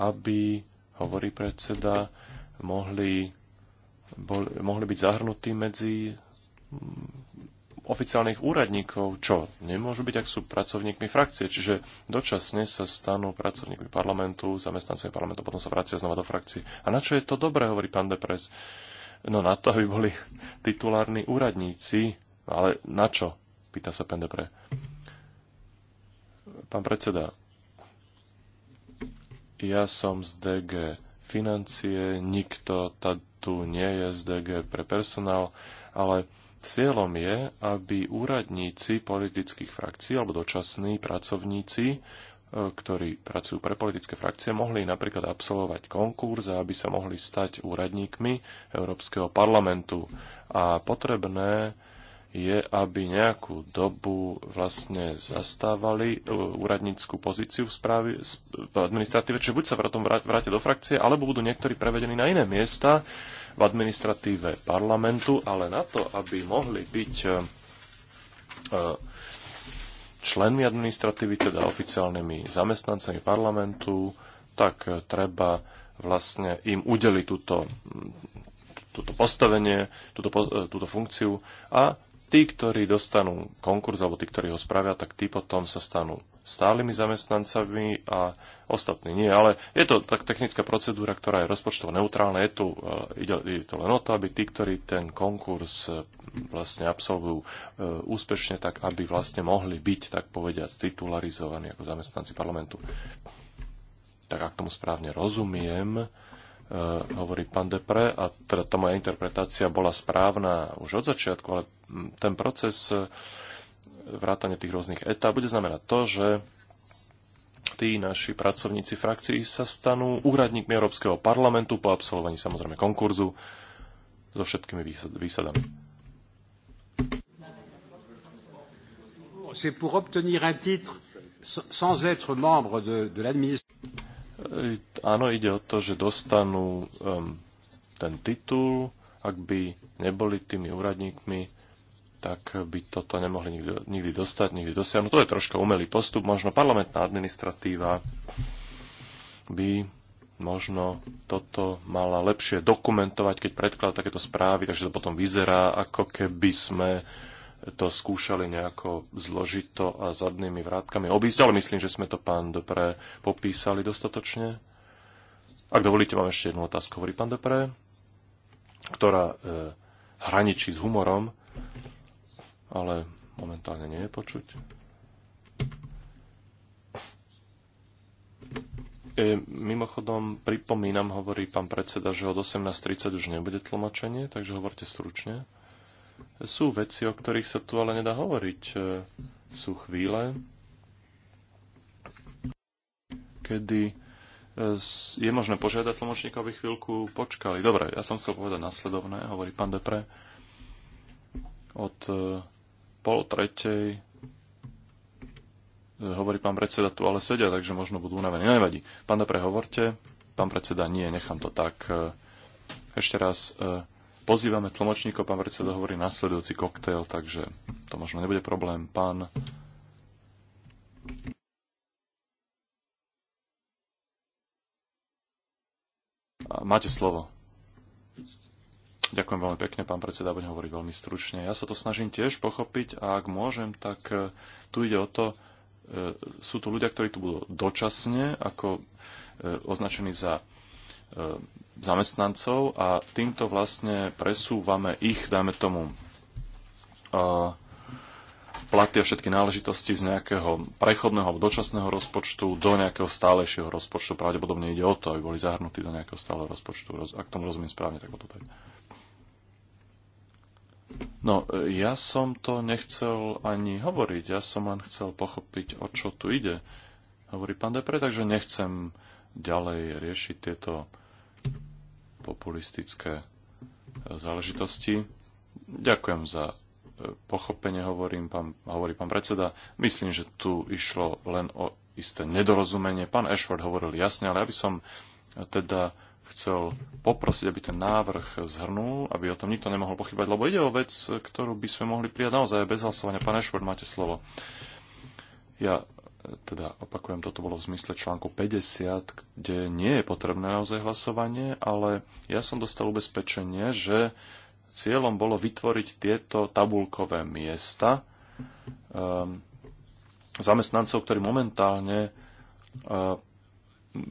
aby, hovorí predseda, mohli, bol, mohli byť zahrnutí medzi mm, oficiálnych úradníkov, čo nemôžu byť, ak sú pracovníkmi frakcie. Čiže dočasne sa stanú pracovníkmi parlamentu, zamestnancami parlamentu, potom sa vracia znova do frakcie. A na čo je to dobré, hovorí pán Depres. Uh, No na to, aby boli titulárni úradníci, ale na čo? Pýta sa pán Depre. Pán predseda, ja som z DG financie, nikto tu nie je z DG pre personál, ale cieľom je, aby úradníci politických frakcií alebo dočasní pracovníci ktorí pracujú pre politické frakcie, mohli napríklad absolvovať konkurs, aby sa mohli stať úradníkmi Európskeho parlamentu. A potrebné je, aby nejakú dobu vlastne zastávali e, úradníckú pozíciu v, správe, v administratíve, čiže buď sa potom vrátia do frakcie, alebo budú niektorí prevedení na iné miesta v administratíve parlamentu, ale na to, aby mohli byť e, e, členmi administratívy, teda oficiálnymi zamestnancami parlamentu, tak eh, treba vlastne im udeli túto, túto postavenie, túto, eh, túto funkciu a tí, ktorí dostanú konkurs alebo tí, ktorí ho spravia, tak tí potom sa stanú stálymi zamestnancami a ostatní nie. Ale je to tak technická procedúra, ktorá je rozpočtovo neutrálna. Je tu, e, ide, ide to len o to, aby tí, ktorí ten konkurs e, vlastne absolvujú e, úspešne, tak aby vlastne mohli byť, tak povediať, titularizovaní ako zamestnanci parlamentu. Tak ak tomu správne rozumiem, hovorí pán Depre, a teda tá moja interpretácia bola správna už od začiatku, ale ten proces vrátane tých rôznych etap bude znamenať to, že tí naši pracovníci frakcií sa stanú úradníkmi Európskeho parlamentu po absolvovaní samozrejme konkurzu so všetkými výsadami. C'est pour obtenir un titre sans être membre de, de e, Áno, ide o to, že dostanú um, ten titul, ak by neboli tými úradníkmi tak by toto nemohli nikdy, nikdy dostať, nikdy dosiahnuť. To je troška umelý postup. Možno parlamentná administratíva by možno toto mala lepšie dokumentovať, keď predklad takéto správy, takže to potom vyzerá, ako keby sme to skúšali nejako zložito a zadnými vrátkami obísť, ale myslím, že sme to, pán Dopré, popísali dostatočne. Ak dovolíte, mám ešte jednu otázku, hovorí pán Dopré, ktorá e, hraničí s humorom ale momentálne nie je počuť. E, mimochodom, pripomínam, hovorí pán predseda, že od 18.30 už nebude tlmočenie, takže hovorte stručne. Sú veci, o ktorých sa tu ale nedá hovoriť. E, sú chvíle, kedy e, je možné požiadať tlmočníka, aby chvíľku počkali. Dobre, ja som chcel povedať nasledovné, hovorí pán Depre. Od e, pol tretej. Hovorí pán predseda, tu ale sedia, takže možno budú unavení. No, nevadí. Pán Dapre, hovorte. Pán predseda, nie, nechám to tak. E, ešte raz e, pozývame tlmočníkov. Pán predseda hovorí nasledujúci koktail, takže to možno nebude problém. Pán Máte slovo. Ďakujem veľmi pekne, pán predseda, budem hovoriť veľmi stručne. Ja sa to snažím tiež pochopiť a ak môžem, tak e, tu ide o to, e, sú tu ľudia, ktorí tu budú dočasne, ako e, označení za zamestnancov a týmto vlastne presúvame ich, dajme tomu, platy a všetky náležitosti z nejakého prechodného alebo dočasného rozpočtu do nejakého stálejšieho rozpočtu. Pravdepodobne ide o to, aby boli zahrnutí do nejakého stáleho rozpočtu. Ak tomu rozumiem správne, tak o to tak. No, ja som to nechcel ani hovoriť, ja som len chcel pochopiť, o čo tu ide, hovorí pán Depre, takže nechcem ďalej riešiť tieto populistické e, záležitosti. Ďakujem za e, pochopenie, hovorím, pán, hovorí pán predseda. Myslím, že tu išlo len o isté nedorozumenie. Pán Ashford hovoril jasne, ale aby som e, teda chcel poprosiť, aby ten návrh zhrnul, aby o tom nikto nemohol pochybať, lebo ide o vec, ktorú by sme mohli prijať naozaj bez hlasovania. Pane Švord, máte slovo. Ja e, teda opakujem, toto bolo v zmysle článku 50, kde nie je potrebné naozaj hlasovanie, ale ja som dostal ubezpečenie, že cieľom bolo vytvoriť tieto tabulkové miesta um, zamestnancov, ktorí momentálne uh,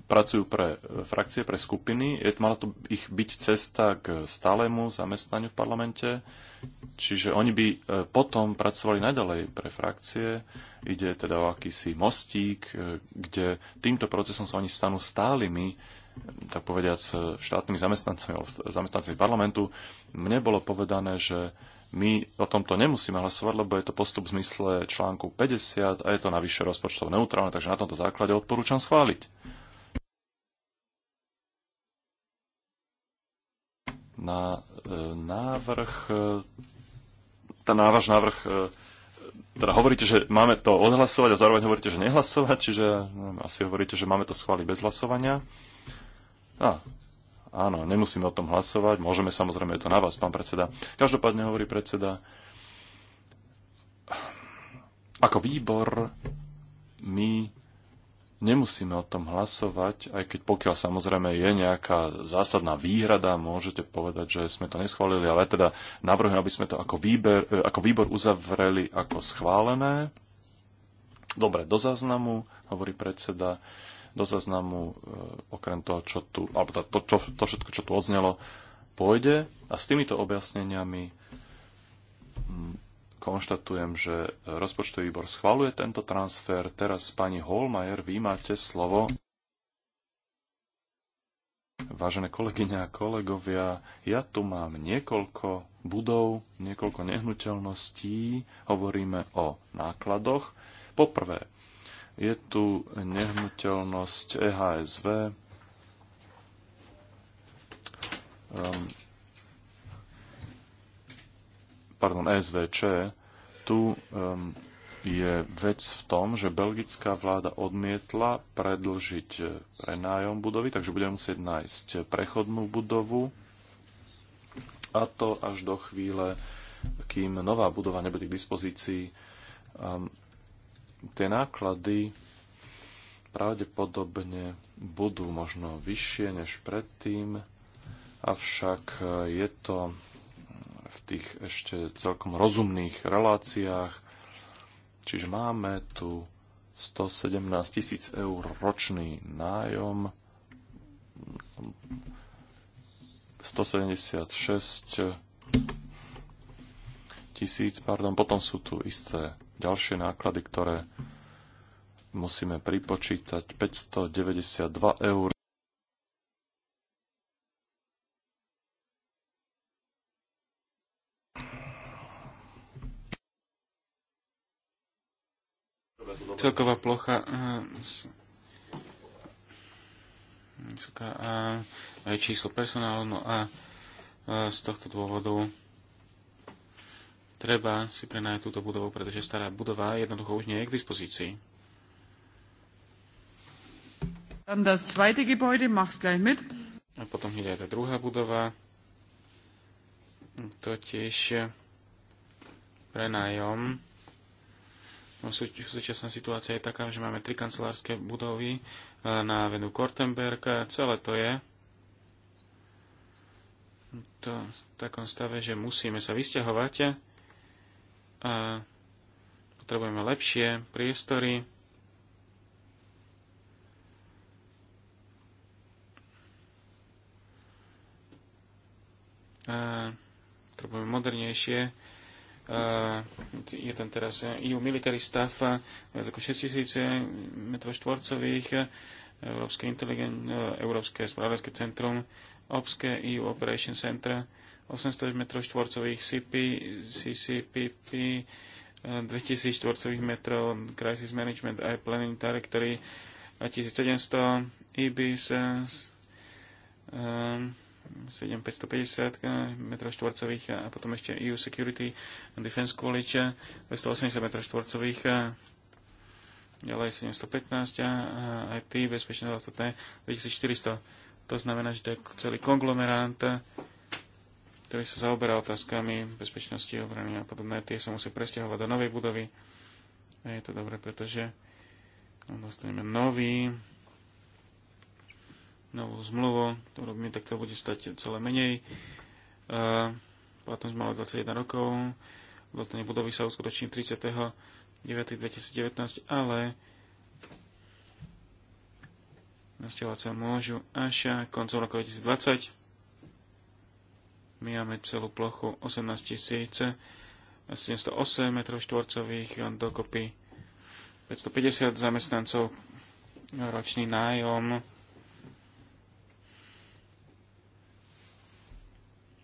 pracujú pre e, frakcie, pre skupiny. Je, mala to ich byť cesta k stálemu zamestnaniu v parlamente, čiže oni by e, potom pracovali naďalej pre frakcie. Ide teda o akýsi mostík, e, kde týmto procesom sa oni stanú stálymi tak povediať, štátnymi zamestnancami alebo zamestnancami parlamentu. Mne bolo povedané, že my o tomto nemusíme hlasovať, lebo je to postup v zmysle článku 50 a je to navyše rozpočtov neutrálne, takže na tomto základe odporúčam schváliť. na e, návrh, e, ten návaš návrh, e, teda hovoríte, že máme to odhlasovať a zároveň hovoríte, že nehlasovať, čiže no, asi hovoríte, že máme to schváliť bez hlasovania. A, áno, nemusíme o tom hlasovať, môžeme samozrejme, je to na vás, pán predseda. Každopádne hovorí predseda, ako výbor my nemusíme o tom hlasovať, aj keď pokiaľ samozrejme je nejaká zásadná výhrada, môžete povedať, že sme to neschválili, ale teda navrhujem, aby sme to ako, výber, e, ako výbor uzavreli ako schválené. Dobre, do záznamu, hovorí predseda, do záznamu, e, okrem toho, čo tu, alebo to, to, to všetko, čo tu odznelo, pôjde. A s týmito objasneniami mm, konštatujem, že rozpočtový výbor schvaluje tento transfer. Teraz pani Holmajer, vy máte slovo. Vážené kolegyne a kolegovia, ja tu mám niekoľko budov, niekoľko nehnuteľností. Hovoríme o nákladoch. Poprvé, je tu nehnuteľnosť e EHSV. Um, pardon, SVČ, tu um, je vec v tom, že belgická vláda odmietla predlžiť eh, prenájom budovy, takže budeme musieť nájsť prechodnú budovu a to až do chvíle, kým nová budova nebude k dispozícii. Um, tie náklady pravdepodobne budú možno vyššie než predtým, avšak eh, je to v tých ešte celkom rozumných reláciách. Čiže máme tu 117 tisíc eur ročný nájom, 176 tisíc, pardon, potom sú tu isté ďalšie náklady, ktoré musíme pripočítať 592 eur celková plocha eh, vysoká a eh, aj číslo personálu. No a eh, z tohto dôvodu treba si prenajať túto budovu, pretože stará budova jednoducho už nie je k dispozícii. A potom hneď aj tá druhá budova. Totiž prenajom No, súčasná situácia je taká, že máme tri kancelárske budovy e, na venu Kortenberg. Celé to je to v takom stave, že musíme sa vysťahovať a potrebujeme lepšie priestory. A potrebujeme modernejšie je ten teraz EU e military staff, e, viac ako 6000 m štvorcových, e, Európske, inteligen- Európske spravodajské centrum, Obské EU Operation Center, 800 m štvorcových CP, CCPP, 2000 štvorcových metrov, Crisis Management a Planning Directory, 1700, EBS, um, 7550 eh, m štvorcových a potom ešte EU Security Defense College 280 m 2 ďalej 715 eh, eh, a IT bezpečné ostatné 2400. To znamená, že to je celý konglomerant, ktorý sa zaoberá otázkami bezpečnosti, obrany a podobné. Tie sa musí presťahovať do novej budovy. A je to dobré, pretože dostaneme nový novú zmluvu, to robíme, tak to bude stať celé menej. E, potom sme mali 21 rokov, vlastne budovy sa uskutoční 30.9.2019, ale nasťovať sa môžu až koncom roku 2020. My máme celú plochu 18 708 m štvorcových, dokopy 550 zamestnancov, ročný nájom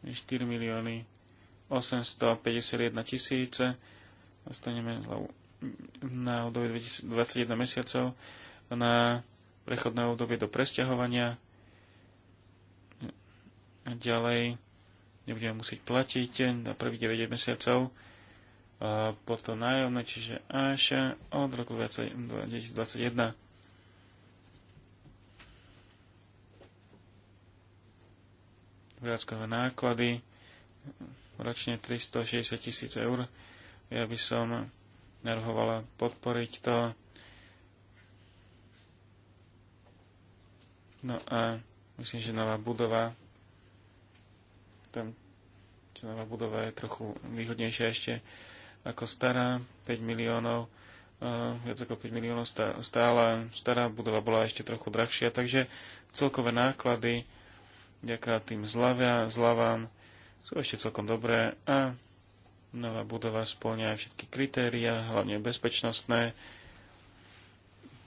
4 milióny 851 tisíce Dostaneme na obdobie 21 mesiacov na prechodné obdobie do presťahovania. A ďalej nebudeme musieť platiť na prvých 9 mesiacov potom nájomné, čiže až od roku 2021. prevádzkové náklady ročne 360 tisíc eur. Ja by som nerhovala podporiť to. No a myslím, že nová budova tam čo nová budova je trochu výhodnejšia ešte ako stará, 5 miliónov e, viac ako 5 miliónov stála, stará budova bola ešte trochu drahšia, takže celkové náklady vďaka tým zľavia, zľavám sú ešte celkom dobré a nová budova spĺňa všetky kritéria, hlavne bezpečnostné.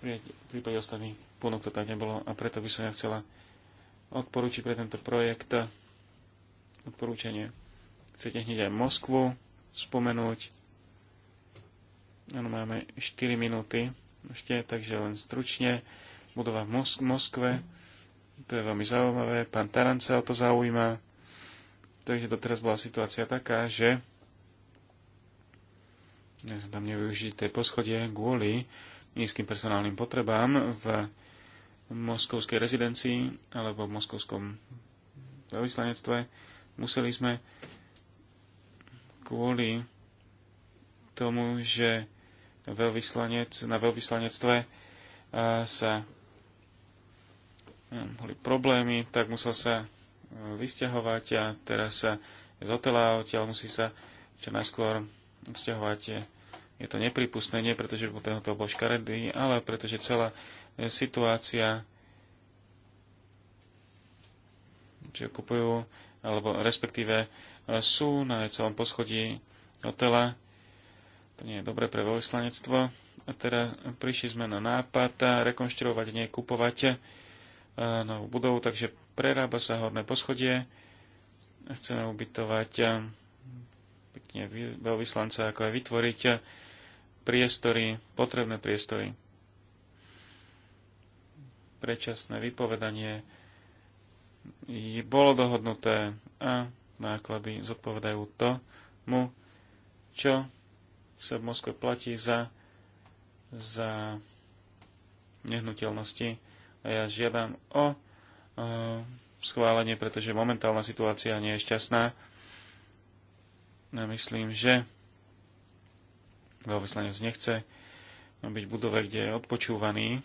V prípade ostatných ponúk to tak nebolo a preto by som ja chcela odporúčiť pre tento projekt odporúčanie. Chcete hneď aj Moskvu spomenúť? Ano, máme 4 minúty ešte, takže len stručne. Budova v Mos- Moskve to je veľmi zaujímavé. Pán Taran sa o to zaujíma. Takže doteraz bola situácia taká, že ja sa tam nevyužité poschodie kvôli nízkym personálnym potrebám v moskovskej rezidencii alebo v moskovskom veľvyslanectve. Museli sme kvôli tomu, že veľvyslanec, na veľvyslanectve sa boli problémy, tak musel sa e, vysťahovať a teraz sa z hotela odtiaľ musí sa čo najskôr vysťahovať. Je to nepripustné, nie pretože po ten hotel bol škaredý, ale pretože celá e, situácia že kupujú, alebo respektíve e, sú na celom poschodí hotela. To nie je dobré pre veľvyslanectvo. A teraz prišli sme na nápad rekonštruovať, nie kupovať E, novú budovu, takže prerába sa horné poschodie. Chceme ubytovať e, pekne veľvyslanca, ako aj vytvoriť e, priestory, potrebné priestory. Prečasné vypovedanie bolo dohodnuté a náklady zodpovedajú tomu, čo sa v Moskve platí za, za nehnuteľnosti a ja žiadam o schválenie, pretože momentálna situácia nie je šťastná. Ja myslím, že veľvyslanec nechce byť v budove, kde je odpočúvaný.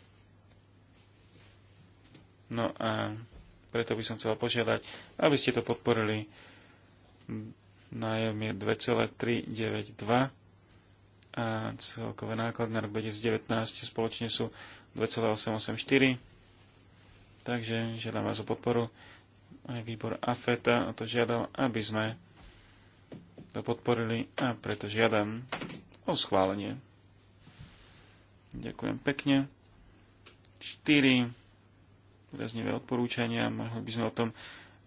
No a preto by som chcel požiadať, aby ste to podporili. Nájom je 2,392 a celkové náklady na rok 2019 spoločne sú 2,884. Takže žiadam vás o podporu. Aj výbor AFETA e o to žiadal, aby sme to podporili a preto žiadam o schválenie. Ďakujem pekne. 4 výraznivé odporúčania. Mohli by sme o tom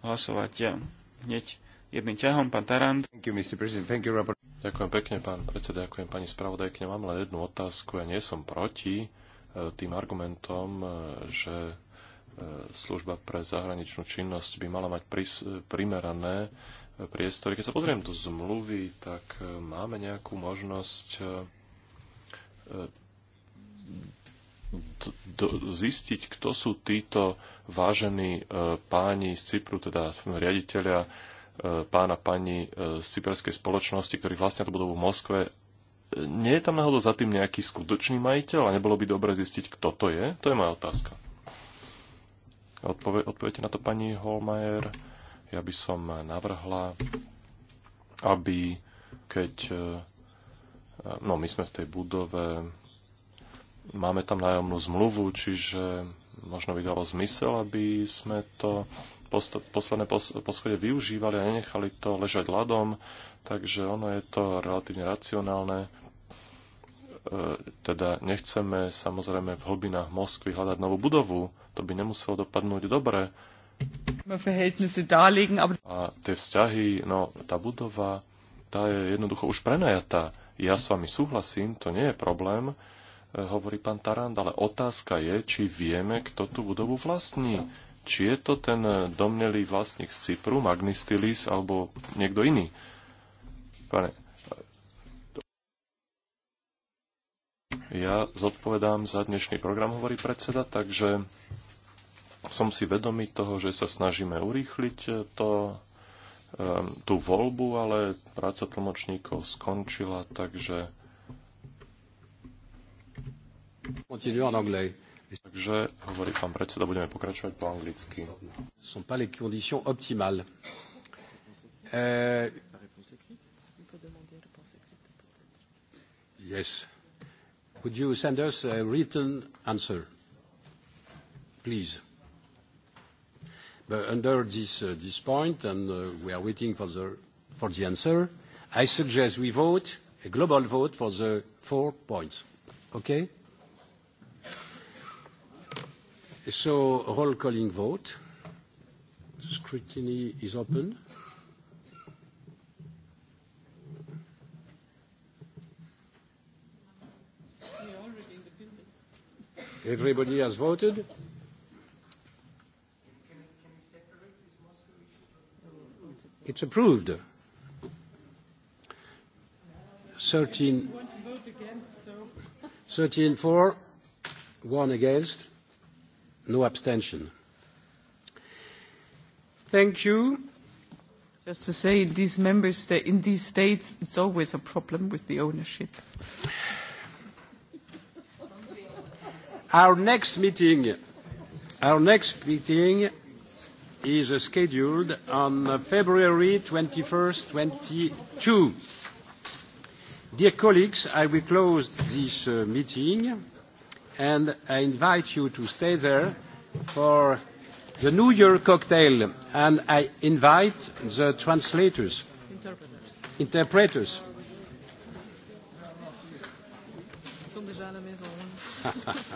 hlasovať ja. hneď jedným ťahom. Pán Tarant. You, you, ďakujem pekne, pán predseda. Ďakujem pani spravodajkne. Mám len jednu otázku. Ja nie som proti eh, tým argumentom, eh, že služba pre zahraničnú činnosť by mala mať primerané priestory. Keď sa pozriem do zmluvy, tak e, máme nejakú možnosť e, zistiť, kto sú títo vážení e, páni z Cypru, teda riaditeľia pána pani z cyperskej spoločnosti, ktorí vlastne to budú v Moskve. Nie je tam náhodou za tým nejaký skutočný majiteľ a nebolo by dobre zistiť, kto to je? To je moja otázka odpoviete na to pani Holmajer. Ja by som navrhla, aby keď... E, no, my sme v tej budove, máme tam nájomnú zmluvu, čiže možno by dalo zmysel, aby sme to v posledné poschode využívali a nenechali to ležať ľadom, takže ono je to relatívne racionálne E, teda nechceme samozrejme v hlbinách Moskvy hľadať novú budovu, to by nemuselo dopadnúť dobre. A tie vzťahy, no tá budova, tá je jednoducho už prenajatá. Ja s vami súhlasím, to nie je problém, e, hovorí pán Tarand, ale otázka je, či vieme, kto tú budovu vlastní. Či je to ten domnelý vlastník z Cypru, Magnistilis, alebo niekto iný. Pane, Ja zodpovedám za dnešný program, hovorí predseda, takže som si vedomý toho, že sa snažíme urýchliť eh, to, eh, tú voľbu, ale práca tlmočníkov skončila, takže... Takže, hovorí pán predseda, budeme pokračovať po anglicky. pas les conditions optimales. Euh... Yes. Could you send us a written answer, please? But under this, uh, this point, and uh, we are waiting for the, for the answer, I suggest we vote, a global vote for the four points. Okay? So roll calling vote. Scrutiny is open. Mm -hmm. Everybody has voted? It's approved. 13, 13 for, one against, no abstention. Thank you. Just to say, in these member states, in these states, it's always a problem with the ownership. Our next meeting, is scheduled on February 21st, two. Dear colleagues, I will close this uh, meeting, and I invite you to stay there for the New Year cocktail, and I invite the translators, interpreters. interpreters.